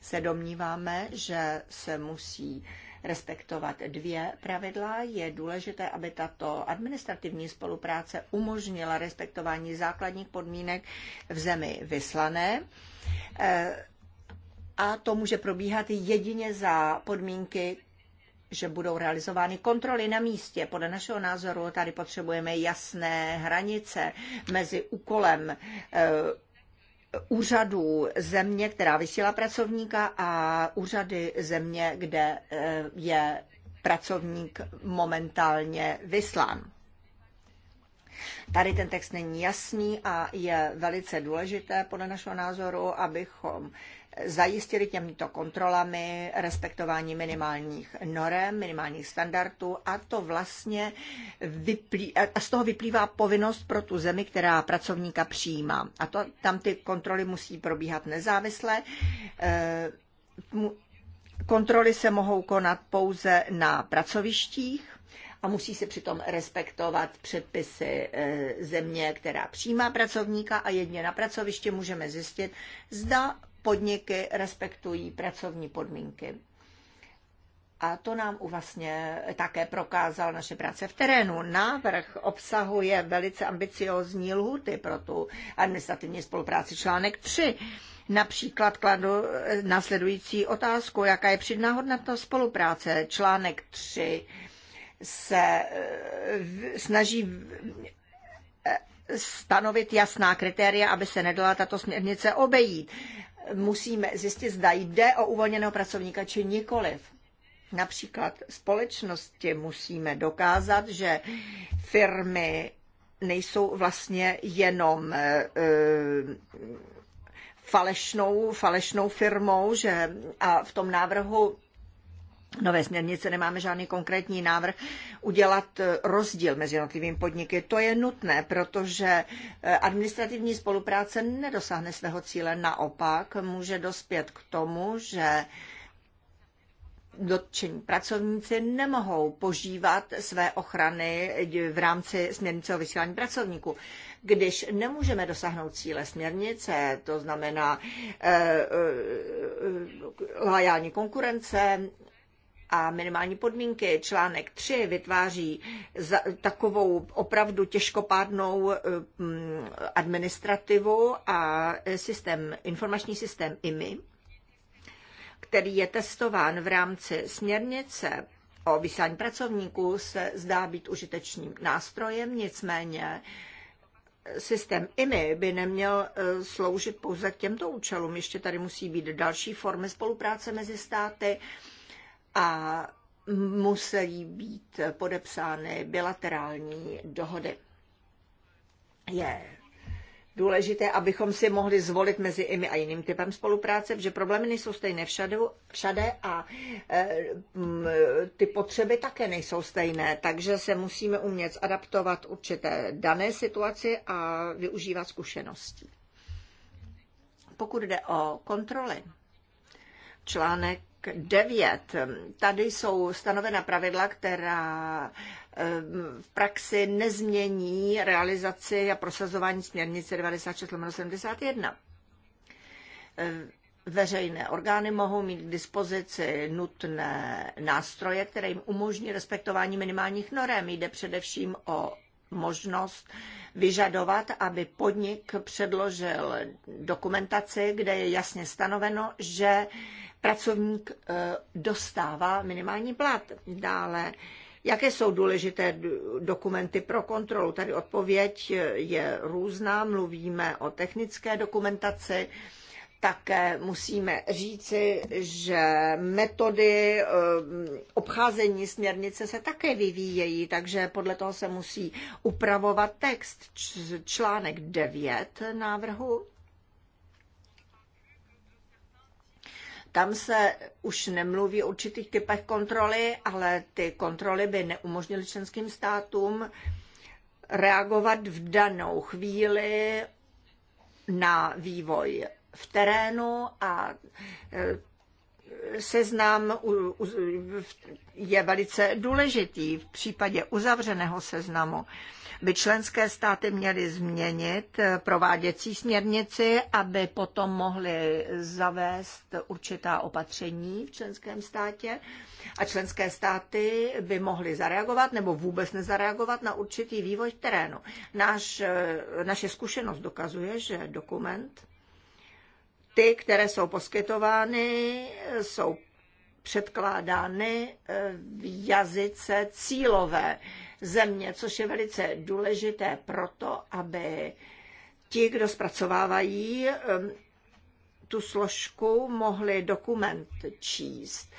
S2: se domníváme, že se musí respektovat dvě pravidla. Je důležité, aby tato administrativní spolupráce umožnila respektování základních podmínek v zemi vyslané. E, a to může probíhat jedině za podmínky, že budou realizovány kontroly na místě. Podle našeho názoru tady potřebujeme jasné hranice mezi úkolem e, úřadů země, která vysílá pracovníka a úřady země, kde eh, je pracovník momentálně vyslán. Tady ten text není jasný a je velice důležité podle našeho názoru, abychom zajistili těmito kontrolami respektování minimálních norem, minimálních standardů a to vlastně vyplý, a z toho vyplývá povinnost pro tu zemi, která pracovníka přijímá. A to, tam ty kontroly musí probíhat nezávisle. Eh, kontroly se mohou konat pouze na pracovištích, a musí se přitom respektovat předpisy eh, země, která přijímá pracovníka a jedně na pracovišti můžeme zjistit, zda podniky respektují pracovní podmínky. A to nám vlastně také prokázal naše práce v terénu. Návrh obsahuje velice ambiciózní lhuty pro tu administrativní spolupráci. Článek 3 například kladu eh, následující otázku, jaká je přidná spolupráce. Článek 3 se eh, snaží eh, stanovit jasná kritéria, aby se nedala tato směrnice obejít musíme zjistit, zda jde o uvolněného pracovníka či nikoliv. Například společnosti musíme dokázat, že firmy nejsou vlastně jenom eh, eh, falešnou, falešnou firmou, že a v tom návrhu nové směrnice nemáme žádný konkrétní návrh udělat eh, rozdíl mezi jednotlivými podniky. To je nutné, protože eh, administrativní spolupráce nedosáhne svého cíle. Naopak může dospět k tomu, že dotčení pracovníci nemohou požívat své ochrany v rámci směrnice o vysílání pracovníků. Když nemůžeme dosáhnout cíle směrnice, to znamená e, eh, e, lajální konkurence, a minimální podmínky. Článek 3 vytváří takovou opravdu těžkopádnou um, administrativu a systém, informační systém IMI, který je testován v rámci směrnice o vysílání pracovníků, se zdá být užitečným nástrojem, nicméně systém IMI by neměl eh, sloužit pouze k těmto účelům. Ještě tady musí být další formy spolupráce mezi státy, a musí být podepsány bilaterální dohody. Je důležité, abychom si mohli zvolit mezi imi a jiným typem spolupráce, protože problémy nejsou stejné všade a e, ty potřeby také nejsou stejné, takže se musíme umět adaptovat určité dané situaci a využívat zkušeností. Pokud jde o kontroly, článek 9. Tady jsou stanovena pravidla, která eh, v praxi nezmění realizaci a prosazování směrnice 96/71. Eh, veřejné orgány mohou mít k dispozici nutné nástroje, které jim umožní respektování minimálních norem. Jde především o možnost vyžadovat, aby podnik předložil dokumentaci, kde je jasně stanoveno, že pracovník eh, dostává minimální plat. Dále, jaké jsou důležité dokumenty pro kontrolu? Tady odpověď eh, je různá. Mluvíme o technické dokumentaci, také musíme říci, že metody eh, obcházení směrnice se také vyvíjejí, takže podle toho se musí upravovat text. Článek 9 návrhu Tam se už nemluví o určitých typech kontroly, ale ty kontroly by neumožnily členským státům reagovat v danou chvíli na vývoj v terénu a e, seznam je velice důležitý. V případě uzavřeného seznamu by členské státy měly změnit eh, prováděcí směrnici, aby potom mohly zavést určitá opatření v členském státě a členské státy by mohly zareagovat nebo vůbec nezareagovat na určitý vývoj v terénu. Náš, eh, naše zkušenost dokazuje, že dokument ty, které jsou poskytovány, jsou předkládány eh, v jazyce cílové země, což je velice důležité proto, aby ti, kdo zpracovávají ehm, tu složku, mohli dokument číst.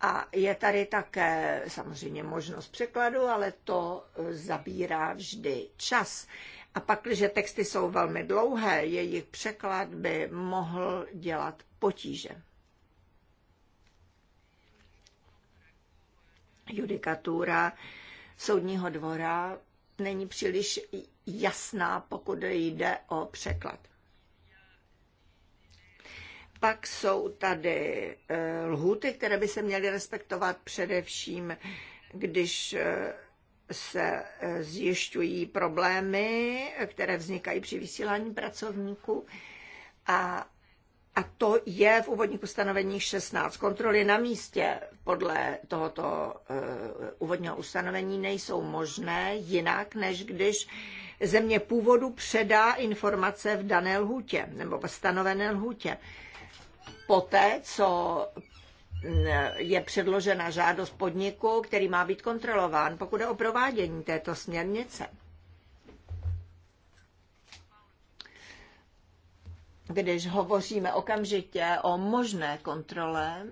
S2: A je tady také samozřejmě možnost překladu, ale to eh, zabírá vždy čas. A pak, že texty jsou velmi dlouhé, jejich překlad by mohl dělat potíže. Judikatura soudního dvora není příliš jasná, pokud jde o překlad. Pak jsou tady eh, lhuty, které by se měly respektovat především, když eh, se e, zjišťují problémy, které vznikají při vysílání pracovníků a a to je v úvodních ustanovení 16. Kontroly na místě podle tohoto uh, úvodního ustanovení nejsou možné jinak, než když země původu předá informace v dané lhutě nebo v stanovené lhutě. Poté, co je předložena žádost podniku, který má být kontrolován, pokud je o provádění této směrnice. Když hovoříme okamžitě o možné kontrole,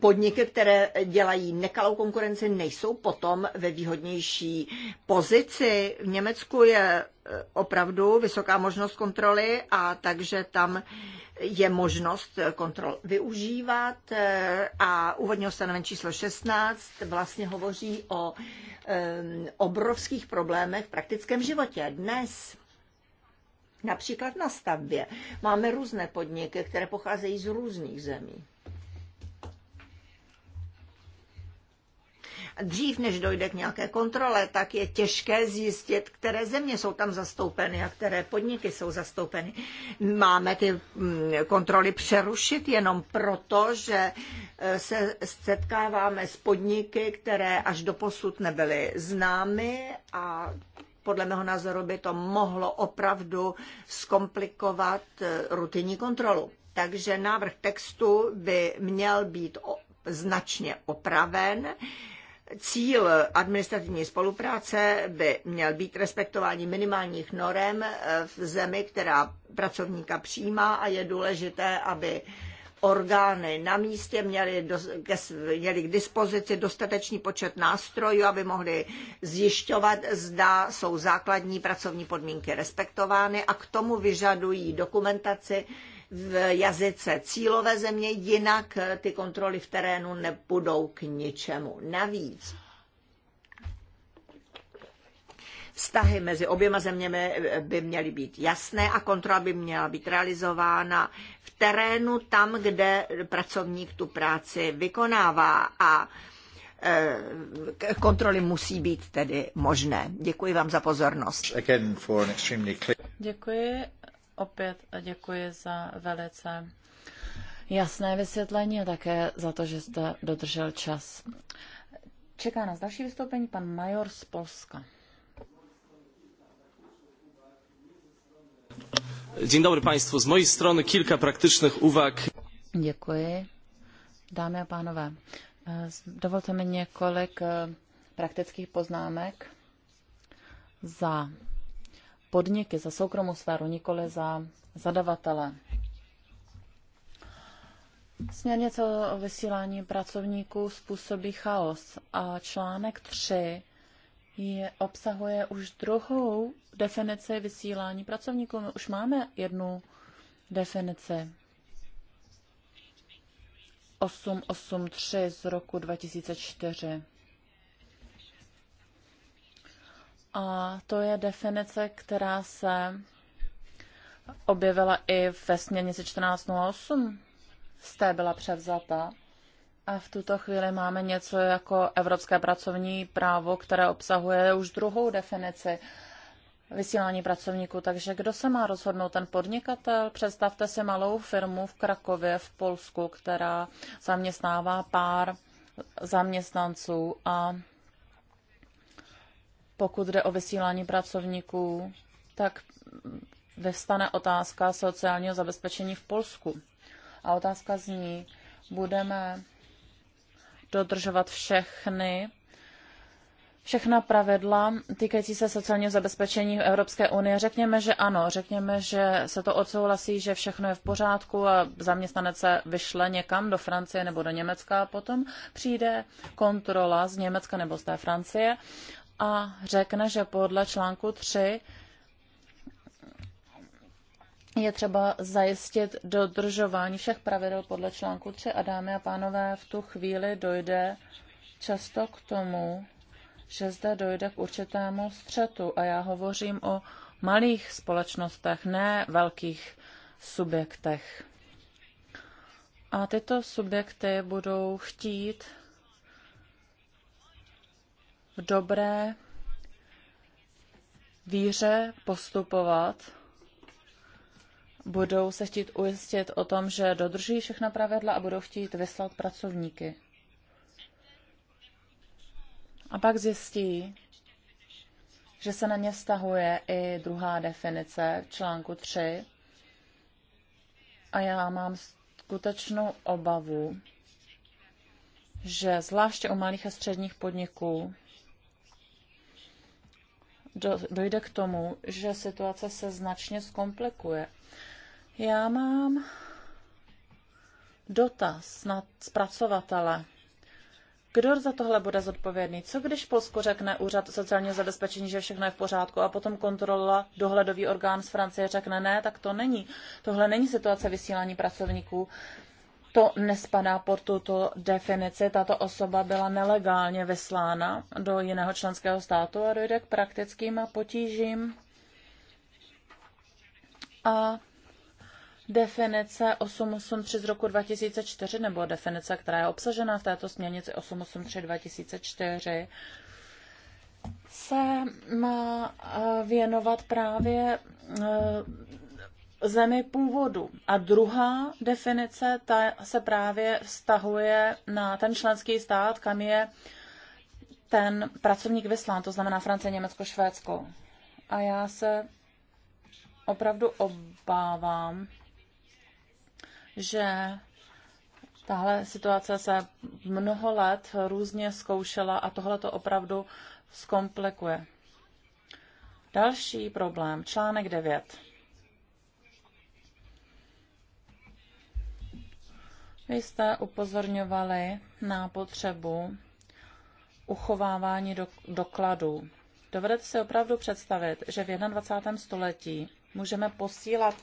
S2: podniky, které dělají nekalou konkurenci, nejsou potom ve výhodnější pozici. V Německu je e, opravdu vysoká možnost kontroly a takže tam je možnost kontrol využívat e, a úvodní ustanovení číslo 16 vlastně hovoří o e, obrovských problémech v praktickém životě. Dnes například na stavbě máme různé podniky, které pocházejí z různých zemí dřív, než dojde k nějaké kontrole, tak je těžké zjistit, které země jsou tam zastoupeny a které podniky jsou zastoupeny. Máme ty mm, kontroly přerušit jenom proto, že e, se setkáváme s podniky, které až do posud nebyly známy a podle mého názoru by to mohlo opravdu zkomplikovat e, rutinní kontrolu. Takže návrh textu by měl být značně opraven Cíl administrativní spolupráce by měl být respektování minimálních norem eh, v zemi, která pracovníka přijímá a je důležité, aby orgány na místě měly, do, ke, měly k dispozici dostatečný počet nástrojů, aby mohly zjišťovat, zda jsou základní pracovní podmínky respektovány a k tomu vyžadují dokumentaci v jazyce cílové země, jinak eh, ty kontroly v terénu nebudou k ničemu. Navíc vztahy mezi oběma zeměmi eh, by měly být jasné a kontrola by měla být realizována v terénu tam, kde pracovník tu práci vykonává a eh, kontroly musí být tedy možné. Děkuji vám za pozornost. Děkuji
S1: opět děkuji za velice jasné vysvětlení a také za to, že jste dodržel čas. Čeká nás další vystoupení pan Major z Polska.
S2: Dzień dobry Państwu. Z mojej strony kilka praktycznych uwag.
S1: Děkuji. Dámy a pánové, dovolte mi několik e, praktických poznámek za podniky, za soukromou sféru, nikoli za zadavatele. Směrnice o vysílání pracovníků způsobí chaos a článek 3 je, obsahuje už druhou definici vysílání pracovníků. My už máme jednu definici. 883 z roku 2004. A to je definice, která se objevila i ve směrnici 1408. Z té byla převzata. A v tuto chvíli máme něco jako evropské pracovní právo, které obsahuje už druhou definici vysílání pracovníků. Takže kdo se má rozhodnout? Ten podnikatel? Představte si malou firmu v Krakově v Polsku, která zaměstnává pár zaměstnanců a pokud jde o vysílání pracovníků, tak vyvstane otázka sociálního zabezpečení v Polsku. A otázka zní, budeme dodržovat všechny všechna pravidla týkající se sociálního zabezpečení v Evropské unie. Řekněme, že ano, řekněme, že se to odsouhlasí, že všechno je v pořádku a zaměstnanec se vyšle někam do Francie nebo do Německa a potom přijde kontrola z Německa nebo z té Francie a řekne, že podle článku 3 je třeba zajistit dodržování všech pravidel podle článku 3 a dámy a pánové, v tu chvíli dojde často k tomu, že zde dojde k určitému střetu a já hovořím o malých společnostech, ne velkých subjektech. A tyto subjekty budou chtít dobré víře postupovat, budou se chtít ujistit o tom, že dodrží všechna pravidla a budou chtít vyslat pracovníky. A pak zjistí, že se na ně vztahuje i druhá definice v článku 3. A já mám skutečnou obavu, že zvláště u malých a středních podniků dojde k tomu, že situace se značně zkomplikuje. Já mám dotaz na zpracovatele. Kdo za tohle bude zodpovědný? Co když Polsko řekne úřad sociálního zabezpečení, že všechno je v pořádku a potom kontrola, dohledový orgán z Francie řekne ne, tak to není. Tohle není situace vysílání pracovníků to nespadá pod tuto definici. Tato osoba byla nelegálně vyslána do jiného členského státu a dojde k praktickým potížím. A definice 883 z roku 2004, nebo definice, která je obsažena v této směrnici 883 2004, se má eh, věnovat právě eh, zemi původu. A druhá definice ta se právě vztahuje na ten členský stát, kam je ten pracovník vyslán, to znamená Francie, Německo, Švédsko. A já se opravdu obávám, že tahle situace se mnoho let různě zkoušela a tohle to opravdu zkomplikuje. Další problém, článek 9. Vy jste upozorňovali na potřebu uchovávání do, dokladů. Dovedete si opravdu představit, že v 21. století můžeme posílat,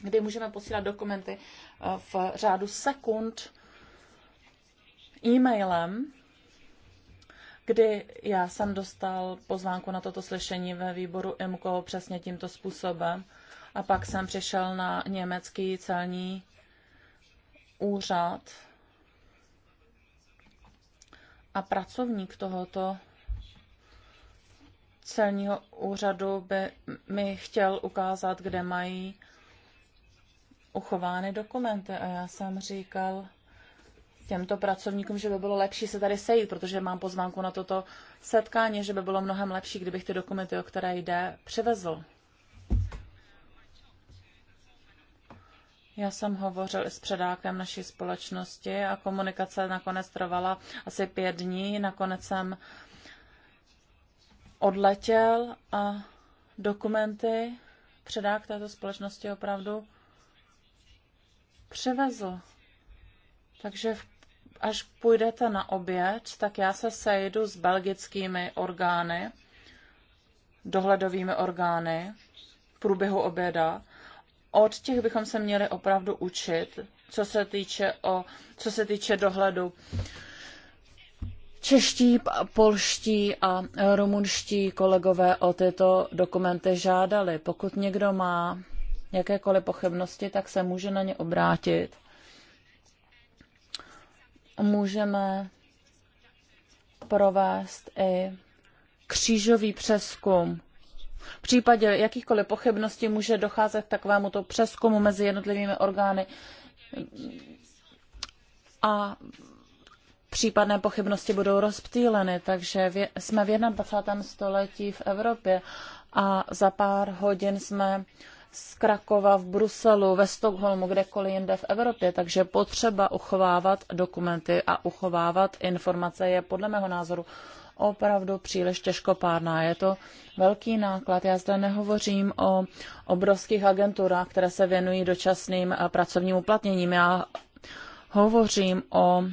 S1: kdy můžeme posílat dokumenty eh, v řádu sekund e-mailem, kdy já jsem dostal pozvánku na toto slyšení ve výboru IMCO přesně tímto způsobem a pak jsem přišel na německý celní úřad a pracovník tohoto celního úřadu by mi chtěl ukázat, kde mají uchovány dokumenty. A já jsem říkal těmto pracovníkům, že by bylo lepší se tady sejít, protože mám pozvánku na toto setkání, že by bylo mnohem lepší, kdybych ty dokumenty, o které jde, přivezl. Já jsem hovořil i s předákem naší společnosti a komunikace nakonec trvala asi pět dní. Nakonec jsem odletěl a dokumenty předák této společnosti opravdu přivezl. Takže až půjdete na oběd, tak já se sejdu s belgickými orgány, dohledovými orgány v průběhu oběda od těch bychom se měli opravdu učit, co se týče, o, co se týče dohledu. Čeští, polští a rumunští kolegové o tyto dokumenty žádali. Pokud někdo má jakékoliv pochybnosti, tak se může na ně obrátit. Můžeme provést i křížový přeskum v případě jakýchkoliv pochybností může docházet k takovému to přeskumu mezi jednotlivými orgány a případné pochybnosti budou rozptýleny, takže v, jsme v 21. století v Evropě a za pár hodin jsme z Krakova v Bruselu, ve Stockholmu, kdekoliv jinde v Evropě, takže potřeba uchovávat dokumenty a uchovávat informace je podle mého názoru opravdu příliš těžkopádná. Je to velký náklad. Já zde nehovořím o obrovských agenturách, které se věnují dočasným eh, pracovním uplatněním. Já hovořím o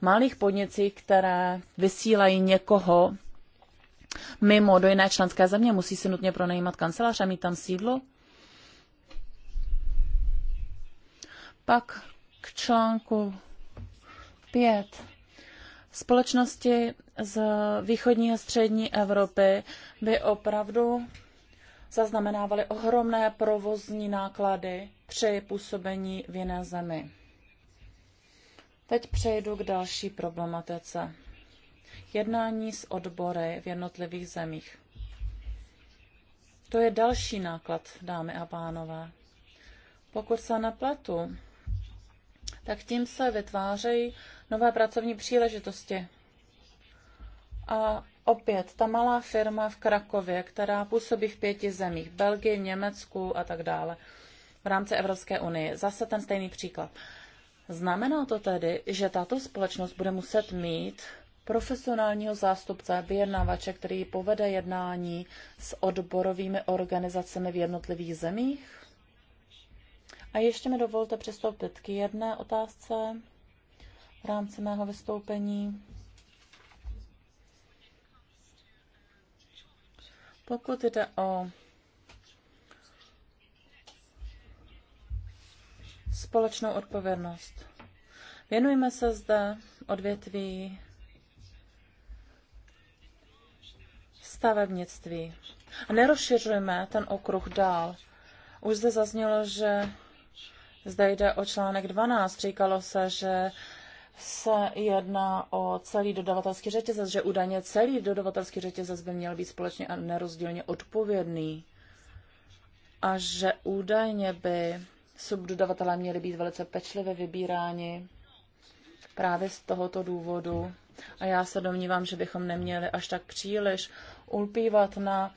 S1: malých podnicích, které vysílají někoho mimo do jiné členské země, musí si nutně pronajímat kancelář a mít tam sídlo. Pak k článku 5. Společnosti z východní a střední Evropy by opravdu zaznamenávaly ohromné provozní náklady při působení v jiné zemi. Teď přejdu k další problematice. Jednání s odbory v jednotlivých zemích. To je další náklad, dámy a pánové. Pokud se nepletu, tak tím se vytvářejí nové pracovní příležitosti. A opět ta malá firma v Krakově, která působí v pěti zemích, Belgii, Německu a tak dále, v rámci Evropské unie. Zase ten stejný příklad. Znamená to tedy, že tato společnost bude muset mít profesionálního zástupce, vyjednavače, který povede jednání s odborovými organizacemi v jednotlivých zemích? A ještě mi dovolte přistoupit k jedné otázce v rámci mého vystoupení. Pokud jde o společnou odpovědnost, věnujeme se zde odvětví stavebnictví a nerozšiřujeme ten okruh dál. Už zde zaznělo, že zde jde o článek 12. Říkalo se, že se jedná o celý dodavatelský řetězec, že údajně celý dodavatelský řetězec by měl být společně a nerozdílně odpovědný a že údajně by subdodavatelé měli být velice pečlivě vybíráni právě z tohoto důvodu. A já se domnívám, že bychom neměli až tak příliš ulpívat na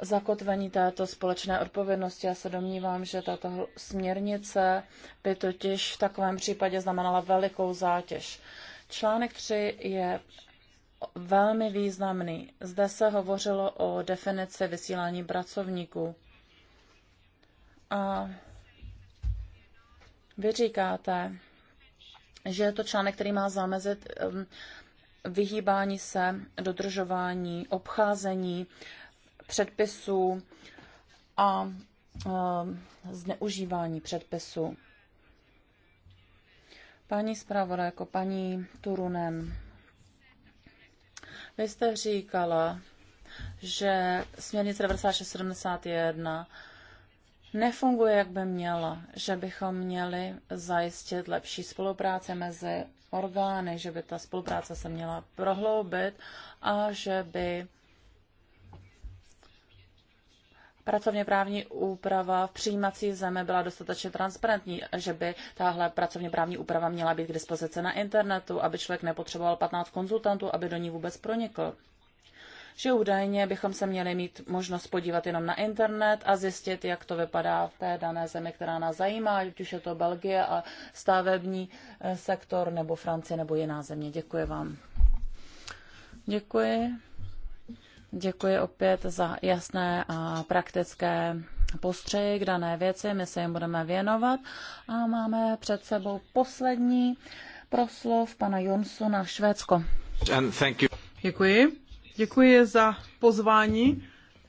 S1: zakotvení této společné odpovědnosti. Já se domnívám, že tato směrnice by totiž v takovém případě znamenala velikou zátěž. Článek 3 je velmi významný. Zde se hovořilo o definici vysílání pracovníků. A vy říkáte, že je to článek, který má zamezit um, vyhýbání se, dodržování, obcházení předpisů a ehm, zneužívání předpisů. Paní zpravodajko, paní Turunen, vy jste říkala, že směrnice 9671 nefunguje, jak by měla, že bychom měli zajistit lepší spolupráci mezi orgány, že by ta spolupráce se měla prohloubit a že by pracovně právní úprava v přijímací zemi byla dostatečně transparentní, že by tahle pracovně právní úprava měla být k dispozici na internetu, aby člověk nepotřeboval 15 konzultantů, aby do ní vůbec pronikl že údajně bychom se měli mít možnost podívat jenom na internet a zjistit, jak to vypadá v té dané zemi, která nás zajímá, ať už je to Belgie a stavební eh, sektor, nebo Francie, nebo jiná země. Děkuji vám. Děkuji. Děkuji opět za jasné a praktické postřeji k dané věci. My se jim budeme věnovat. A máme před sebou poslední
S3: proslov pana Jonsu na Švédsko. Děkuji. Děkuji za pozvání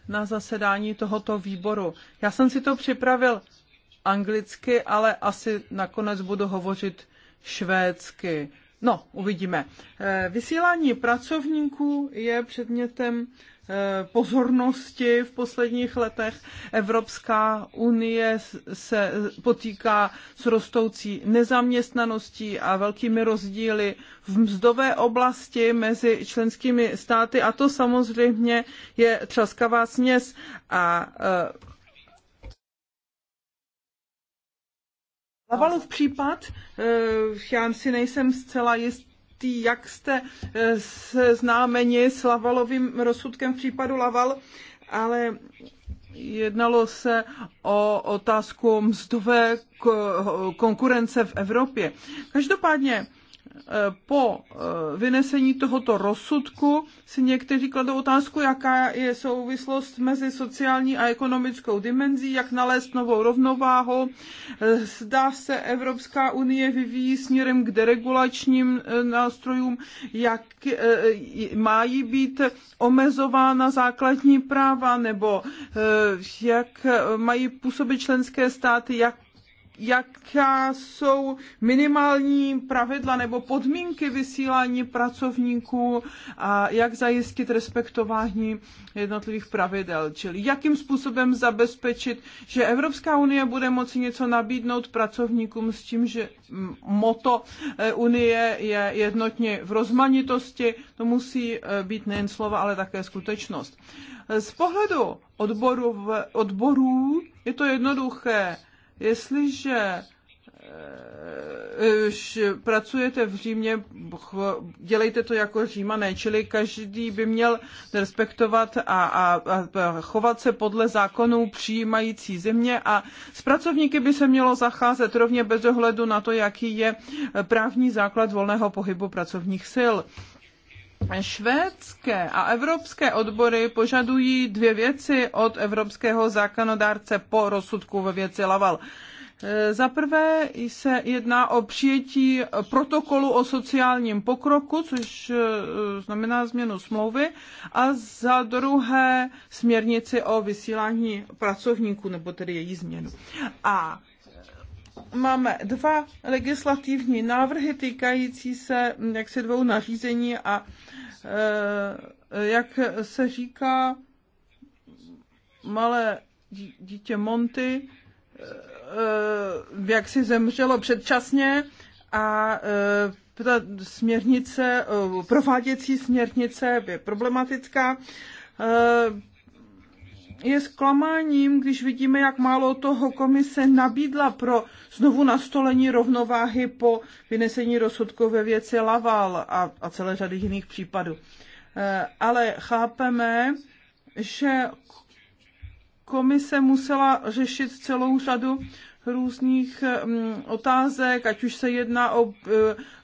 S3: na zasedání tohoto výboru. Já jsem si to připravil anglicky, ale asi nakonec budu hovořit švédsky. No, uvidíme. Eh, vysílání pracovníků je předmětem Eh, pozornosti v posledních letech. Evropská unie se potýká s rostoucí nezaměstnaností a velkými rozdíly v mzdové oblasti mezi členskými státy a to samozřejmě je třaskavá směs a Lavalův eh, případ, eh, já si nejsem zcela jist, jistý, jak jste eh, známeni s Lavalovým rozsudkem v případu Laval, ale jednalo se o otázku mzdové konkurence v Evropě. Každopádně Eh, po eh, vynesení tohoto rozsudku si někteří kladou otázku, jaká je souvislost mezi sociální a ekonomickou dimenzí, jak nalézt novou rovnováhu. Eh, zdá se Evropská unie vyvíjí směrem k deregulačním nástrojům, jak mají být omezována základní práva, nebo jak mají působit členské státy, jak jaká jsou minimální pravidla nebo podmínky vysílání pracovníků a jak zajistit respektování jednotlivých pravidel, čili jakým způsobem zabezpečit, že Evropská unie bude moci něco nabídnout pracovníkům s tím, že moto eh, unie je jednotně v rozmanitosti, to musí eh, být nejen slova, ale také skutečnost. Eh, z pohledu odboru, odborů je to jednoduché. Jestliže eh, eh, pracujete v Římě, dělejte to jako Římané, čili každý by měl respektovat a, a, a chovat se podle zákonů přijímající země a s pracovníky by se mělo zacházet rovně bez ohledu na to, jaký je právní základ volného pohybu pracovních sil. Švédské a evropské odbory požadují dvě věci od evropského zákonodárce po rozsudku ve věci Laval. E, za prvé se jedná o přijetí protokolu o sociálním pokroku, což e, znamená změnu smlouvy, a za druhé směrnici o vysílání pracovníků, nebo tedy její změnu. A máme dva legislativní návrhy týkající se jaksi dvou nařízení a Eh, jak se říká, malé dítě Monty, eh, jak si zemřelo předčasně a eh, ta směrnice, prováděcí směrnice je problematická, je zklamáním, když vidíme, jak málo toho komise nabídla pro znovu nastolení rovnováhy po vynesení rozsudku ve věci Laval a, a celé řady jiných případů. Eh, ale chápeme, že komise musela řešit celou řadu různých mm, otázek, ať už se jedná o eh,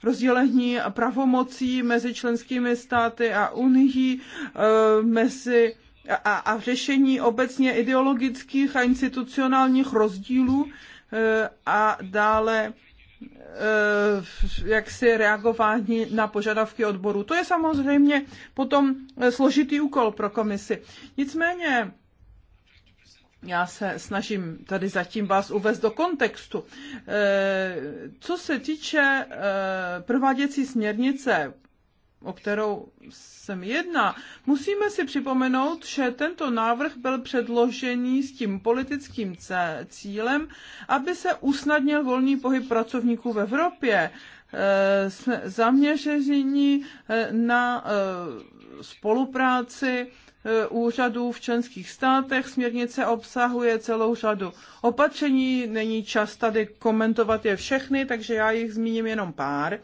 S3: rozdělení pravomocí mezi členskými státy a unii, eh, mezi a, a řešení obecně ideologických a institucionálních rozdílů e, a dále e, jak si reagování na požadavky odboru To je samozřejmě potom e, složitý úkol pro komisi. Nicméně já se snažím tady zatím vás uvést do kontextu. Co se týče prováděcí směrnice o kterou jsem jedná, musíme si připomenout, že tento návrh byl předložený s tím politickým cílem, aby se usnadnil volný pohyb pracovníků v Evropě e, zaměření e, na e, spolupráci úřadů v členských státech. Směrnice obsahuje celou řadu opatření, není čas tady komentovat je všechny, takže já jich zmíním jenom pár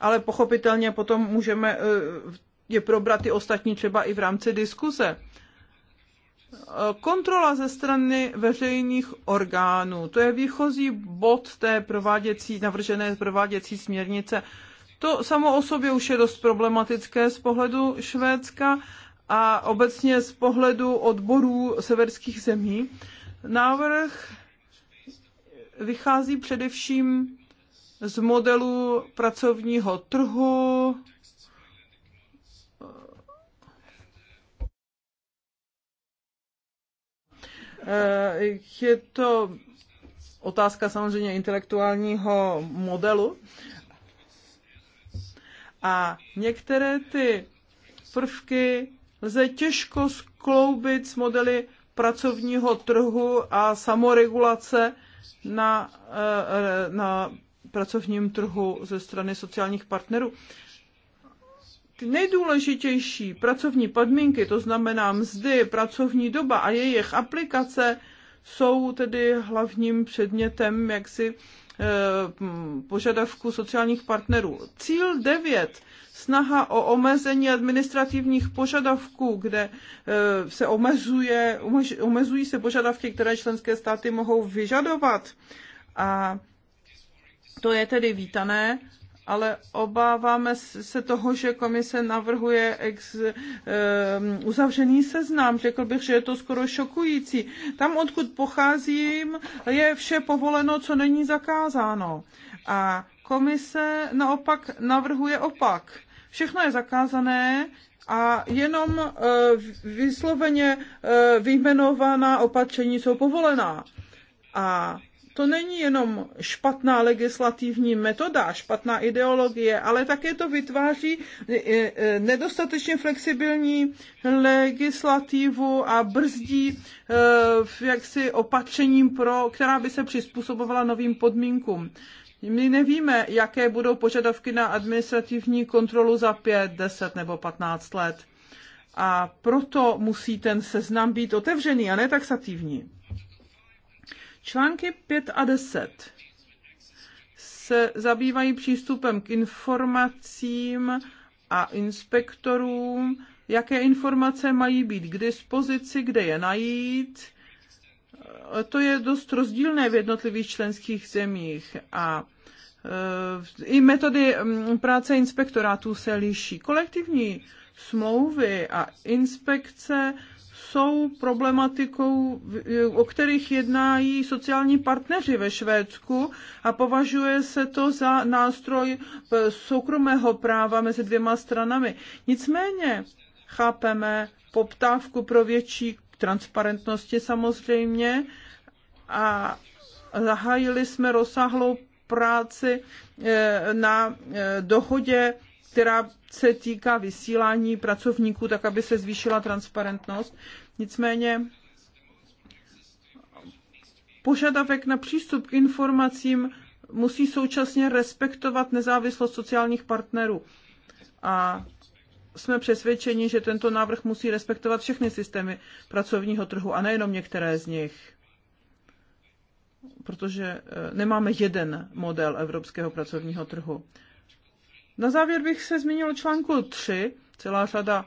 S3: ale pochopitelně potom můžeme eh, je probrat i ostatní třeba i v rámci diskuze. Eh, kontrola ze strany veřejných orgánů, to je výchozí bod té prováděcí, navržené prováděcí směrnice. To samo o sobě už je dost problematické z pohledu Švédska a obecně z pohledu odborů severských zemí. Návrh vychází především z modelu pracovního trhu, eh, Je to otázka samozřejmě intelektuálního modelu. A některé ty prvky lze těžko skloubit s modely pracovního trhu a samoregulace na, eh, na pracovním trhu ze strany sociálních partnerů. Ty nejdůležitější pracovní podmínky, to znamená mzdy, pracovní doba a jejich aplikace, jsou tedy hlavním předmětem jaksi eh, požadavku sociálních partnerů. Cíl 9, snaha o omezení administrativních požadavků, kde eh, se omezuje, omezují se požadavky, které členské státy mohou vyžadovat. A to je tedy vítané, ale obáváme se toho, že komise navrhuje ex, e, uzavřený seznam. Řekl bych, že je to skoro šokující. Tam, odkud pocházím, je vše povoleno, co není zakázáno. A komise naopak navrhuje opak. Všechno je zakázané, a jenom eh, vysloveně eh, vyjmenovaná opatření jsou povolená. A to není jenom špatná legislativní metoda, špatná ideologie, ale také to vytváří e, e, nedostatečně flexibilní legislativu a brzdí e, jaksi opatřením, pro, která by se přizpůsobovala novým podmínkům. My nevíme, jaké budou požadavky na administrativní kontrolu za 5, 10 nebo 15 let. A proto musí ten seznam být otevřený a ne taxativní. Články 5 a 10 se zabývají přístupem k informacím a inspektorům, jaké informace mají být k dispozici, kde je najít. To je dost rozdílné v jednotlivých členských zemích a e, i metody práce inspektorátů se liší. Kolektivní smlouvy a inspekce jsou problematikou, o kterých jednají sociální partneři ve Švédsku a považuje se to za nástroj soukromého práva mezi dvěma stranami. Nicméně chápeme poptávku pro větší transparentnosti samozřejmě a zahájili jsme rozsáhlou práci eh, na eh, dohodě, která se týká vysílání pracovníků, tak aby se zvýšila transparentnost. Nicméně požadavek na přístup k informacím musí současně respektovat nezávislost sociálních partnerů. A jsme přesvědčeni, že tento návrh musí respektovat všechny systémy pracovního trhu a nejenom některé z nich. Protože eh, nemáme jeden model evropského pracovního trhu. Na závěr bych se zmínil článku 3. Celá řada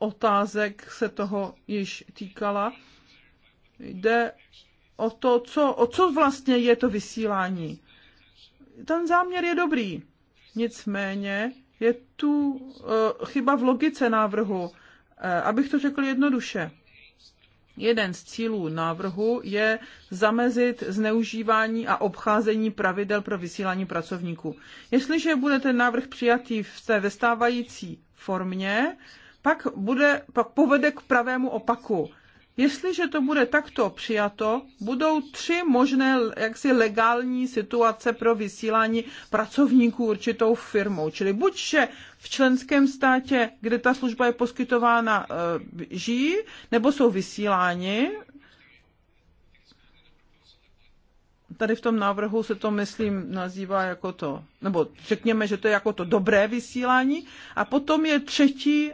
S3: otázek se toho již týkala. Jde o to, co, o co vlastně je to vysílání. Ten záměr je dobrý, nicméně je tu uh, chyba v logice návrhu. Uh, abych to řekl jednoduše, jeden z cílů návrhu je zamezit zneužívání a obcházení pravidel pro vysílání pracovníků. Jestliže bude ten návrh přijatý v té vestávající formě, uh, pak, bude, pak povede k pravému opaku. Jestliže to bude takto přijato, budou tři možné jaksi legální situace pro vysílání pracovníků určitou firmou. Čili buď, že v členském státě, kde ta služba je poskytována, eh, žijí, nebo jsou vysíláni. Tady v tom návrhu se to, myslím, nazývá jako to, nebo řekněme, že to je jako to dobré vysílání. A potom je třetí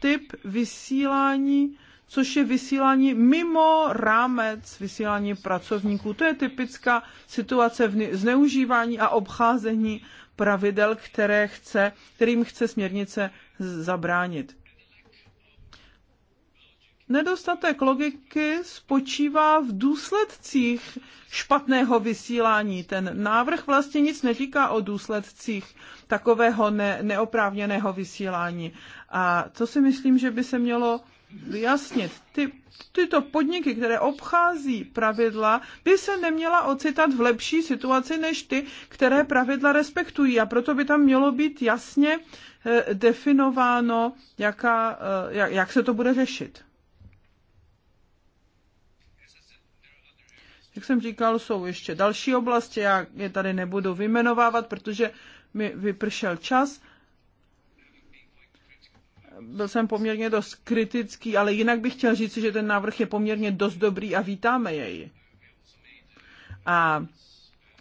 S3: typ vysílání, což je vysílání mimo rámec vysílání pracovníků. To je typická situace v zneužívání a obcházení pravidel, které chce, kterým chce směrnice zabránit. Nedostatek logiky spočívá v důsledcích špatného vysílání. Ten návrh vlastně nic neříká o důsledcích takového ne- neoprávněného vysílání. A co si myslím, že by se mělo vyjasnit. Ty, tyto podniky, které obchází pravidla, by se neměla ocitat v lepší situaci než ty, které pravidla respektují. A proto by tam mělo být jasně eh, definováno, jaká, eh, jak, jak se to bude řešit. Jak jsem říkal, jsou ještě další oblasti, já je tady nebudu vymenovávat, protože mi vypršel čas. Byl jsem poměrně dost kritický, ale jinak bych chtěl říct, že ten návrh je poměrně dost dobrý a vítáme jej. A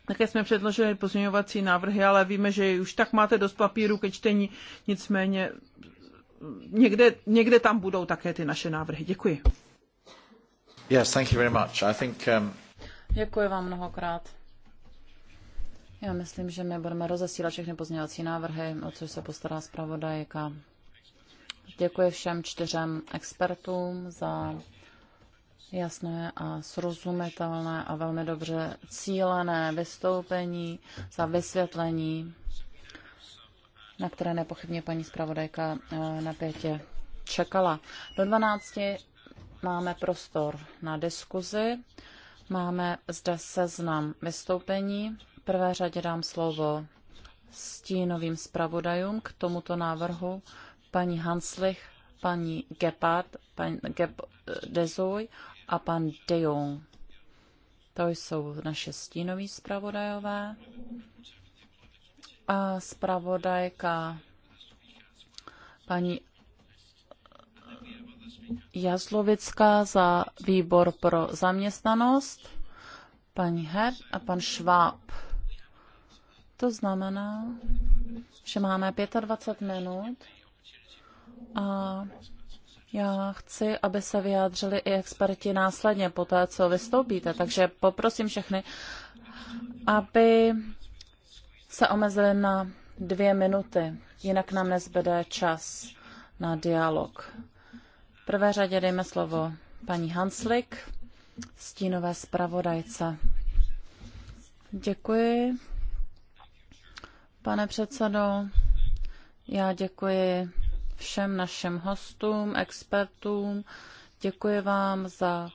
S3: také jsme předložili pozměňovací návrhy, ale víme, že už tak máte dost papíru ke čtení, nicméně někde, někde tam budou také ty naše návrhy. Děkuji.
S2: Yes, thank you very much. I think, um...
S1: Děkuji vám mnohokrát. Já myslím, že my budeme rozesílat všechny pozměňovací návrhy, o což se postará zpravodajka. Děkuji všem čtyřem expertům za jasné a srozumitelné a velmi dobře cílené vystoupení, za vysvětlení, na které nepochybně paní zpravodajka eh, pětě čekala. Do 12 máme prostor na diskuzi. Máme zde seznam vystoupení. V prvé řadě dám slovo stínovým zpravodajům k tomuto návrhu. Paní Hanslich, paní Gepard, paní Gep Dezuj a pan De Jong. To jsou naše stínoví zpravodajové. A zpravodajka paní Jazlovická za výbor pro zaměstnanost, paní Hert a pan Šváb. To znamená, že máme 25 minut a já chci, aby se vyjádřili i experti následně po té, co vystoupíte. Takže poprosím všechny, aby se omezili na dvě minuty, jinak nám nezbede čas na dialog prvé řadě dejme slovo paní Hanslik, stínové zpravodajce. Děkuji. Pane předsedo, já děkuji všem našim hostům, expertům. Děkuji vám za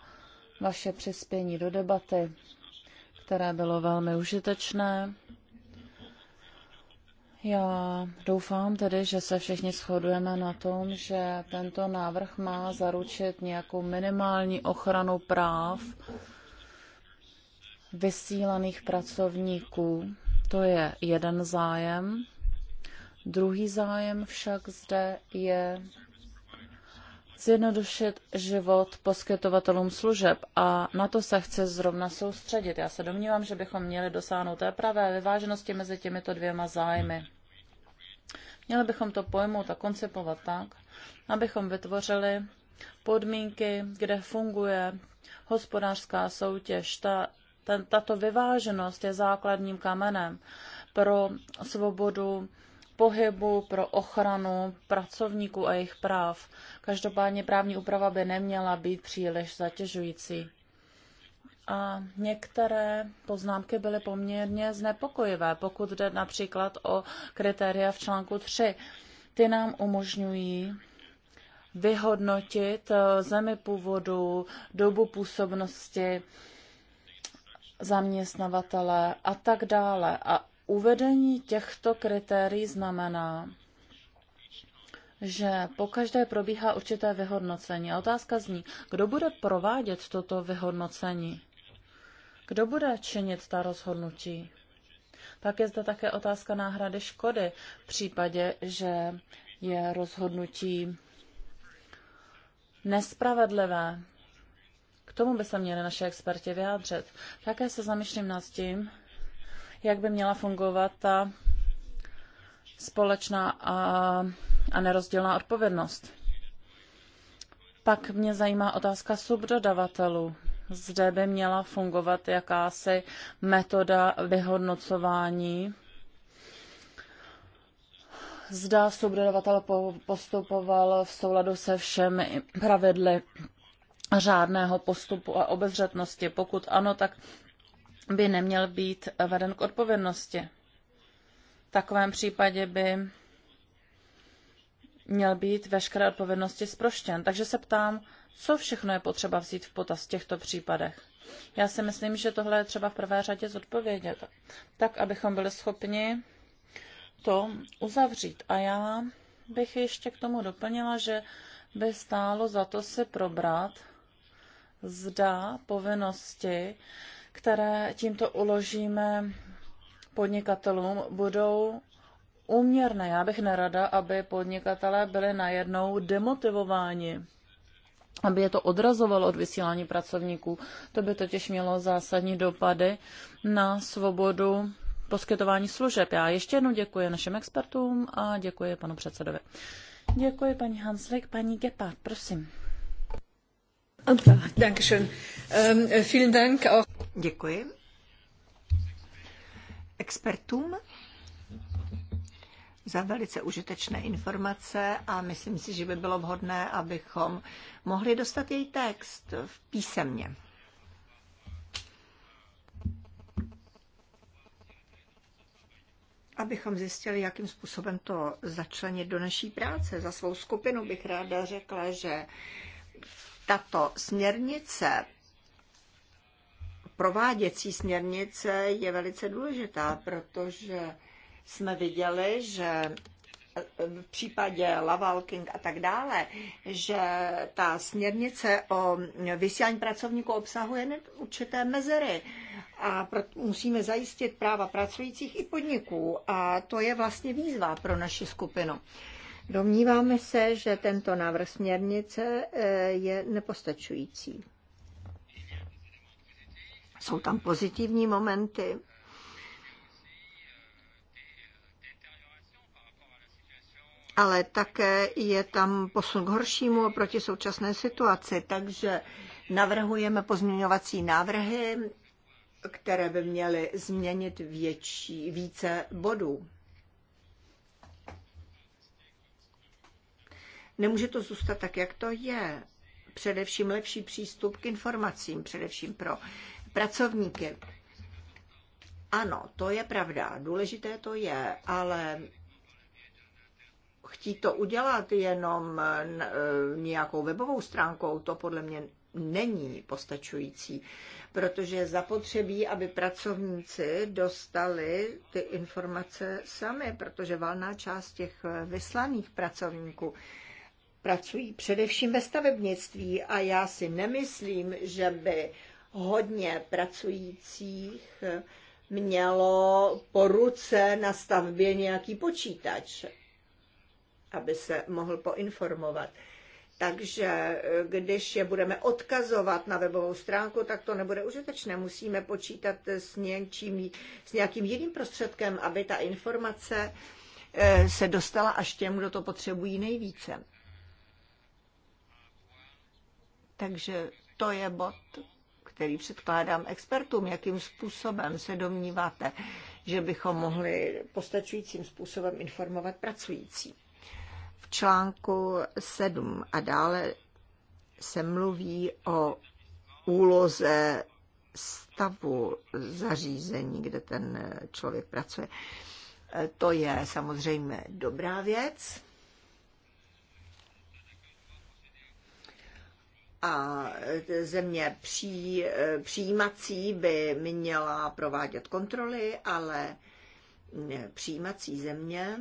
S1: vaše přispění do debaty, které bylo velmi užitečné. Já doufám tedy, že se všichni shodujeme na tom, že tento návrh má zaručit nějakou minimální ochranu práv vysílaných pracovníků. To je jeden zájem. Druhý zájem však zde je zjednodušit život poskytovatelům služeb a na to se chce zrovna soustředit. Já se domnívám, že bychom měli dosáhnout té pravé vyváženosti mezi těmito dvěma zájmy. Měli bychom to pojmout a koncipovat tak, abychom vytvořili podmínky, kde funguje hospodářská soutěž. Ta, ten, tato vyváženost je základním kamenem pro svobodu pohybu, pro ochranu pracovníků a jejich práv. Každopádně právní úprava by neměla být příliš zatěžující. A některé poznámky byly poměrně znepokojivé, pokud jde například o kritéria v článku 3. Ty nám umožňují vyhodnotit eh, zemi původu, dobu působnosti zaměstnavatele a tak dále. A uvedení těchto kritérií znamená, že pokaždé probíhá určité vyhodnocení. A otázka zní, kdo bude provádět toto vyhodnocení? Kdo bude činit ta rozhodnutí? Pak je zde také otázka náhrady škody v případě, že je rozhodnutí nespravedlivé. K tomu by se měli naše experti vyjádřit. Také se zamýšlím nad tím, jak by měla fungovat ta společná a, a nerozdělná odpovědnost. Pak mě zajímá otázka subdodavatelů. Zde by měla fungovat jakási metoda vyhodnocování zda subdodavatel postupoval v souladu se všemi pravidly řádného postupu a obezřetnosti. Pokud ano, tak by neměl být veden k odpovědnosti. V takovém případě by měl být veškeré odpovědnosti zproštěn. Takže se ptám, co všechno je potřeba vzít v potaz v těchto případech. Já si myslím, že tohle je třeba v prvé řadě zodpovědět, tak abychom byli schopni to uzavřít. A já bych ještě k tomu doplnila, že by stálo za to si probrat, zda povinnosti které tímto uložíme podnikatelům, budou úměrné. Já bych nerada, aby podnikatelé byli najednou demotivováni aby je to odrazovalo od vysílání pracovníků. To by totiž mělo zásadní dopady na svobodu poskytování služeb. Já ještě jednou děkuji našim expertům a děkuji panu předsedovi. Děkuji paní Hanslik, paní Gepard, prosím.
S2: Ehm, Děkuji. Expertům za velice užitečné informace a myslím si, že by bylo vhodné, abychom mohli dostat její text v písemně. Abychom zjistili, jakým způsobem to začlenit do naší práce. Za svou skupinu bych ráda řekla, že tato směrnice, prováděcí směrnice, je velice důležitá, protože jsme viděli, že v případě Laval King a tak dále, že ta směrnice o vysílání pracovníků obsahuje určité mezery a musíme zajistit práva pracujících i podniků a to je vlastně výzva pro naši skupinu. Domníváme se, že tento návrh směrnice eh, je nepostačující. Jsou tam pozitivní momenty, ale také je tam posun k horšímu oproti současné situaci, takže navrhujeme pozměňovací návrhy, které by měly změnit větší, více bodů. Nemůže to zůstat tak, jak to je. Především lepší přístup k informacím, především pro pracovníky. Ano, to je pravda, důležité to je, ale chtít to udělat jenom e, nějakou webovou stránkou, to podle mě není postačující, protože zapotřebí, aby pracovníci dostali ty informace sami, protože valná část těch e, vyslaných pracovníků pracují především ve stavebnictví a já si nemyslím, že by hodně pracujících mělo po ruce na stavbě nějaký počítač, aby se mohl poinformovat. Takže eh, když je budeme odkazovat na webovou stránku, tak to nebude užitečné. Musíme počítat s, něčím, s nějakým jiným prostředkem, aby ta informace eh, se dostala až těm, kdo to potřebují nejvíce. Takže to je bod, který předkládám expertům, jakým způsobem se domníváte, že bychom mohli postačujícím způsobem informovat pracující. V článku 7 a dále se mluví o úloze stavu zařízení, kde ten člověk pracuje. To je samozřejmě dobrá věc. a země pří, přijímací by měla provádět kontroly, ale přijímací země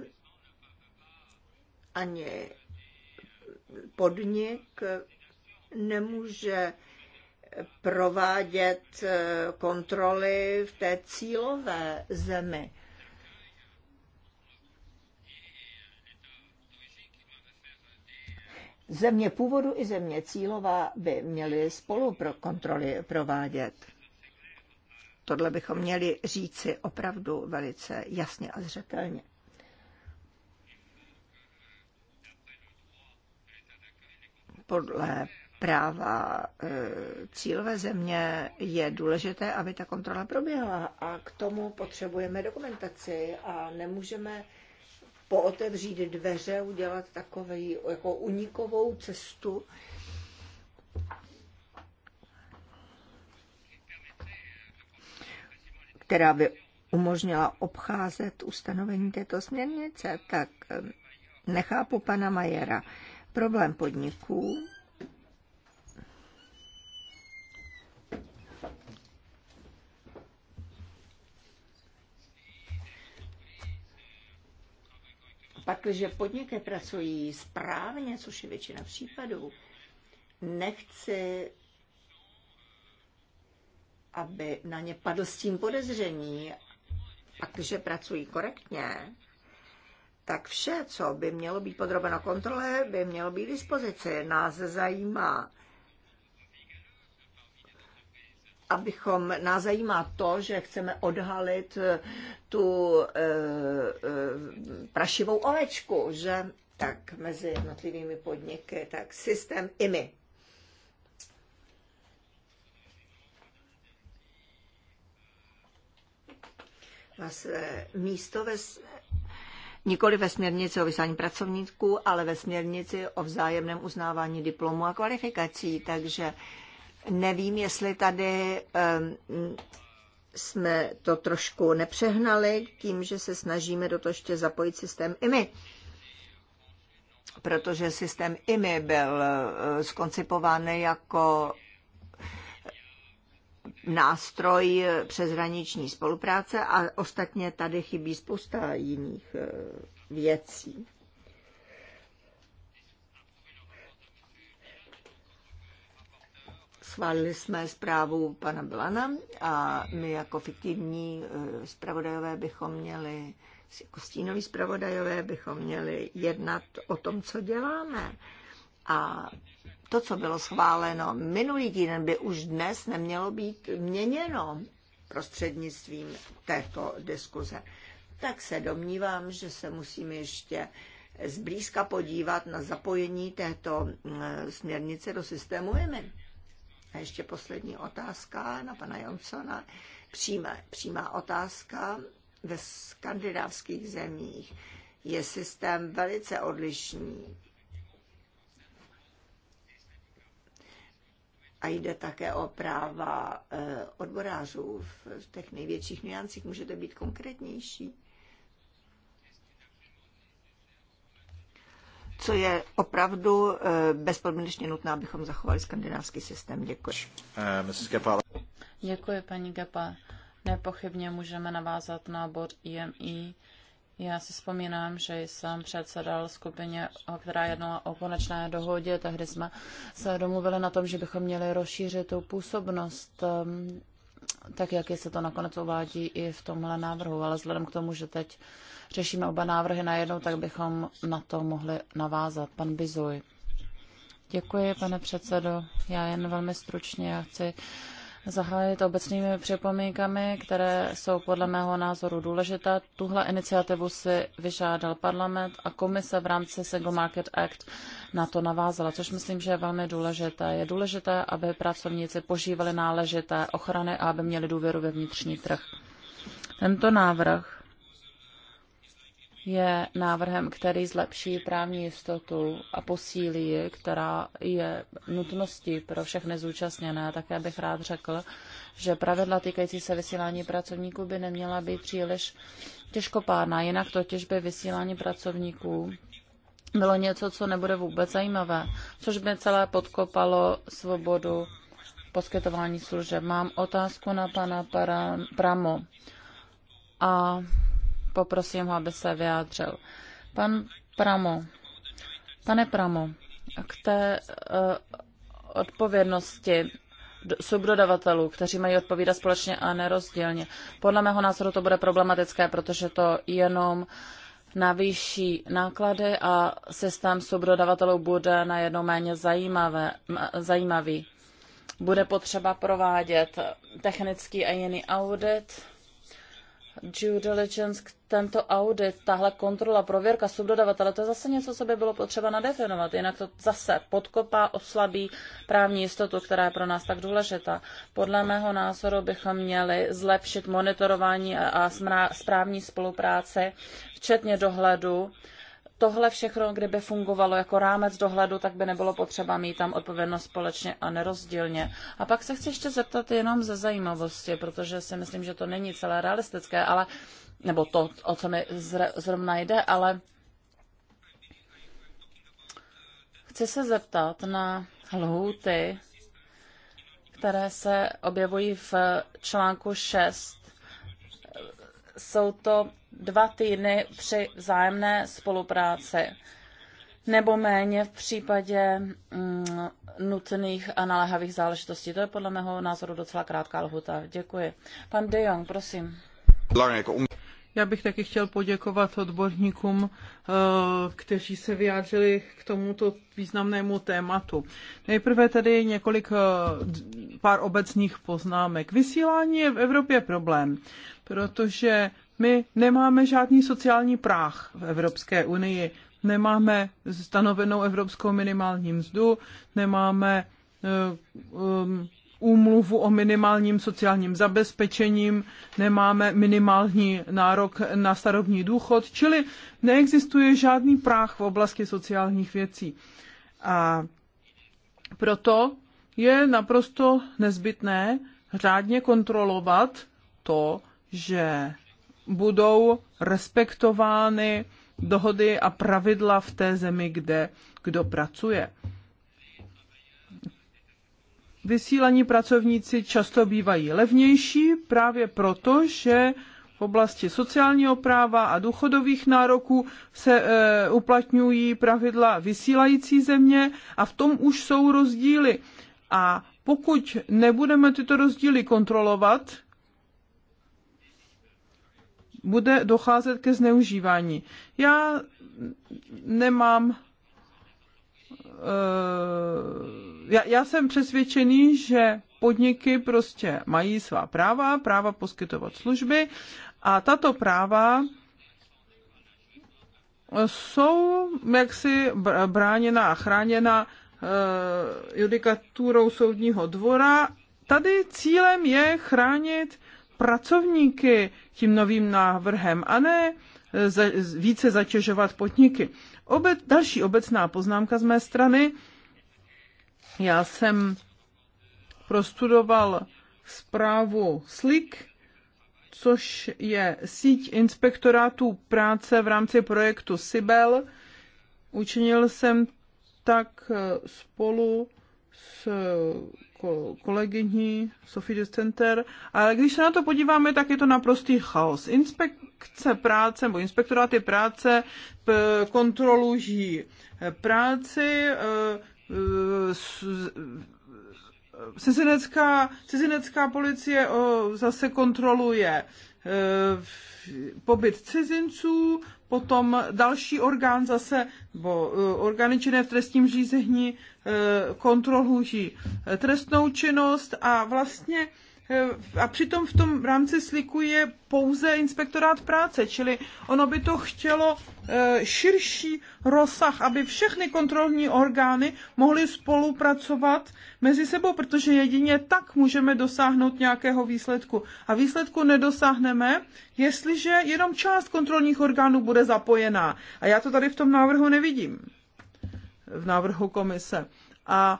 S2: ani podnik nemůže provádět kontroly v té cílové zemi. Země původu i země cílová by měly spolu pro kontroly provádět. Tohle bychom měli říci opravdu velice jasně a zřetelně. Podle práva e, cílové země je důležité, aby ta kontrola proběhla a k tomu potřebujeme dokumentaci a nemůžeme pootevřít dveře, udělat takový jako unikovou cestu. která by umožnila obcházet ustanovení této směrnice, tak eh, nechápu pana Majera. Problém podniků Pakliže podniky pracují správně, což je většina případů, nechci, aby na ně padl s tím podezření, pakliže pracují korektně, tak vše, co by mělo být podrobeno kontrole, by mělo být dispozici. Nás zajímá abychom, nás zajímá to, že chceme odhalit eh, tu e, e, prašivou ovečku, že tak mezi jednotlivými podniky, tak systém IMI. my. Vlastně místo ve, nikoli ve směrnici o vysání pracovníků, ale ve směrnici o vzájemném uznávání diplomu a kvalifikací. Takže eh, Nevím, jestli tady jsme to trošku nepřehnali tím, že se snažíme do toho ještě zapojit systém IMI protože systém IMI byl eh, skoncipován jako nástroj přeshraniční spolupráce a ostatně tady chybí spousta jiných eh, věcí. Schválili jsme zprávu pana Blana a my jako fiktivní eh, zpravodajové bychom měli, jako stínoví zpravodajové bychom měli jednat o tom, co děláme. A to, co bylo schváleno minulý týden, by už dnes nemělo být měněno prostřednictvím této diskuze. Tak se domnívám, že se musíme ještě zblízka podívat na zapojení této eh, směrnice do systému EMIN. A ještě poslední otázka na pana Jonsona. Přímá, přímá otázka ve skandinávských zemích je systém velice odlišný. A jde také o práva eh, odborářů v těch největších nuancích. Můžete být konkrétnější? co je opravdu eh, bezpodmínečně nutné, abychom zachovali skandinávský systém. Děkuji. Eh,
S1: Děkuji, paní Gepa. Nepochybně můžeme navázat na bod IMI. Já si vzpomínám, že jsem předsedal skupině, která jednala o konečné dohodě. Tehdy jsme se domluvili na tom, že bychom měli rozšířit tu působnost ehm, tak, jak je se to nakonec uvádí i v tomhle návrhu, ale vzhledem k tomu, že teď řešíme oba návrhy najednou, tak bychom na to mohli navázat. Pan Bizuj. Děkuji, pane předsedo. Já jen velmi stručně já chci zahájit obecnými připomínkami, které jsou podle mého názoru důležité. Tuhle iniciativu si vyžádal parlament a komise v rámci Single Market Act na to navázala, což myslím, že je velmi důležité. Je důležité, aby pracovníci požívali náležité ochrany a aby měli důvěru ve vnitřní trh. Tento návrh je návrhem, který zlepší právní jistotu a posílí která je nutností pro všechny zúčastněné. Také bych rád řekl, že pravidla týkající se vysílání pracovníků by neměla být příliš těžkopádná, jinak totiž by vysílání pracovníků bylo něco, co nebude vůbec zajímavé, což by celé podkopalo svobodu poskytování služeb. Mám otázku na pana Pramo. A poprosím ho, aby se vyjádřil. Pan Pramo, pane Pramo, k té uh, odpovědnosti subdodavatelů, kteří mají odpovídat společně a nerozdělně. Podle mého názoru to bude problematické, protože to jenom navýší náklady a systém subdodavatelů bude najednou méně zajímavé, zajímavý. Bude potřeba provádět technický a jiný audit due diligence, tento audit, tahle kontrola, prověrka subdodavatele, to je zase něco, co by bylo potřeba nadefinovat, jinak to zase podkopá, oslabí právní jistotu, která je pro nás tak důležitá. Podle mého názoru bychom měli zlepšit monitorování a správní spolupráci, včetně dohledu tohle všechno, kdyby fungovalo jako rámec dohledu, tak by nebylo potřeba mít tam odpovědnost společně a nerozdílně. A pak se chci ještě zeptat jenom ze zajímavosti, protože si myslím, že to není celé realistické, ale nebo to, o co mi zrovna jde, ale chci se zeptat na lhůty, které se objevují v článku 6. Jsou to dva týdny při vzájemné spolupráci nebo méně v případě mm, nutných a naléhavých záležitostí. To je podle mého
S3: názoru docela krátká lhuta. Děkuji. Pan De Jong, prosím. Já bych taky chtěl poděkovat odborníkům, eh, kteří se vyjádřili k tomuto významnému tématu. Nejprve tady několik eh, pár obecných poznámek. Vysílání je v Evropě problém, protože my nemáme žádný sociální práh v Evropské unii, nemáme stanovenou evropskou minimální mzdu, nemáme eh, um, úmluvu o minimálním sociálním zabezpečením, nemáme minimální nárok na starobní důchod, čili neexistuje žádný práh v oblasti sociálních věcí. A proto je naprosto nezbytné řádně kontrolovat to, že budou respektovány dohody a pravidla v té zemi, kde kdo pracuje. Vysílaní pracovníci často bývají levnější právě proto, že v oblasti sociálního práva a důchodových nároků se e, uplatňují pravidla vysílající země a v tom už jsou rozdíly. A pokud nebudeme tyto rozdíly kontrolovat, bude docházet ke zneužívání. Já nemám. Eh, já, já jsem přesvědčený, že podniky prostě mají svá práva, práva poskytovat služby a tato práva jsou jaksi bráněna a chráněna eh, judikaturou soudního dvora. Tady cílem je chránit pracovníky tím novým návrhem a ne eh, více zatěžovat podniky. Obec, další obecná poznámka z mé strany. Já jsem prostudoval zprávu SLIK, což je síť inspektorátů práce v rámci projektu SIBEL. Učinil jsem tak eh, spolu s kolegyní Sophie de Center, ale když se na to podíváme, tak je to naprostý chaos. Inspekce práce nebo inspektoráty práce kontrolují eh, práci, eh, eh, cizinecká, cizinecká policie zase kontroluje pobyt cizinců, potom další orgán zase, bo eh, orgány činné v trestním řízení eh, kontrolují eh, trestnou činnost a vlastně a přitom v tom rámci sliku je pouze inspektorát práce, čili ono by to chtělo e, širší rozsah, aby všechny kontrolní orgány mohly spolupracovat mezi sebou, protože jedině tak můžeme dosáhnout nějakého výsledku. A výsledku nedosáhneme, jestliže jenom část kontrolních orgánů bude zapojená. A já to tady v tom návrhu nevidím, v návrhu komise. A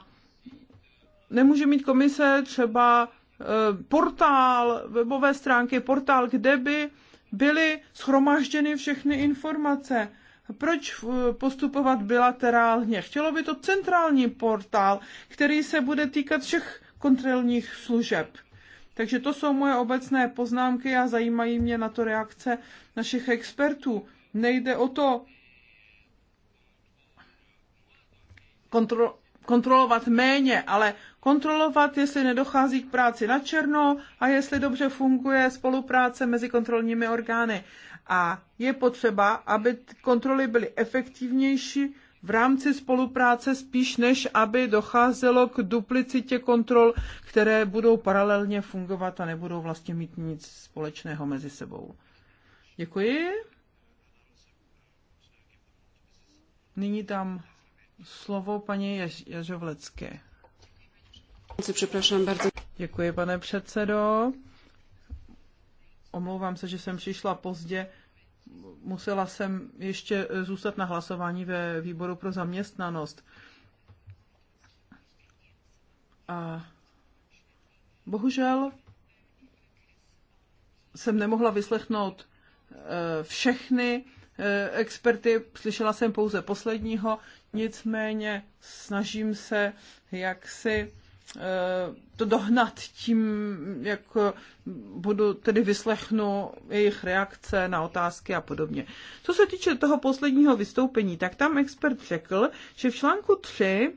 S3: nemůže mít komise třeba Eh, portál, webové stránky, portál, kde by byly schromažděny všechny informace. Proč eh, postupovat bilaterálně? Chtělo by to centrální portál, který se bude týkat všech kontrolních služeb. Takže to jsou moje obecné poznámky a zajímají mě na to reakce našich expertů. Nejde o to kontro, kontrolovat méně, ale kontrolovat, jestli nedochází k práci na černo a jestli dobře funguje spolupráce mezi kontrolními orgány. A je potřeba, aby kontroly byly efektivnější v rámci spolupráce spíš než aby docházelo k duplicitě kontrol, které budou paralelně fungovat a nebudou vlastně mít nic společného mezi sebou. Děkuji. Nyní tam slovo paní Jaž- Jažovlecké. Děkuji, pane předsedo. Omlouvám se, že jsem přišla pozdě. Musela jsem ještě zůstat na hlasování ve výboru pro zaměstnanost. A bohužel jsem nemohla vyslechnout e, všechny e, experty, slyšela jsem pouze posledního, nicméně snažím se jaksi Eh, to dohnat tím, jak budu tedy vyslechnu jejich reakce na otázky a podobně. Co se týče toho posledního vystoupení, tak tam expert řekl, že v článku 3 eh,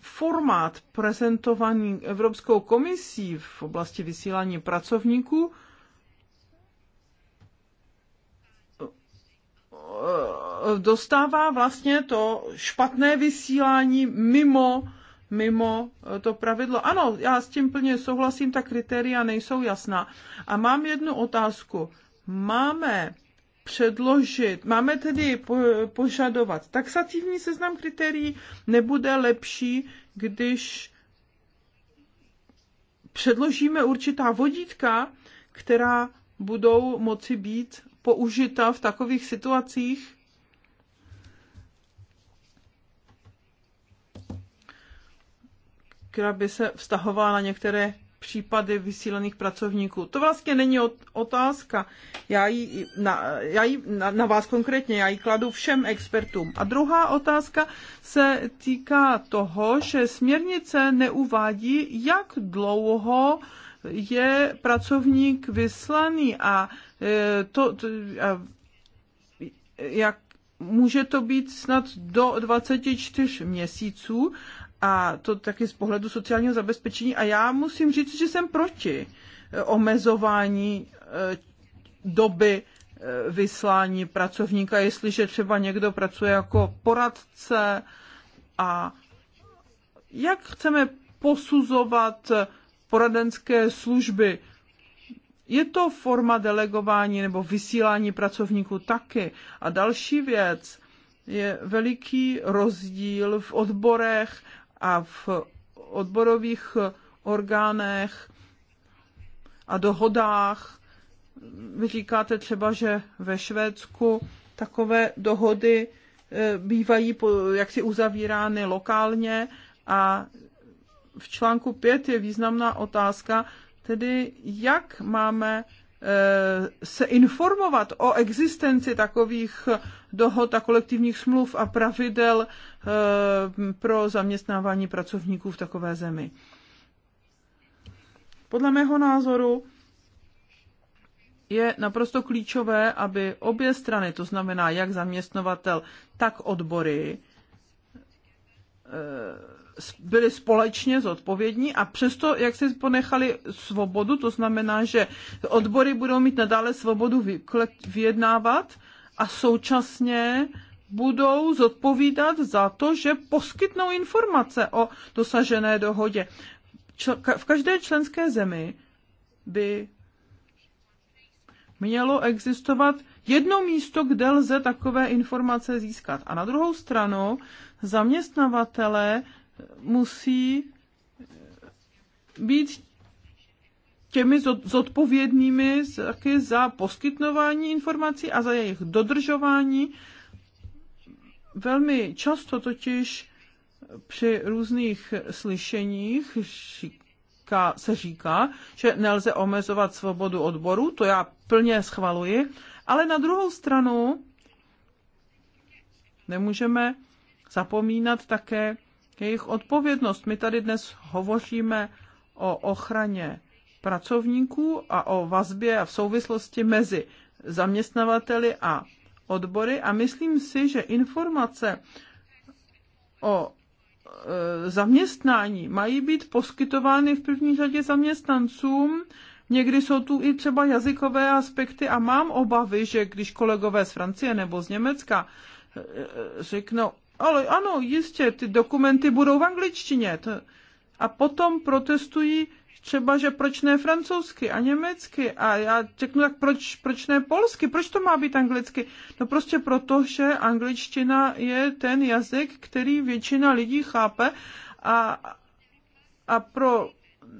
S3: formát prezentovaný Evropskou komisí v oblasti vysílání pracovníků eh, dostává vlastně to špatné vysílání mimo mimo eh, to pravidlo. Ano, já s tím plně souhlasím, ta kritéria nejsou jasná. A mám jednu otázku. Máme předložit, máme tedy požadovat taxativní seznam kritérií, nebude lepší, když předložíme určitá vodítka, která budou moci být použita v takových situacích, která by se vztahovala na některé případy vysílených pracovníků. To vlastně není otázka. Já ji, na, já ji na, na vás konkrétně, já ji kladu všem expertům. A druhá otázka se týká toho, že směrnice neuvádí, jak dlouho je pracovník vyslaný a e, to, to a jak může to být snad do 24 měsíců a to taky z pohledu sociálního zabezpečení. A já musím říct, že jsem proti eh, omezování eh, doby eh, vyslání pracovníka, jestliže třeba někdo pracuje jako poradce a jak chceme posuzovat poradenské služby. Je to forma delegování nebo vysílání pracovníků taky. A další věc je veliký rozdíl v odborech a v odborových orgánech a dohodách. Vy říkáte třeba, že ve Švédsku takové dohody eh, bývají jaksi uzavírány lokálně a v článku 5 je významná otázka, tedy jak máme Eh, se informovat o existenci takových dohod a kolektivních smluv a pravidel eh, pro zaměstnávání pracovníků v takové zemi. Podle mého názoru je naprosto klíčové, aby obě strany, to znamená jak zaměstnovatel, tak odbory, eh, byli společně zodpovědní a přesto, jak si ponechali svobodu, to znamená, že odbory budou mít nadále svobodu vyjednávat a současně budou zodpovídat za to, že poskytnou informace o dosažené dohodě. V každé členské zemi by mělo existovat jedno místo, kde lze takové informace získat. A na druhou stranu zaměstnavatele musí být těmi zodpovědnými taky za poskytnování informací a za jejich dodržování. Velmi často totiž při různých slyšeních říká, se říká, že nelze omezovat svobodu odboru, to já plně schvaluji, ale na druhou stranu nemůžeme zapomínat také jejich odpovědnost. My tady dnes hovoříme o ochraně pracovníků a o vazbě a v souvislosti mezi zaměstnavateli a odbory a myslím si, že informace o e, zaměstnání mají být poskytovány v první řadě zaměstnancům. Někdy jsou tu i třeba jazykové aspekty a mám obavy, že když kolegové z Francie nebo z Německa e, e, řeknou, ale ano, jistě, ty dokumenty budou v angličtině. To, a potom protestují třeba, že proč ne francouzsky a německy a já řeknu tak proč, proč ne polsky, proč to má být anglicky? No prostě proto, že angličtina je ten jazyk, který většina lidí chápe a, a pro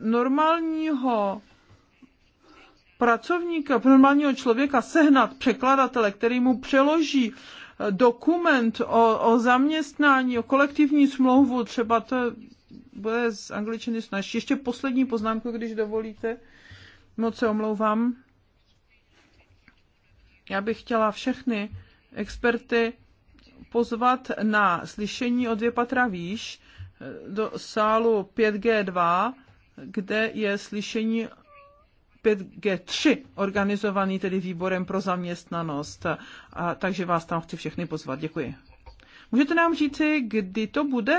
S3: normálního pracovníka, pro normálního člověka sehnat překladatele, který mu přeloží uh, dokument o, o zaměstnání, o kolektivní smlouvu, třeba to bude z angličtiny snažší. Ještě poslední poznámku, když dovolíte. Moc se omlouvám. Já bych chtěla všechny experty pozvat na slyšení o dvě patra výš do sálu 5G2, kde je slyšení 5G3, organizovaný tedy výborem pro zaměstnanost. A, takže vás tam chci všechny pozvat. Děkuji. Můžete nám říci, kdy to bude?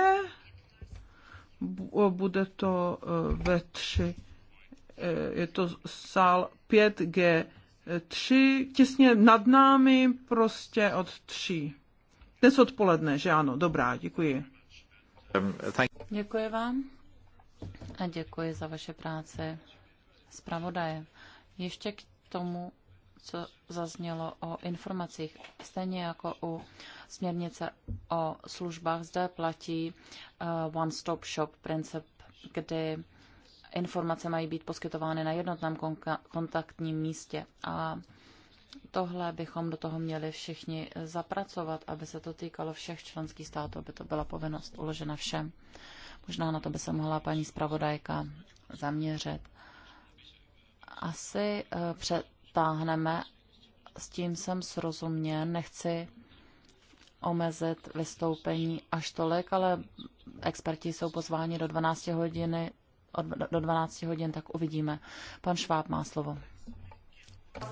S3: Bude to e, ve 3. E, je to sál 5G3, těsně nad námi, prostě od 3. Dnes odpoledne, že ano? Dobrá, děkuji. Um,
S1: děkuji vám a děkuji za vaše práce zpravodaje. Ještě k tomu, co zaznělo o informacích. Stejně jako u směrnice o službách zde platí eh, one-stop shop princip, kdy informace mají být poskytovány na jednotném kontaktním místě. A tohle bychom do toho měli všichni eh, zapracovat, aby se to týkalo všech členských států, aby to byla povinnost uložena všem. Možná na to by se mohla paní zpravodajka zaměřit asi eh, přetáhneme, s tím jsem srozuměn, nechci omezit vystoupení až tolik, ale experti jsou pozváni do 12 hodiny, od, do 12 hodin, tak uvidíme. Pan Šváb má slovo.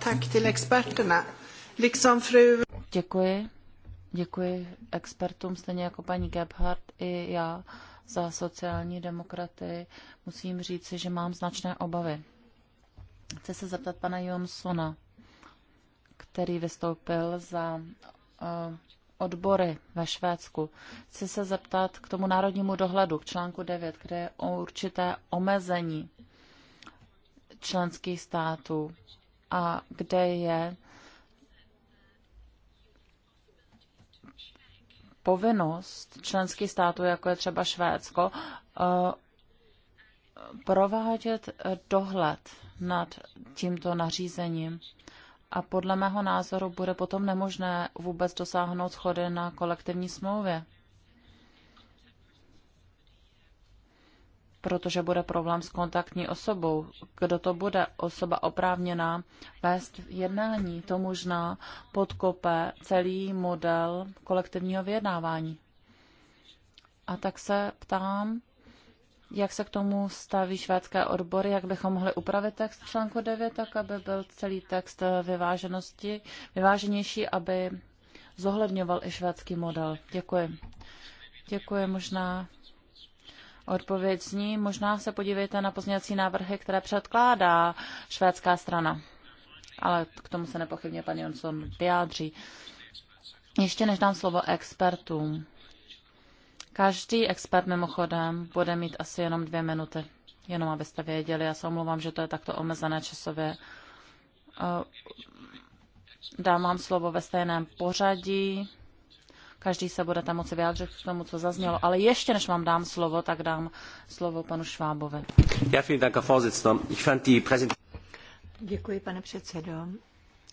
S3: Tak til experterna.
S1: Liksom fru... Děkuji. Děkuji expertům, stejně jako paní Gebhardt i já za sociální demokraty. Musím říci, že mám značné obavy. Chci se zeptat pana Jonsona, který vystoupil za uh, odbory ve Švédsku. Chci se zeptat k tomu národnímu dohledu, k článku 9, kde je o určité omezení členských států a kde je povinnost členských států, jako je třeba Švédsko, eh, provádět dohled nad tímto nařízením. A podle mého názoru bude potom nemožné vůbec dosáhnout schody na kolektivní smlouvě. Protože bude problém s kontaktní osobou. Kdo to bude? Osoba oprávněná vést jednání. To možná podkope celý model kolektivního vyjednávání. A tak se ptám, jak se k tomu staví švédské odbory? Jak bychom mohli upravit text článku 9, tak aby byl celý text vyváženosti, vyváženější, aby zohledňoval i švédský model? Děkuji. Děkuji. Možná odpověď zní. Možná se podívejte na pozměňovací návrhy, které předkládá švédská strana. Ale k tomu se nepochybně pan Jonsson vyjádří. Ještě než dám slovo expertům, Každý expert mimochodem bude mít asi jenom dvě minuty, jenom abyste věděli. Já se omlouvám, že to je takto omezené časově. Eh, dám vám slovo ve stejném pořadí. Každý se bude tam moci vyjádřit k tomu, co zaznělo. Ale ještě než vám dám slovo, tak dám slovo panu Švábovi.
S2: Děkuji, pane předsedo.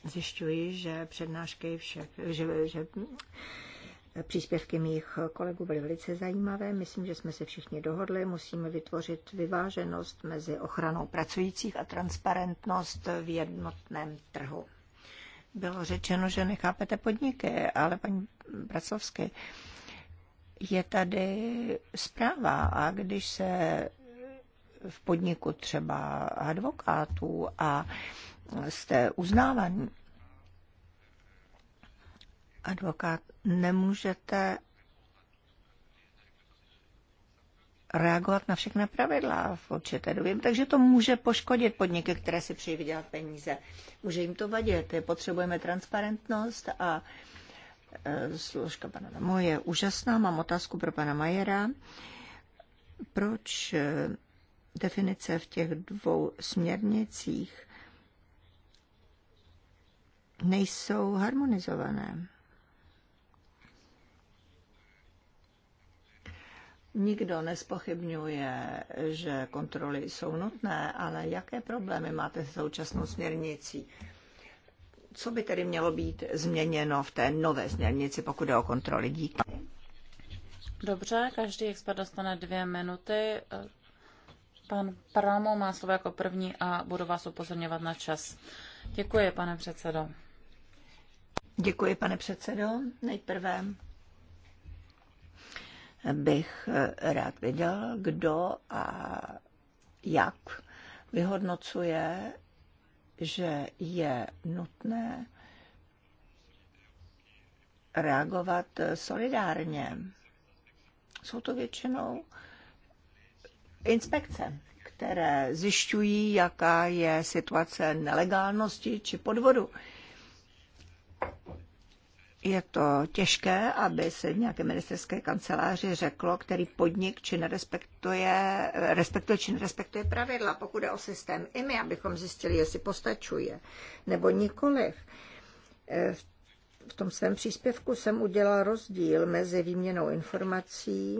S2: Zjišťuji, že přednášky všech, že, že Příspěvky mých kolegů byly velice zajímavé. Myslím, že jsme se všichni dohodli. Musíme vytvořit vyváženost mezi ochranou pracujících a transparentnost v jednotném trhu. Bylo řečeno, že nechápete podniky, ale paní Bracovsky, je tady zpráva a když se v podniku třeba advokátů a jste uznávaný advokát, nemůžete reagovat na všechna pravidla v určité době. Takže to může poškodit podniky, které si přejí vydělat peníze. Může jim to vadit. Potřebujeme transparentnost a e, složka pana Damo je úžasná. Mám otázku pro pana Majera. Proč e, definice v těch dvou směrnicích nejsou harmonizované? Nikdo nespochybňuje, že kontroly jsou nutné, ale jaké problémy máte s současnou směrnicí? Co by tedy mělo být změněno v té nové směrnici, pokud jde o kontroly? Díky.
S1: Dobře, každý expert dostane dvě minuty. Pan Pramo má slovo jako první a budu vás upozorňovat na čas. Děkuji, pane předsedo.
S2: Děkuji, pane předsedo. Nejprve bych eh, rád viděl, kdo a jak vyhodnocuje, že je nutné reagovat solidárně. Jsou to většinou inspekce, které zjišťují, jaká je situace nelegálnosti či podvodu je to těžké, aby se v nějaké ministerské kanceláři řeklo, který podnik či nerespektuje, respektuje či nerespektuje pravidla, pokud je o systém IMI, abychom zjistili, jestli postačuje nebo nikoliv. E, v tom svém příspěvku jsem udělal rozdíl mezi výměnou informací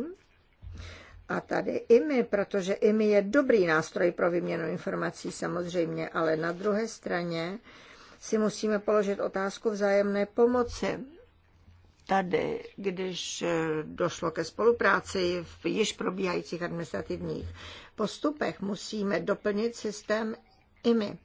S2: a tady IMI, protože IMI je dobrý nástroj pro výměnu informací samozřejmě, ale na druhé straně si musíme položit otázku vzájemné pomoci. Tady, když eh, došlo ke spolupráci v již probíhajících administrativních postupech, musíme doplnit systém IMI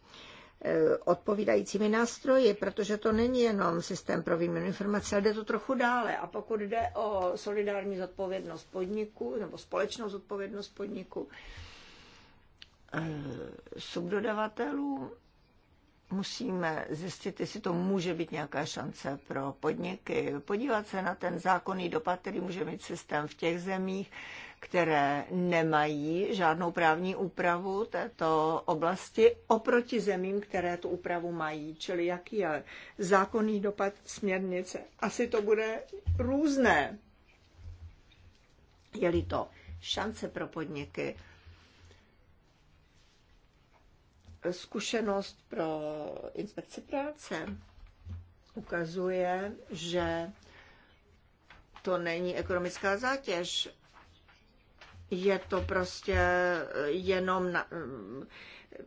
S2: eh, odpovídajícími nástroji, protože to není jenom systém pro výměnu informací, ale jde to trochu dále. A pokud jde o solidární zodpovědnost podniku nebo společnou zodpovědnost podniku, eh, subdodavatelů, musíme zjistit, jestli to může být nějaká šance pro podniky. Podívat se na ten zákonný dopad, který může mít systém v těch zemích, které nemají žádnou právní úpravu této oblasti oproti zemím, které tu úpravu mají. Čili jaký je zákonný dopad směrnice? Asi to bude různé. Je-li to šance pro podniky, zkušenost pro inspekci práce ukazuje, že to není ekonomická zátěž. Je to prostě jenom na,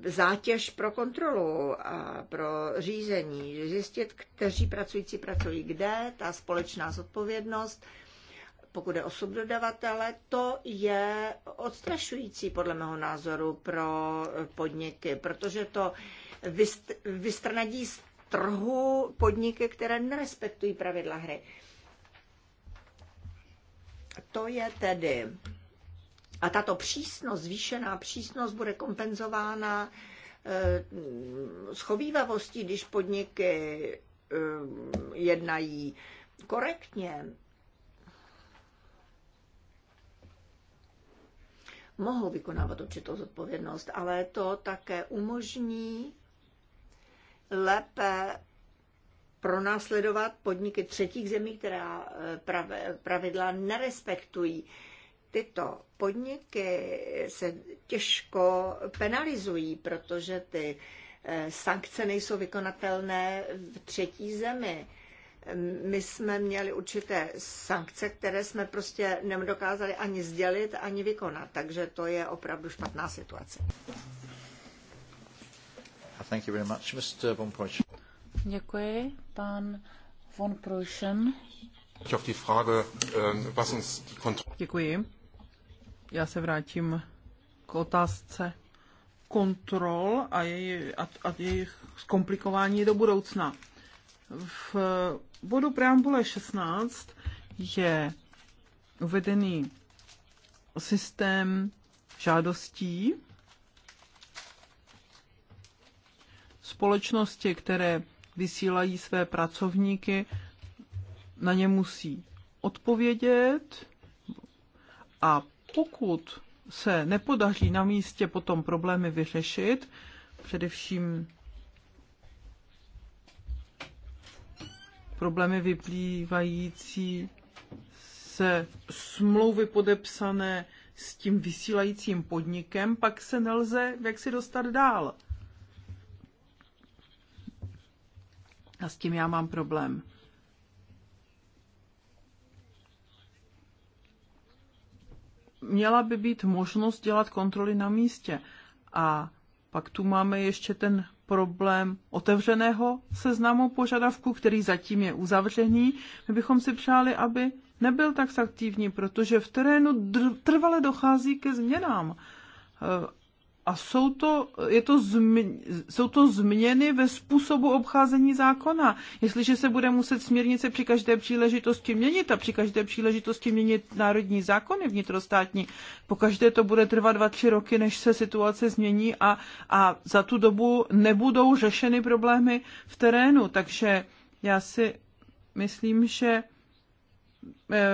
S2: zátěž pro kontrolu a pro řízení. Zjistit, kteří pracující pracují kde, ta společná zodpovědnost – pokud je o subdodavatele, to je odstrašující podle mého názoru pro podniky, protože to vyst, vystrnadí z trhu podniky, které nerespektují pravidla hry. To je tedy. A tato přísnost, zvýšená přísnost, bude kompenzována eh, schovývavostí, když podniky eh, jednají korektně, mohou vykonávat určitou zodpovědnost, ale to také umožní lépe pronásledovat podniky třetích zemí, která e, pravidla nerespektují. Tyto podniky se těžko penalizují, protože ty e, sankce nejsou vykonatelné v třetí zemi my jsme měli určité sankce, které jsme prostě nedokázali ani sdělit, ani vykonat. Takže to je opravdu špatná situace. Thank you very much, Mr. Von
S1: Děkuji,
S3: pan Von Preuschen.
S1: Ähm,
S3: Děkuji. Já se vrátím k otázce kontrol a, jej, a, a jejich zkomplikování do budoucna. V bodu preambule 16 je uvedený systém žádostí společnosti, které vysílají své pracovníky, na ně musí odpovědět a pokud se nepodaří na místě potom problémy vyřešit, především problémy vyplývající se smlouvy podepsané s tím vysílajícím podnikem, pak se nelze jak si dostat dál. A s tím já mám problém. Měla by být možnost dělat kontroly na místě. A pak tu máme ještě ten problém otevřeného seznamu požadavků, který zatím je uzavřený. My bychom si přáli, aby nebyl tak aktivní, protože v terénu trvale dochází ke změnám eh, a jsou to, je to zmi, jsou to změny ve způsobu obcházení zákona. Jestliže se bude muset směrnice při každé příležitosti měnit a při každé příležitosti měnit národní zákony vnitrostátní, po každé to bude trvat dva, tři roky, než se situace změní a, a za tu dobu nebudou řešeny problémy v terénu. Takže já si myslím, že eh,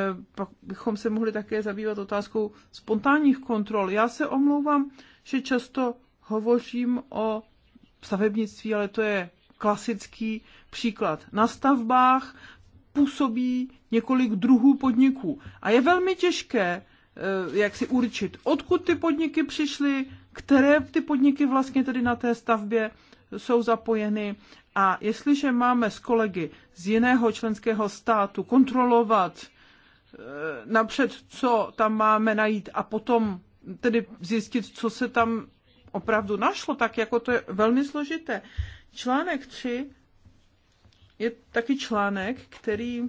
S3: bychom se mohli také zabývat otázkou spontánních kontrol. Já se omlouvám, že často hovořím o stavebnictví, ale to je klasický příklad. Na stavbách působí několik druhů podniků a je velmi těžké eh, jak si určit, odkud ty podniky přišly, které ty podniky vlastně tedy na té stavbě jsou zapojeny. A jestliže máme s kolegy z jiného členského státu kontrolovat eh, napřed, co tam máme najít a potom tedy zjistit, co se tam opravdu našlo, tak jako to je velmi složité. Článek 3 je taky článek, který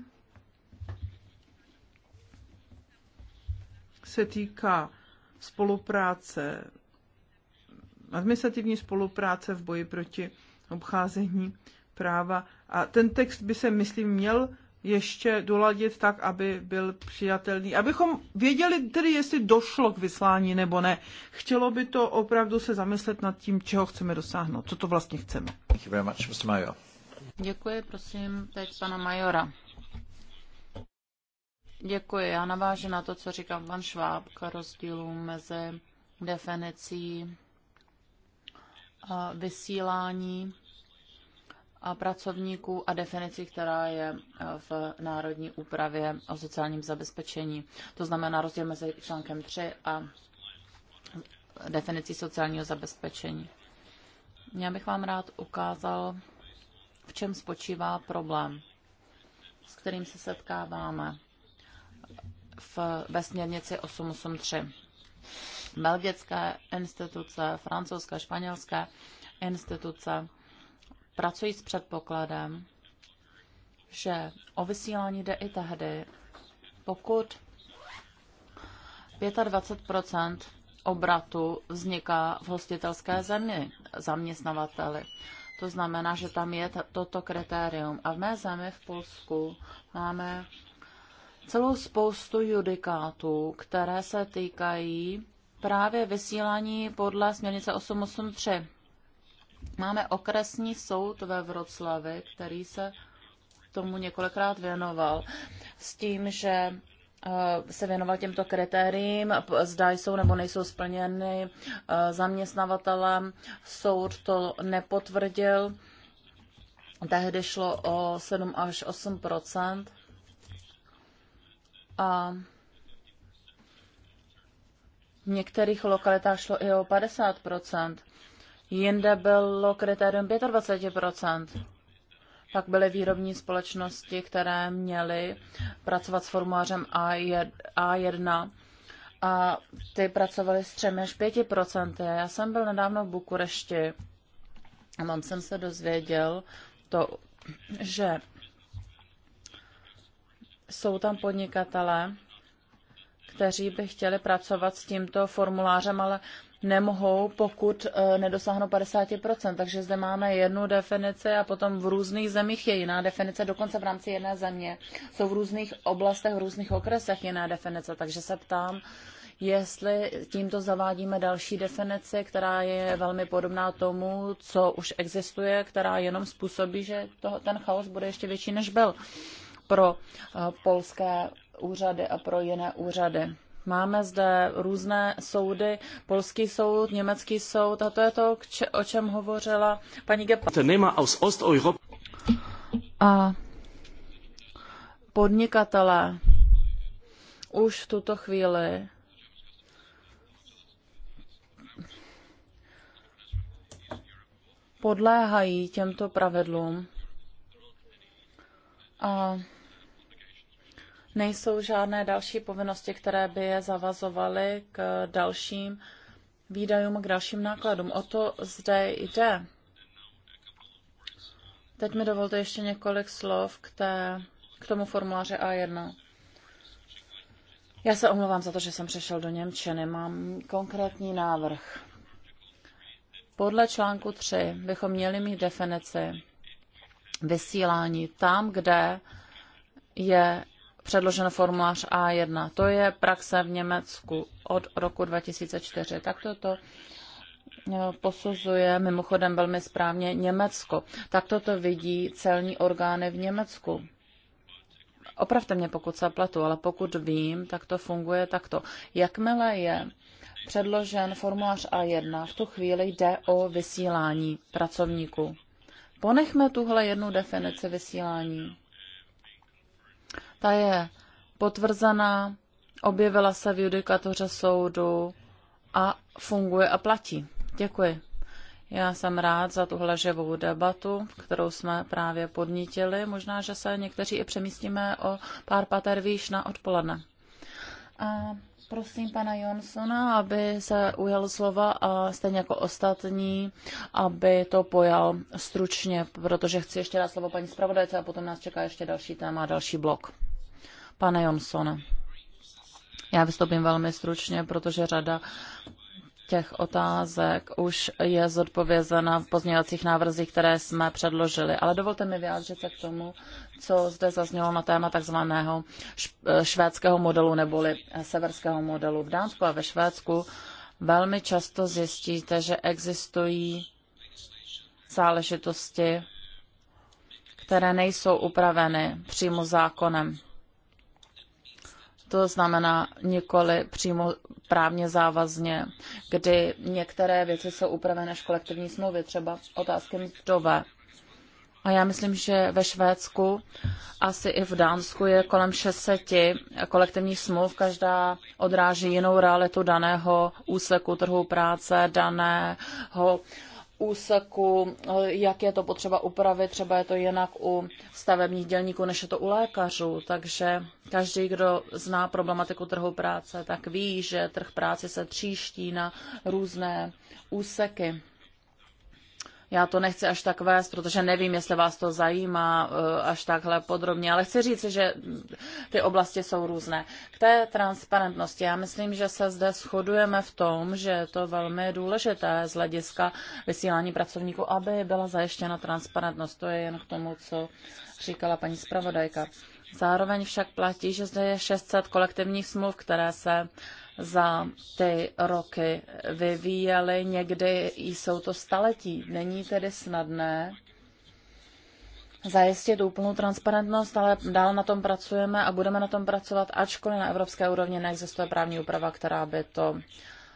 S3: se týká spolupráce, administrativní spolupráce v boji proti obcházení práva. A ten text by se, myslím, měl ještě doladit tak, aby byl přijatelný. Abychom věděli tedy, jestli došlo k vyslání nebo ne. Chtělo by to opravdu se zamyslet nad tím, čeho chceme dosáhnout, co to vlastně chceme.
S1: Děkuji, prosím, teď pana Majora. Děkuji. Já navážu na to, co říkal pan Šváb k rozdílu mezi definicí vysílání a pracovníků a definici, která je eh, v národní úpravě o sociálním zabezpečení. To znamená rozdíl mezi článkem 3 a definicí sociálního zabezpečení. Já bych vám rád ukázal, v čem spočívá problém, s kterým se setkáváme v, ve směrnici 883. Belgické instituce, francouzské, španělské instituce pracují s předpokladem, že o vysílání jde i tehdy, pokud 25 obratu vzniká v hostitelské zemi zaměstnavateli. To znamená, že tam je toto kritérium. A v mé zemi v Polsku máme celou spoustu judikátů, které se týkají právě vysílání podle směrnice 883. Máme okresní soud ve Vroclavi, který se tomu několikrát věnoval, s tím, že eh, se věnoval těmto kritériím, zda jsou nebo nejsou splněny eh, zaměstnavatelem. Soud to nepotvrdil. Tehdy šlo o 7 až 8 A v některých lokalitách šlo i o 50 Jinde bylo kritérium 25%. Pak byly výrobní společnosti, které měly pracovat s formulářem A1 a ty pracovaly s třemi až 5%. Já jsem byl nedávno v Bukurešti a tam jsem se dozvěděl to, že jsou tam podnikatele, kteří by chtěli pracovat s tímto formulářem, ale nemohou, pokud eh, nedosáhnou 50%. Takže zde máme jednu definici a potom v různých zemích je jiná definice, dokonce v rámci jedné země. Jsou v různých oblastech, v různých okresech jiná definice, takže se ptám, jestli tímto zavádíme další definici, která je velmi podobná tomu, co už existuje, která jenom způsobí, že to, ten chaos bude ještě větší, než byl pro eh, polské úřady a pro jiné úřady. Máme zde různé soudy, polský soud, německý soud a to je to, o čem hovořila paní Gepa. A podnikatelé už v tuto chvíli podléhají těmto pravidlům. A nejsou žádné další povinnosti, které by je zavazovaly k dalším výdajům, k dalším nákladům. O to zde jde. Teď mi dovolte ještě několik slov k, té, k tomu formuláři A1. Já se omlouvám za to, že jsem přešel do Němčiny. Mám konkrétní návrh. Podle článku 3 bychom měli mít definici vysílání tam, kde je předložen formulář A1. To je praxe v Německu od roku 2004. Takto to posuzuje mimochodem velmi správně Německo. Takto to vidí celní orgány v Německu. Opravte mě, pokud se pletu, ale pokud vím, tak to funguje takto. Jakmile je předložen formulář A1, v tu chvíli jde o vysílání pracovníků. Ponechme tuhle jednu definici vysílání. Ta je potvrzená, objevila se v judikatoře soudu a funguje a platí. Děkuji. Já jsem rád za tuhle živou debatu, kterou jsme právě podnítili. Možná, že se někteří i přemístíme o pár pater výš na odpoledne. A Prosím pana Jonsona, aby se ujal slova a stejně jako ostatní, aby to pojal stručně, protože chci ještě dát slovo paní zpravodajce a potom nás čeká ještě další téma, další blok. Pane Jonsone, já vystoupím velmi stručně, protože řada těch otázek už je zodpovězena v pozměňovacích návrzích, které jsme předložili. Ale dovolte mi vyjádřit se k tomu, co zde zaznělo na téma takzvaného švédského modelu neboli severského modelu v Dánsku a ve Švédsku, velmi často zjistíte, že existují záležitosti, které nejsou upraveny přímo zákonem. To znamená nikoli přímo právně závazně, kdy některé věci jsou upraveny až kolektivní smlouvy, třeba otázky mzdové. A já myslím, že ve Švédsku, asi i v Dánsku je kolem 600 kolektivních smluv. Každá odráží jinou realitu daného úseku trhu práce, daného úseku, jak je to potřeba upravit, třeba je to jinak u stavebních dělníků, než je to u lékařů. Takže každý, kdo zná problematiku trhu práce, tak ví, že trh práce se tříští na různé úseky. Já to nechci až tak vést, protože nevím, jestli vás to zajímá eh, až takhle podrobně, ale chci říct, že ty oblasti jsou různé. K té transparentnosti, já myslím, že se zde shodujeme v tom, že je to velmi důležité z hlediska vysílání pracovníků, aby byla zajištěna transparentnost. To je jen k tomu, co říkala paní zpravodajka. Zároveň však platí, že zde je 600 kolektivních smluv, které se za ty roky vyvíjely, někdy jsou to staletí. Není tedy snadné zajistit úplnou transparentnost, ale dál na tom pracujeme a budeme na tom pracovat, ačkoliv na evropské úrovni neexistuje právní úprava, která by to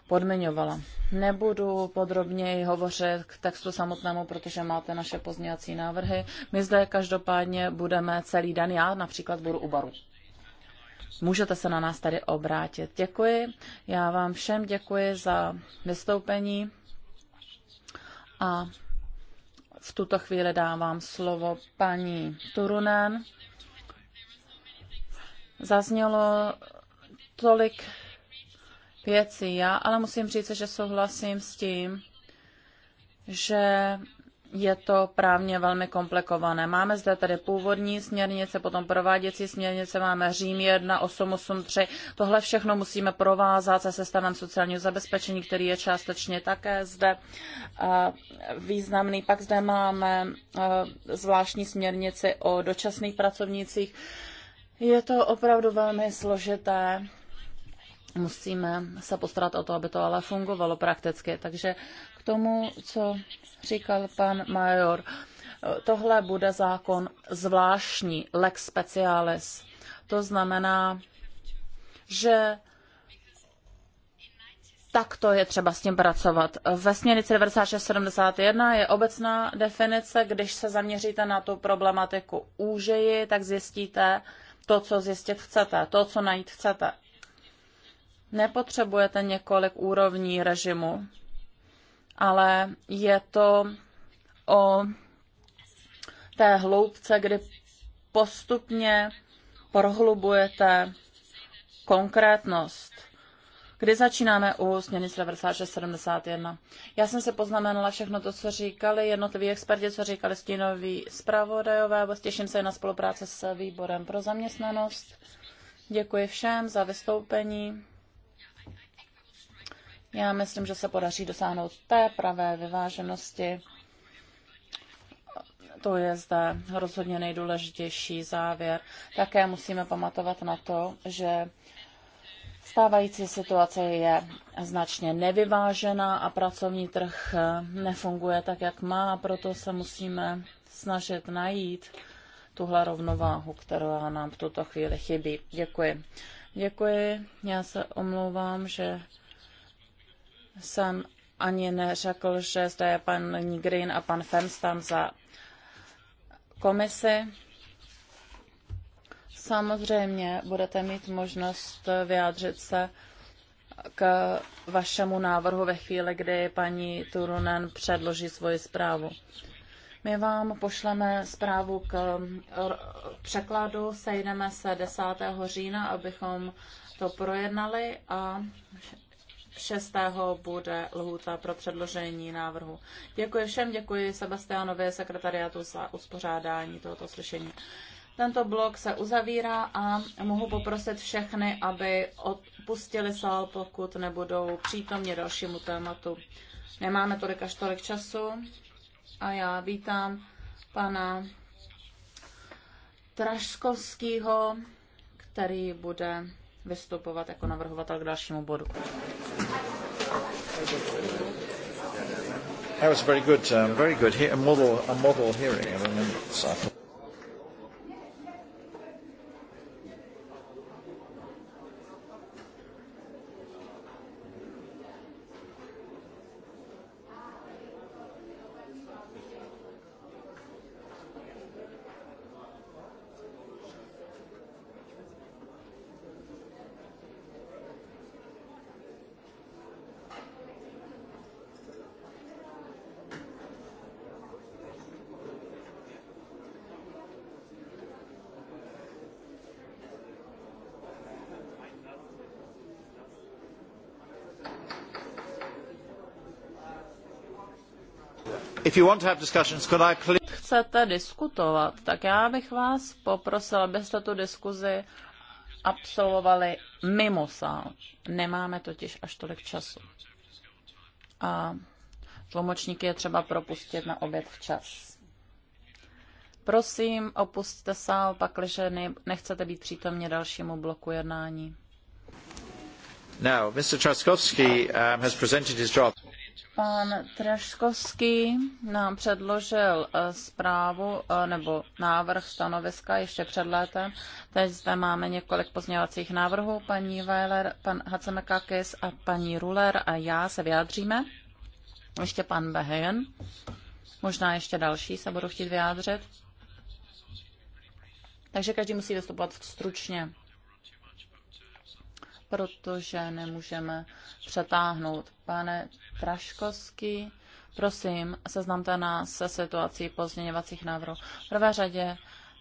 S1: podmiňovala. Nebudu podrobněji hovořit k textu samotnému, protože máte naše pozměňovací návrhy. My zde každopádně budeme celý den, já například budu u baru můžete se na nás tady obrátit. Děkuji, já vám všem děkuji za vystoupení a v tuto chvíli dávám slovo paní Turunen. Zaznělo tolik věcí já, ale musím říct, že souhlasím s tím, že je to právně velmi komplikované. Máme zde tedy původní směrnice, potom prováděcí směrnice, máme Řím 1, 883. Tohle všechno musíme provázat se systémem sociálního zabezpečení, který je částečně také zde významný. Pak zde máme zvláštní směrnici o dočasných pracovnících. Je to opravdu velmi složité musíme se postarat o to, aby to ale fungovalo prakticky. Takže k tomu, co říkal pan major, tohle bude zákon zvláštní, lex specialis. To znamená, že tak to je třeba s tím pracovat. Ve směrnici 9671 je obecná definice, když se zaměříte na tu problematiku úžeji, tak zjistíte to, co zjistit chcete, to, co najít chcete. Nepotřebujete několik úrovní režimu ale je to o té hloubce, kdy postupně prohlubujete konkrétnost. Kdy začínáme u směrnice 71 Já jsem se poznamenala všechno to, co říkali jednotliví experti, co říkali stínoví zpravodajové. Těším se na spolupráci s výborem pro zaměstnanost. Děkuji všem za vystoupení. Já myslím, že se podaří dosáhnout té pravé vyváženosti. To je zde rozhodně nejdůležitější závěr. Také musíme pamatovat na to, že Stávající situace je značně nevyvážená a pracovní trh nefunguje tak, jak má, a proto se musíme snažit najít tuhle rovnováhu, která nám v tuto chvíli chybí. Děkuji. Děkuji, já se omlouvám, že jsem ani neřekl, že zde je pan Green a pan Fenstam za komisi. Samozřejmě budete mít možnost vyjádřit se k vašemu návrhu ve chvíli, kdy paní Turunen předloží svoji zprávu. My vám pošleme zprávu k překladu, sejdeme se 10. října, abychom to projednali a 6. bude lhůta pro předložení návrhu. Děkuji všem, děkuji Sebastianovi sekretariátu za uspořádání tohoto slyšení. Tento blok se uzavírá a mohu poprosit všechny, aby opustili sál, pokud nebudou přítomně dalšímu tématu. Nemáme tolik až tolik času a já vítám pana Traškovského, který bude vystupovat jako navrhovatel k dalšímu bodu.
S2: That was very good, um, very good. He, a model, a model hearing. I remember.
S1: chcete diskutovat, tak já bych vás poprosil, abyste tu diskuzi absolvovali mimo sál. Nemáme totiž až tolik času. A tlumočníky je třeba propustit na oběd včas. Prosím, opustte sál, pakliže nechcete být přítomně dalšímu bloku jednání.
S2: Now, Mr. Truskowski um, has presented his job.
S1: Pan Traškovský nám předložil eh, zprávu eh, nebo návrh stanoviska ještě před létem. Teď zde máme několik pozměňovacích návrhů. Paní Weiler, pan Hacemekakis a paní Ruler a já se vyjádříme. Ještě pan Behejen. Možná ještě další se budou chtít vyjádřit. Takže každý musí vystupovat stručně protože nemůžeme přetáhnout. Pane Traškovský, prosím, seznamte nás se situací pozměňovacích návrhů. V prvé řadě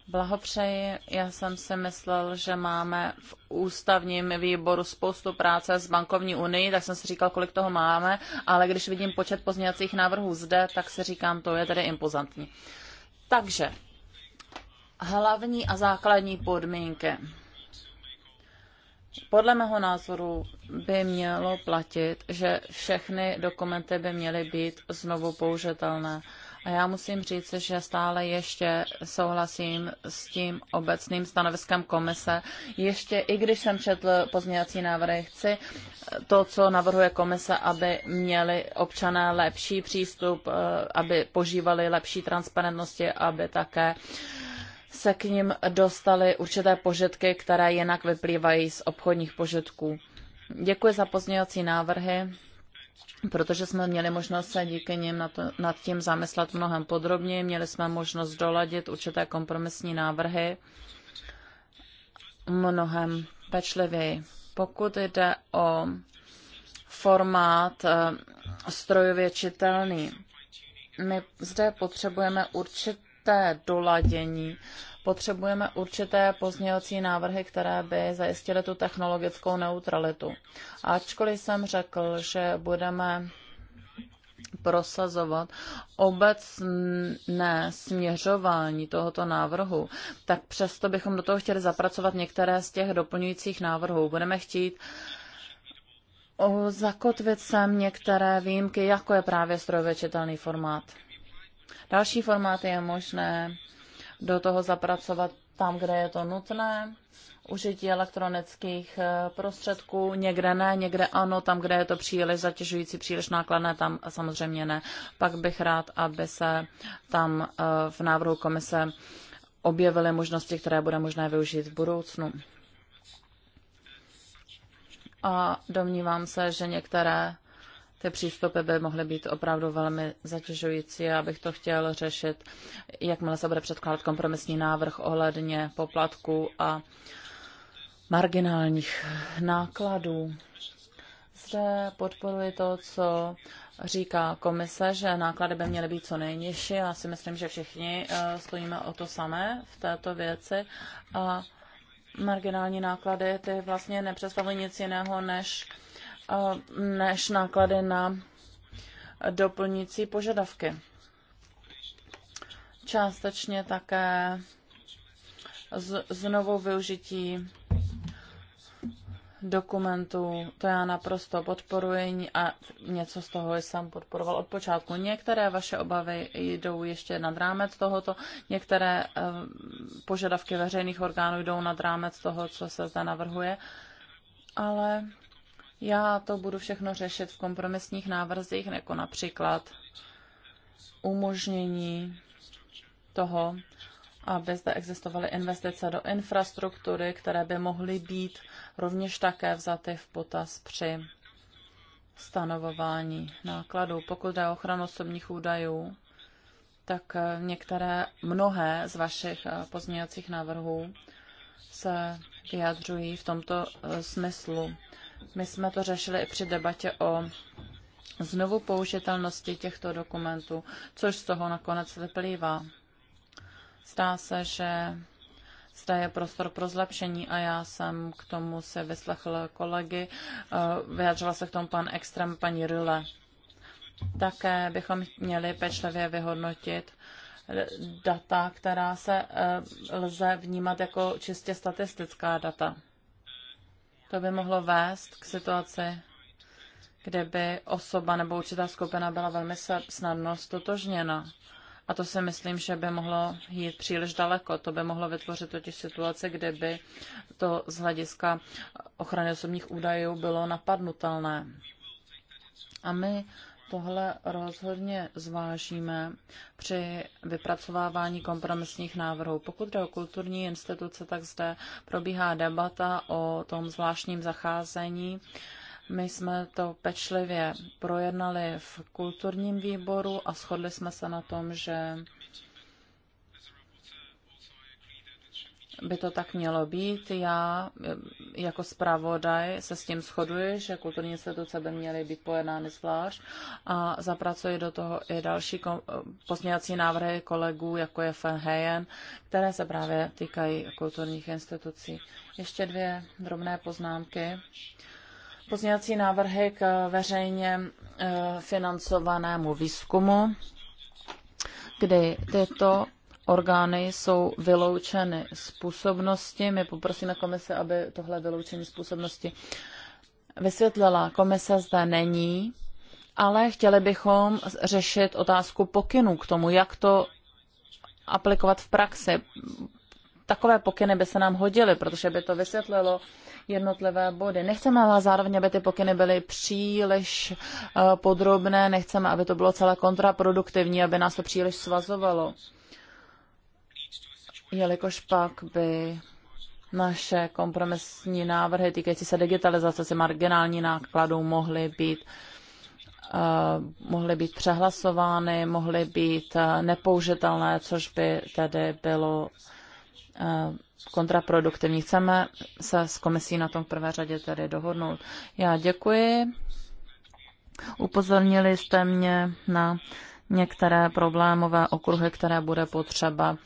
S1: blahopřeji. Já jsem si myslel, že máme v ústavním výboru spoustu práce s bankovní unii, tak jsem si říkal, kolik toho máme, ale když vidím počet pozměňovacích návrhů zde, tak si říkám, to je tedy impozantní. Takže hlavní a základní podmínky. Podle mého názoru by mělo platit, že všechny dokumenty by měly být znovu použitelné. A já musím říct, že stále ještě souhlasím s tím obecným stanoviskem komise. Ještě i když jsem četl pozměňovací návrhy, chci to, co navrhuje komise, aby měli občané lepší přístup, eh, aby požívali lepší transparentnosti, aby také uh, se k ním dostaly určité požitky, které jinak vyplývají z obchodních požitků. Děkuji za pozměňovací návrhy, protože jsme měli možnost se díky nim nad tím zamyslet mnohem podrobněji. Měli jsme možnost doladit určité kompromisní návrhy mnohem pečlivěji. Pokud jde o formát eh, strojově čitelný, my zde potřebujeme určitě určité doladění. Potřebujeme určité pozměňovací návrhy, které by zajistily tu technologickou neutralitu. Ačkoliv jsem řekl, že budeme prosazovat obecné směřování tohoto návrhu, tak přesto bychom do toho chtěli zapracovat některé z těch doplňujících návrhů. Budeme chtít zakotvit sem některé výjimky, jako je právě strojově čitelný formát. Další formáty je možné do toho zapracovat tam, kde je to nutné, užití elektronických eh, prostředků, někde ne, někde ano, tam, kde je to příliš zatěžující, příliš nákladné, tam samozřejmě ne. Pak bych rád, aby se tam eh, v návrhu komise objevily možnosti, které bude možné využít v budoucnu. A domnívám se, že některé ty přístupy by mohly být opravdu velmi zatěžující. a bych to chtěl řešit, jakmile se bude předkládat kompromisní návrh ohledně poplatků a marginálních nákladů. Zde podporuji to, co říká komise, že náklady by měly být co nejnižší. Já si myslím, že všichni eh, stojíme o to samé v této věci. A marginální náklady ty vlastně nepředstavují nic jiného než než náklady na doplňující požadavky. Částečně také z, znovu využití dokumentů, to já naprosto podporuji a něco z toho jsem podporoval od počátku. Některé vaše obavy jdou ještě nad rámec tohoto, některé eh, požadavky veřejných orgánů jdou nad rámec toho, co se zde navrhuje, ale já to budu všechno řešit v kompromisních návrzích, jako například umožnění toho, aby zde existovaly investice do infrastruktury, které by mohly být rovněž také vzaty v potaz při stanovování nákladů. Pokud jde o ochranu osobních údajů, tak některé, mnohé z vašich eh, pozměňovacích návrhů se vyjadřují v tomto eh, smyslu. My jsme to řešili i při debatě o znovu použitelnosti těchto dokumentů, což z toho nakonec vyplývá. Zdá se, že zde je prostor pro zlepšení a já jsem k tomu se vyslechl kolegy. Eh, Vyjadřila se k tomu pan Extrem, paní Rule. Také bychom měli pečlivě vyhodnotit eh, data, která se eh, lze vnímat jako čistě statistická data. To by mohlo vést k situaci, kde by osoba nebo určitá skupina byla velmi snadno stotožněna. A to si myslím, že by mohlo jít příliš daleko. To by mohlo vytvořit totiž situace, kde by to z hlediska ochrany osobních údajů bylo napadnutelné. A my tohle rozhodně zvážíme při vypracovávání kompromisních návrhů. Pokud jde o kulturní instituce, tak zde probíhá debata o tom zvláštním zacházení. My jsme to pečlivě projednali v kulturním výboru a shodli jsme se na tom, že by to tak mělo být. Já eh, jako zpravodaj se s tím shoduji, že kulturní instituce by měly být pojednány zvlášť a zapracuji do toho i další pozměňovací návrhy kolegů, jako je Fenheyen, které se právě týkají kulturních institucí. Ještě dvě drobné poznámky. Pozměňovací návrhy k veřejně eh, financovanému výzkumu, kdy tyto orgány jsou vyloučeny z působnosti. My poprosíme komise, aby tohle vyloučení z působnosti vysvětlila. Komise zde není, ale chtěli bychom řešit otázku pokynů k tomu, jak to aplikovat v praxi. Takové pokyny by se nám hodily, protože by to vysvětlilo jednotlivé body. Nechceme ale zároveň, aby ty pokyny byly příliš eh, podrobné, nechceme, aby to bylo celé kontraproduktivní, aby nás to příliš svazovalo jelikož pak by naše kompromisní návrhy týkající se digitalizace se marginální nákladů mohly být eh, mohly být přehlasovány, mohly být eh, nepoužitelné, což by tedy bylo eh, kontraproduktivní. Chceme se s komisí na tom v prvé řadě tedy dohodnout. Já děkuji. Upozornili jste mě na některé problémové okruhy, které bude potřeba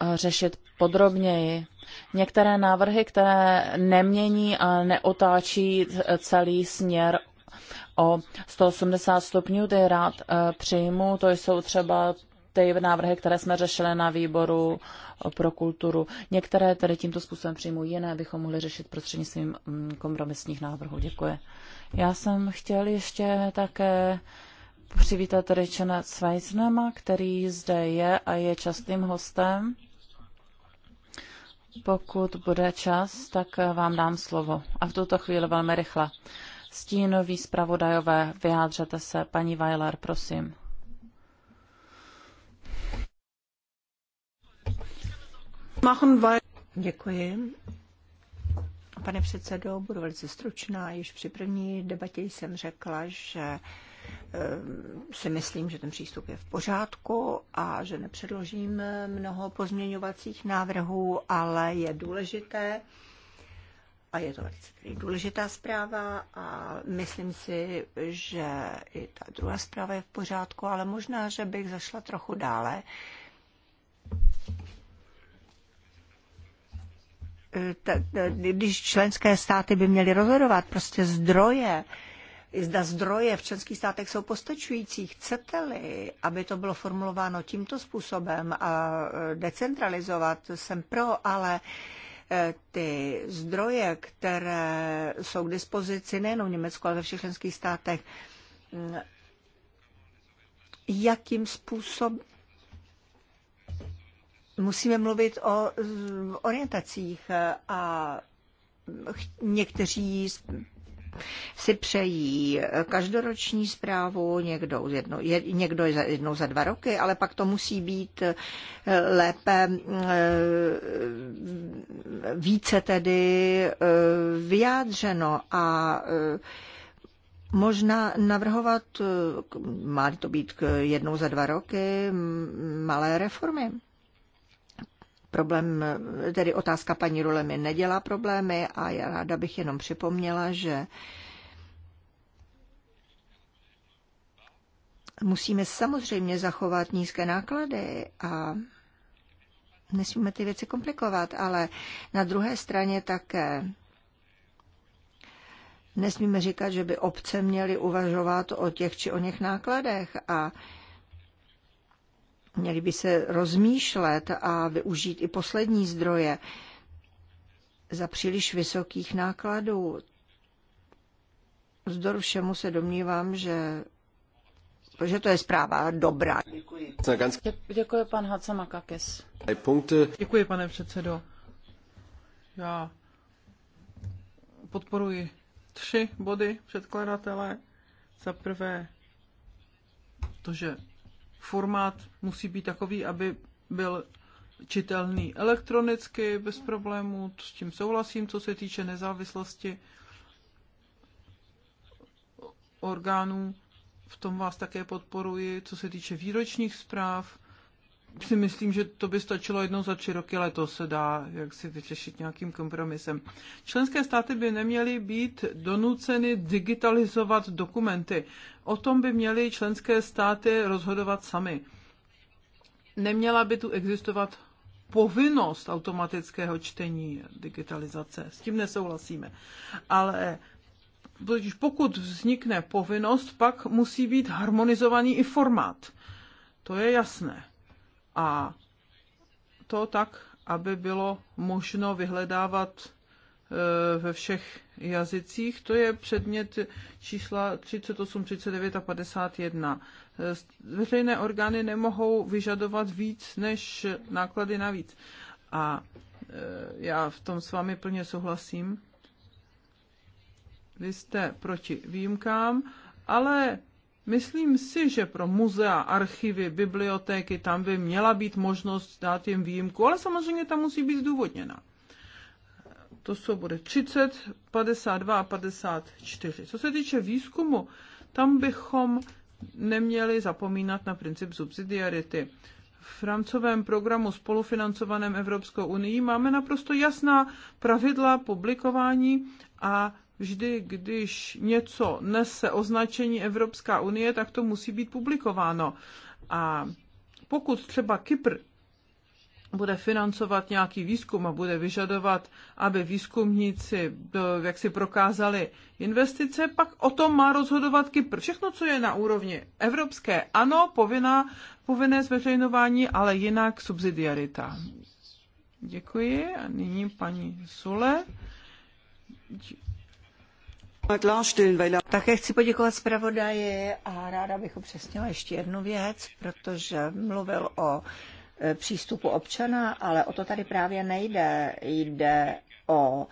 S1: Eh, řešit podrobněji. Některé návrhy, které nemění a neotáčí celý směr o 180 stupňů, ty rád eh, přijmu. To jsou třeba ty návrhy, které jsme řešili na výboru eh, pro kulturu. Některé tedy tímto způsobem přijmu, jiné bychom mohli řešit prostřednictvím mm, kompromisních návrhů. Děkuji. Já jsem chtěl ještě také přivítat Richarda Sveiznema, který zde je a je častým hostem. Pokud bude čas, tak vám dám slovo. A v tuto chvíli velmi rychle. stínový zpravodajové, vyjádřete se. Paní Weiler, prosím.
S2: Děkuji. Pane předsedo, budu velice stručná. Již při první debatě jsem řekla, že Ehm, si myslím, že ten přístup je v pořádku a že nepředložím mnoho pozměňovacích návrhů, ale je důležité, a je to velice důležitá zpráva a myslím si, že i ta druhá zpráva je v pořádku, ale možná, že bych zašla trochu dále. Ehm, když členské státy by měly rozhodovat prostě zdroje, zda zdroje v členských státech jsou postačující. Chcete-li, aby to bylo formulováno tímto způsobem a e, decentralizovat, jsem pro, ale e, ty zdroje, které jsou k dispozici nejen v Německu, ale ve všech členských státech, mm, jakým způsobem musíme mluvit o orientacích e, a někteří si přejí každoroční zprávu, někdo, jedno, někdo jednou za dva roky, ale pak to musí být eh, lépe eh, více tedy eh, vyjádřeno a Možná navrhovat, má to být jednou za dva roky, malé reformy problém, tedy otázka paní Rule mi nedělá problémy a já ráda bych jenom připomněla, že musíme samozřejmě zachovat nízké náklady a nesmíme ty věci komplikovat, ale na druhé straně také nesmíme říkat, že by obce měly uvažovat o těch či o něch nákladech a Měli by se rozmýšlet a využít i poslední zdroje za příliš vysokých nákladů. Zdor všemu se domnívám, že že to je zpráva dobrá. Děkuji. Děkuji, pan Hacamakakis.
S3: Děkuji, pane předsedo. Já podporuji tři body předkladatele. Za prvé to, že formát musí být takový, aby byl čitelný elektronicky, bez problémů, s tím souhlasím, co se týče nezávislosti orgánů, v tom vás také podporuji, co se týče výročních zpráv, si myslím, že to by stačilo jednou za tři roky, ale to se dá jak si vyřešit nějakým kompromisem. Členské státy by neměly být donuceny digitalizovat dokumenty. O tom by měly členské státy rozhodovat sami. Neměla by tu existovat povinnost automatického čtení digitalizace. S tím nesouhlasíme. Ale pokud vznikne povinnost, pak musí být harmonizovaný i formát. To je jasné a to tak, aby bylo možno vyhledávat eh, ve všech jazycích. To je předmět čísla 38, 39 a 51. Eh, veřejné orgány nemohou vyžadovat víc než náklady navíc. A eh, já v tom s vámi plně souhlasím. Vy jste proti výjimkám, ale Myslím si, že pro muzea, archivy, bibliotéky tam by měla být možnost dát jim výjimku, ale samozřejmě tam musí být zdůvodněna. To jsou bude 30, 52 a 54. Co se týče výzkumu, tam bychom neměli zapomínat na princip subsidiarity. V rámcovém programu spolufinancovaném Evropskou unii máme naprosto jasná pravidla publikování a vždy, když něco nese označení Evropská unie, tak to musí být publikováno. A pokud třeba Kypr bude financovat nějaký výzkum a bude vyžadovat, aby výzkumníci jak si prokázali investice, pak o tom má rozhodovat Kypr. Všechno, co je na úrovni evropské, ano, povinná, povinné zveřejnování, ale jinak subsidiarita. Děkuji. A nyní paní Sule.
S2: Také chci poděkovat zpravodaji a ráda bych upřesnila ještě jednu věc, protože mluvil o e, přístupu občana, ale o to tady právě nejde. Jde o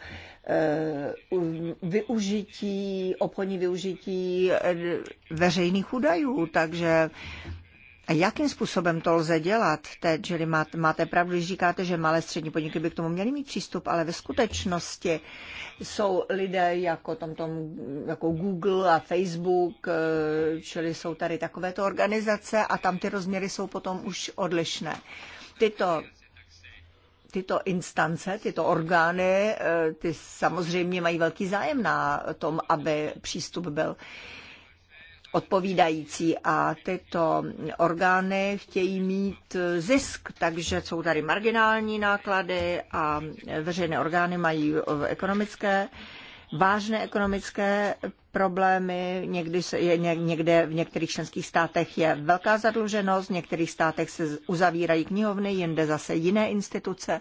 S2: e, využití, obchodní využití e, veřejných údajů, takže Jakým způsobem to lze dělat? Teď, že máte, máte pravdu, když říkáte, že malé střední podniky by k tomu měly mít přístup, ale ve skutečnosti jsou lidé jako, tom, tom, jako Google a Facebook, eh, čili jsou tady takovéto organizace a tam ty rozměry jsou potom už odlišné. Tyto tyto instance, tyto orgány, eh, ty samozřejmě mají velký zájem na tom, aby přístup byl odpovídající a tyto orgány chtějí mít zisk, takže jsou tady marginální náklady a veřejné orgány mají ekonomické vážné ekonomické problémy, někdy se, je, někde v některých členských státech je velká zadluženost, v některých státech se uzavírají knihovny, jinde zase jiné instituce.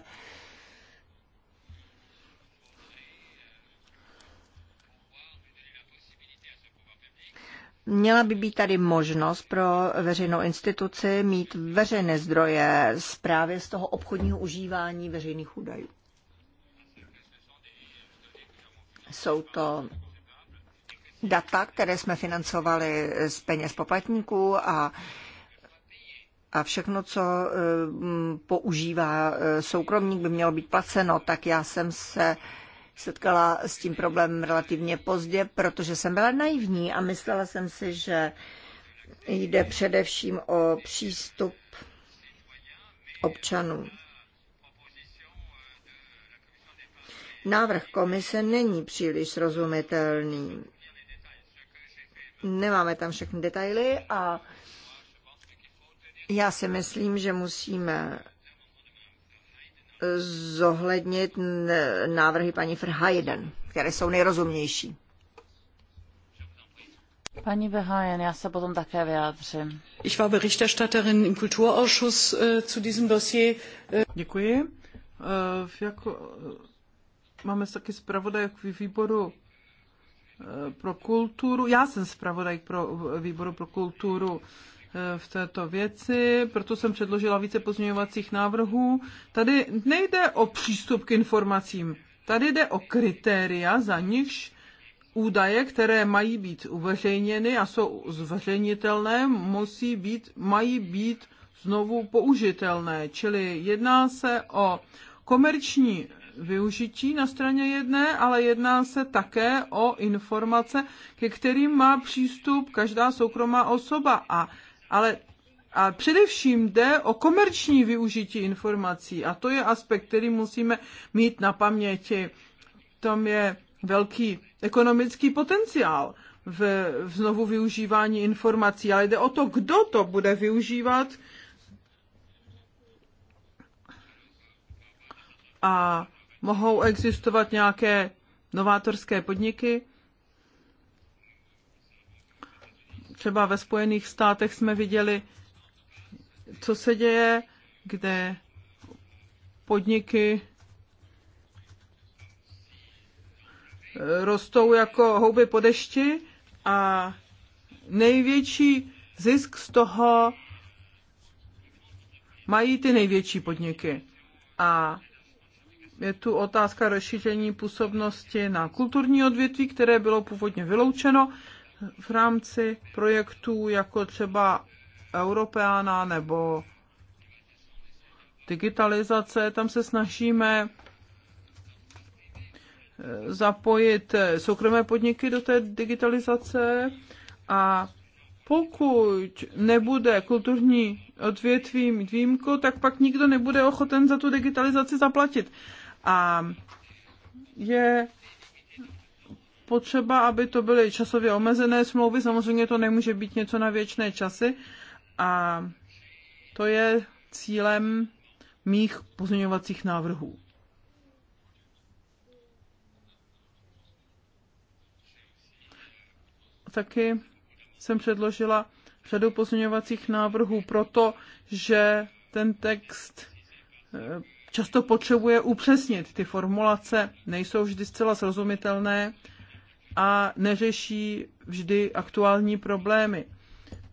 S2: Měla by být tady možnost pro veřejnou instituci mít veřejné zdroje právě z toho obchodního užívání veřejných údajů. Jsou to data, které jsme financovali z peněz poplatníků a a všechno, co e, používá e, soukromník, by mělo být placeno, tak já jsem se setkala s tím problémem relativně pozdě, protože jsem byla naivní a myslela jsem si, že jde především o přístup občanů. Návrh komise není příliš srozumitelný. Nemáme tam všechny detaily a já si myslím, že musíme zohlednit návrhy paní Verheyen, které jsou nejrozumnější.
S1: Paní Verheyen, já se potom také vyjádřím.
S3: Ich war Berichterstatterin im Kulturausschuss äh, zu diesem Dossier. Äh, Děkuji. Äh, jako, máme taky zpravodaj k výboru pro kulturu. Já jsem zpravodaj pro výboru pro kulturu Eh, v této věci, proto jsem předložila více pozměňovacích návrhů. Tady nejde o přístup k informacím, tady jde o kritéria, za nichž údaje, které mají být uveřejněny a jsou zveřejnitelné, musí být, mají být znovu použitelné. Čili jedná se o komerční využití na straně jedné, ale jedná se také o informace, ke kterým má přístup každá soukromá osoba a ale a především jde o komerční využití informací a to je aspekt, který musíme mít na paměti. Tam je velký ekonomický potenciál v, v znovu využívání informací, ale jde o to, kdo to bude využívat a mohou existovat nějaké novátorské podniky, Třeba ve Spojených státech jsme viděli, co se děje, kde podniky eh, rostou jako houby po dešti a největší zisk z toho mají ty největší podniky. A je tu otázka rozšíření působnosti na kulturní odvětví, které bylo původně vyloučeno v rámci projektů jako třeba Europeana nebo digitalizace, tam se snažíme eh, zapojit eh, soukromé podniky do té digitalizace a pokud nebude kulturní odvětví mít výjimku, tak pak nikdo nebude ochoten za tu digitalizaci zaplatit. A je potřeba, aby to byly časově omezené smlouvy, samozřejmě to nemůže být něco na věčné časy a to je cílem mých pozměňovacích návrhů. Taky jsem předložila řadu pozměňovacích návrhů proto, že ten text eh, často potřebuje upřesnit. Ty formulace nejsou vždy zcela srozumitelné a neřeší vždy aktuální problémy.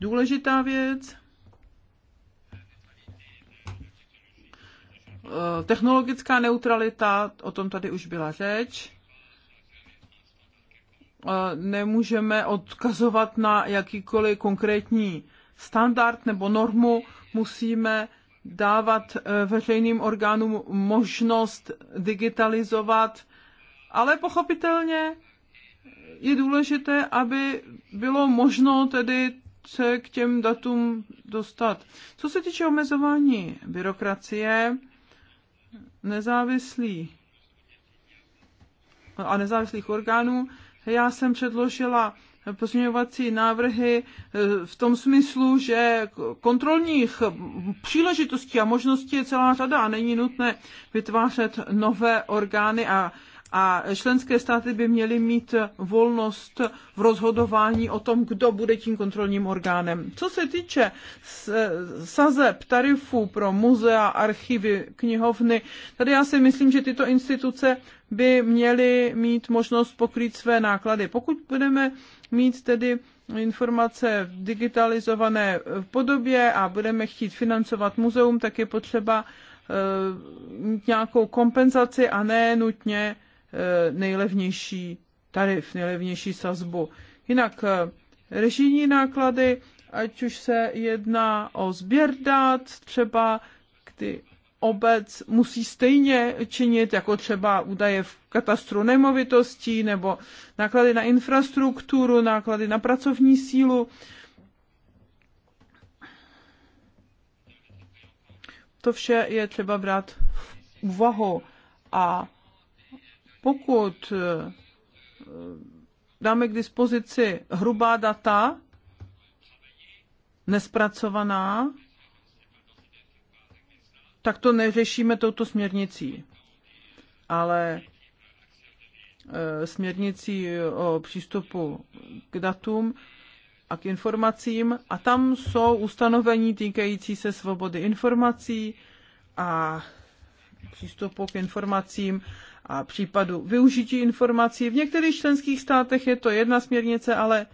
S3: Důležitá věc, eh, technologická neutralita, o tom tady už byla řeč. Eh, nemůžeme odkazovat na jakýkoliv konkrétní standard nebo normu, musíme dávat eh, veřejným orgánům možnost digitalizovat, ale pochopitelně je důležité, aby bylo možno tedy se k těm datům dostat. Co se týče omezování byrokracie, nezávislí a nezávislých orgánů, já jsem předložila pozměňovací návrhy eh, v tom smyslu, že kontrolních příležitostí a možností je celá řada a není nutné vytvářet nové orgány a, a členské státy by měly mít volnost v rozhodování o tom, kdo bude tím kontrolním orgánem. Co se týče sazeb tarifů pro muzea, archivy, knihovny, tady já si myslím, že tyto instituce by měly mít možnost pokrýt své náklady. Pokud budeme mít tedy informace v digitalizované podobě a budeme chtít financovat muzeum, tak je potřeba eh, mít nějakou kompenzaci a ne nutně Eh, nejlevnější tarif, nejlevnější sazbu. Jinak eh, režijní náklady, ať už se jedná o sběr dát, třeba kdy obec musí stejně činit, jako třeba údaje v katastru nemovitostí, nebo náklady na infrastrukturu, náklady na pracovní sílu. To vše je třeba brát v úvahu a pokud eh, dáme k dispozici hrubá data, nespracovaná, tak to neřešíme touto směrnicí. Ale eh, směrnicí o přístupu k datům a k informacím. A tam jsou ustanovení týkající se svobody informací a přístupu k informacím a případu využití informací. V některých členských státech je to jedna směrnice, ale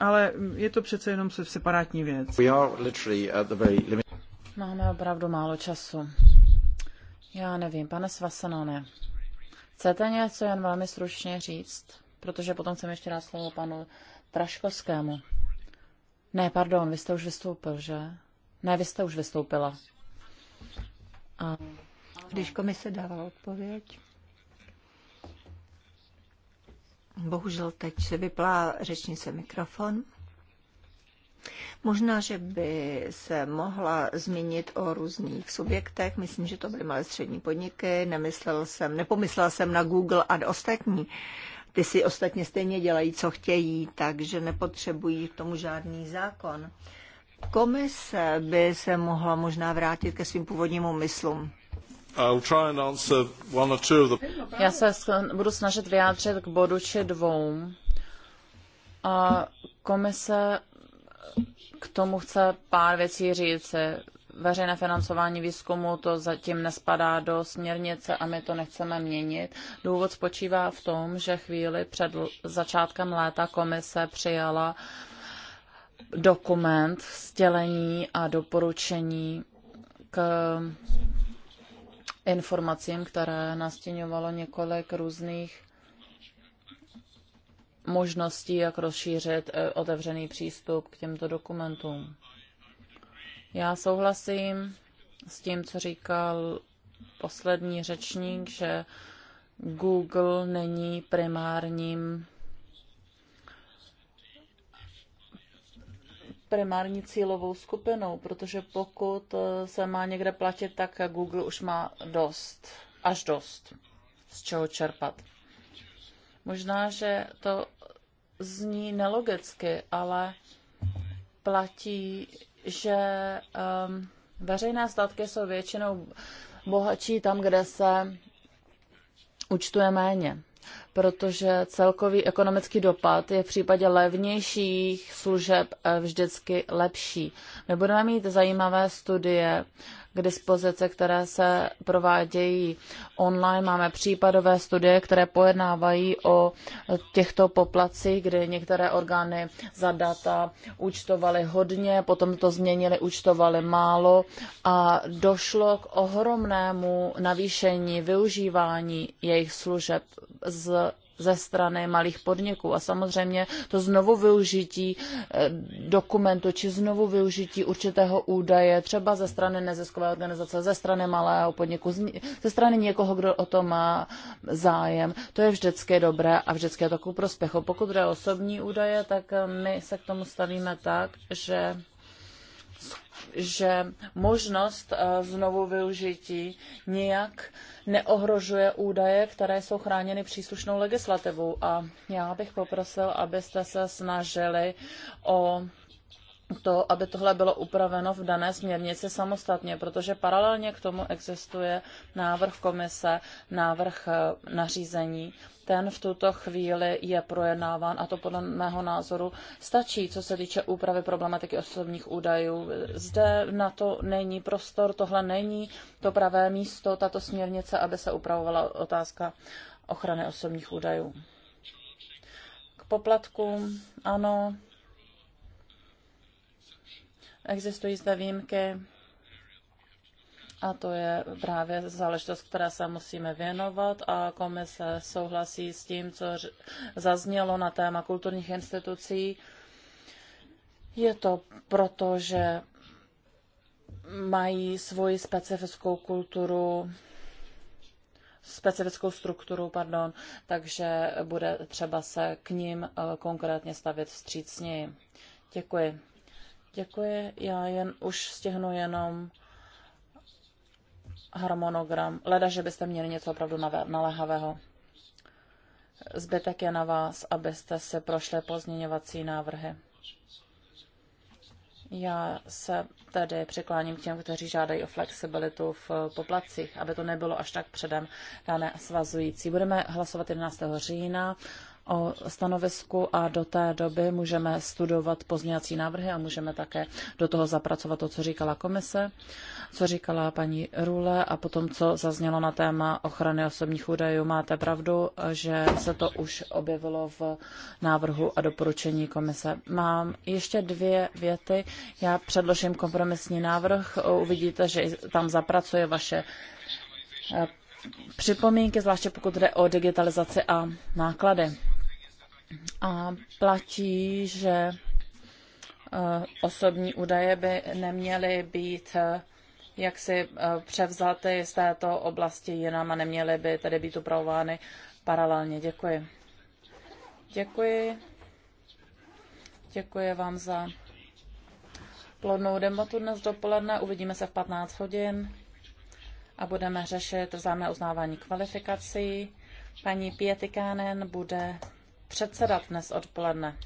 S3: ale je to přece jenom se separátní věc. Máme opravdu málo času.
S1: Já nevím, pane Svasanane, chcete něco jen velmi stručně říct? Protože potom chceme ještě dát slovo panu Traškovskému. Ne, pardon, vy jste už vystoupil, že? Ne, vy jste už vystoupila.
S2: A když komise dávala odpověď. Bohužel teď se vyplá řečnice mikrofon. Možná, že by se mohla zmínit o různých subjektech. Myslím, že to byly malé střední podniky. Nemyslel jsem, nepomyslel jsem na Google a ostatní. Ty si ostatně stejně dělají, co chtějí, takže nepotřebují k tomu žádný zákon. Komise by se mohla možná vrátit ke svým původním myslům. Já se budu snažit
S1: vyjádřit k bodu či dvou. A komise k tomu chce pár věcí říci. Veřejné financování výzkumu to zatím nespadá do směrnice a my to nechceme měnit. Důvod spočívá v tom, že chvíli před začátkem léta komise přijala dokument, sdělení a doporučení k informacím, které nastěňovalo několik různých možností, jak rozšířit eh, otevřený přístup k těmto dokumentům. Já souhlasím s tím, co říkal poslední řečník, že Google není primárním primární cílovou skupinou, protože pokud eh, se má někde platit, tak Google už má dost, až dost, z čeho čerpat. Možná, že to zní nelogicky, ale platí, že um, veřejné statky jsou většinou bohatší tam, kde se účtuje méně protože celkový ekonomický dopad je v případě levnějších služeb eh, vždycky lepší. My budeme mít zajímavé studie k dispozici, které se provádějí online. Máme případové studie, které pojednávají o těchto poplacích, kdy některé orgány za data účtovaly hodně, potom to změnili, účtovaly málo a došlo k ohromnému navýšení využívání jejich služeb z ze strany malých podniků. A samozřejmě to znovu využití eh, dokumentu či znovu využití určitého údaje, třeba ze strany neziskové organizace, ze strany malého podniku, ze strany někoho, kdo o to má zájem, to je vždycky dobré a vždycky je to ku prospěchu. Pokud jde osobní údaje, tak eh, my se k tomu stavíme tak, že že možnost eh, znovu využití nějak neohrožuje údaje, které jsou chráněny příslušnou legislativou. A já bych poprosil, abyste se snažili o to, aby tohle bylo upraveno v dané směrnici samostatně, protože paralelně k tomu existuje návrh komise, návrh eh, nařízení. Ten v tuto chvíli je projednáván a to podle mého názoru stačí, co se týče úpravy problematiky osobních údajů. Zde na to není prostor, tohle není to pravé místo, tato směrnice, aby se upravovala otázka ochrany osobních údajů. K poplatkům, ano, Existují zde výjimky a to je právě záležitost, která se musíme věnovat a komise souhlasí s tím, co zaznělo na téma kulturních institucí. Je to proto, že mají svoji specifickou kulturu, specifickou strukturu, pardon, takže bude třeba se k ním eh, konkrétně stavět vstřícněji. Děkuji. Děkuji. Já jen už stihnu jenom harmonogram. Leda, že byste měli něco opravdu naléhavého. Zbytek je na vás, abyste si prošli pozměňovací návrhy. Já se tedy přikláním k těm, kteří žádají o flexibilitu v poplacích, aby to nebylo až tak předem dané svazující. Budeme hlasovat 11. října o stanovisku a do té doby můžeme studovat pozněvací návrhy a můžeme také do toho zapracovat to, co říkala komise, co říkala paní Rule a potom, co zaznělo na téma ochrany osobních údajů. Máte pravdu, že se to už objevilo v návrhu a doporučení komise. Mám ještě dvě věty. Já předložím kompromisní návrh. Uvidíte, že tam zapracuje vaše eh, připomínky, zvláště pokud jde o digitalizaci a náklady a platí, že eh, osobní údaje by neměly být eh, jaksi eh, převzaty z této oblasti jinam a neměly by tedy být upravovány paralelně. Děkuji. Děkuji. Děkuji vám za plodnou debatu dnes dopoledne. Uvidíme se v 15 hodin a budeme řešit vzájemné uznávání kvalifikací. Paní Pietikánen bude předsedat dnes odpoledne.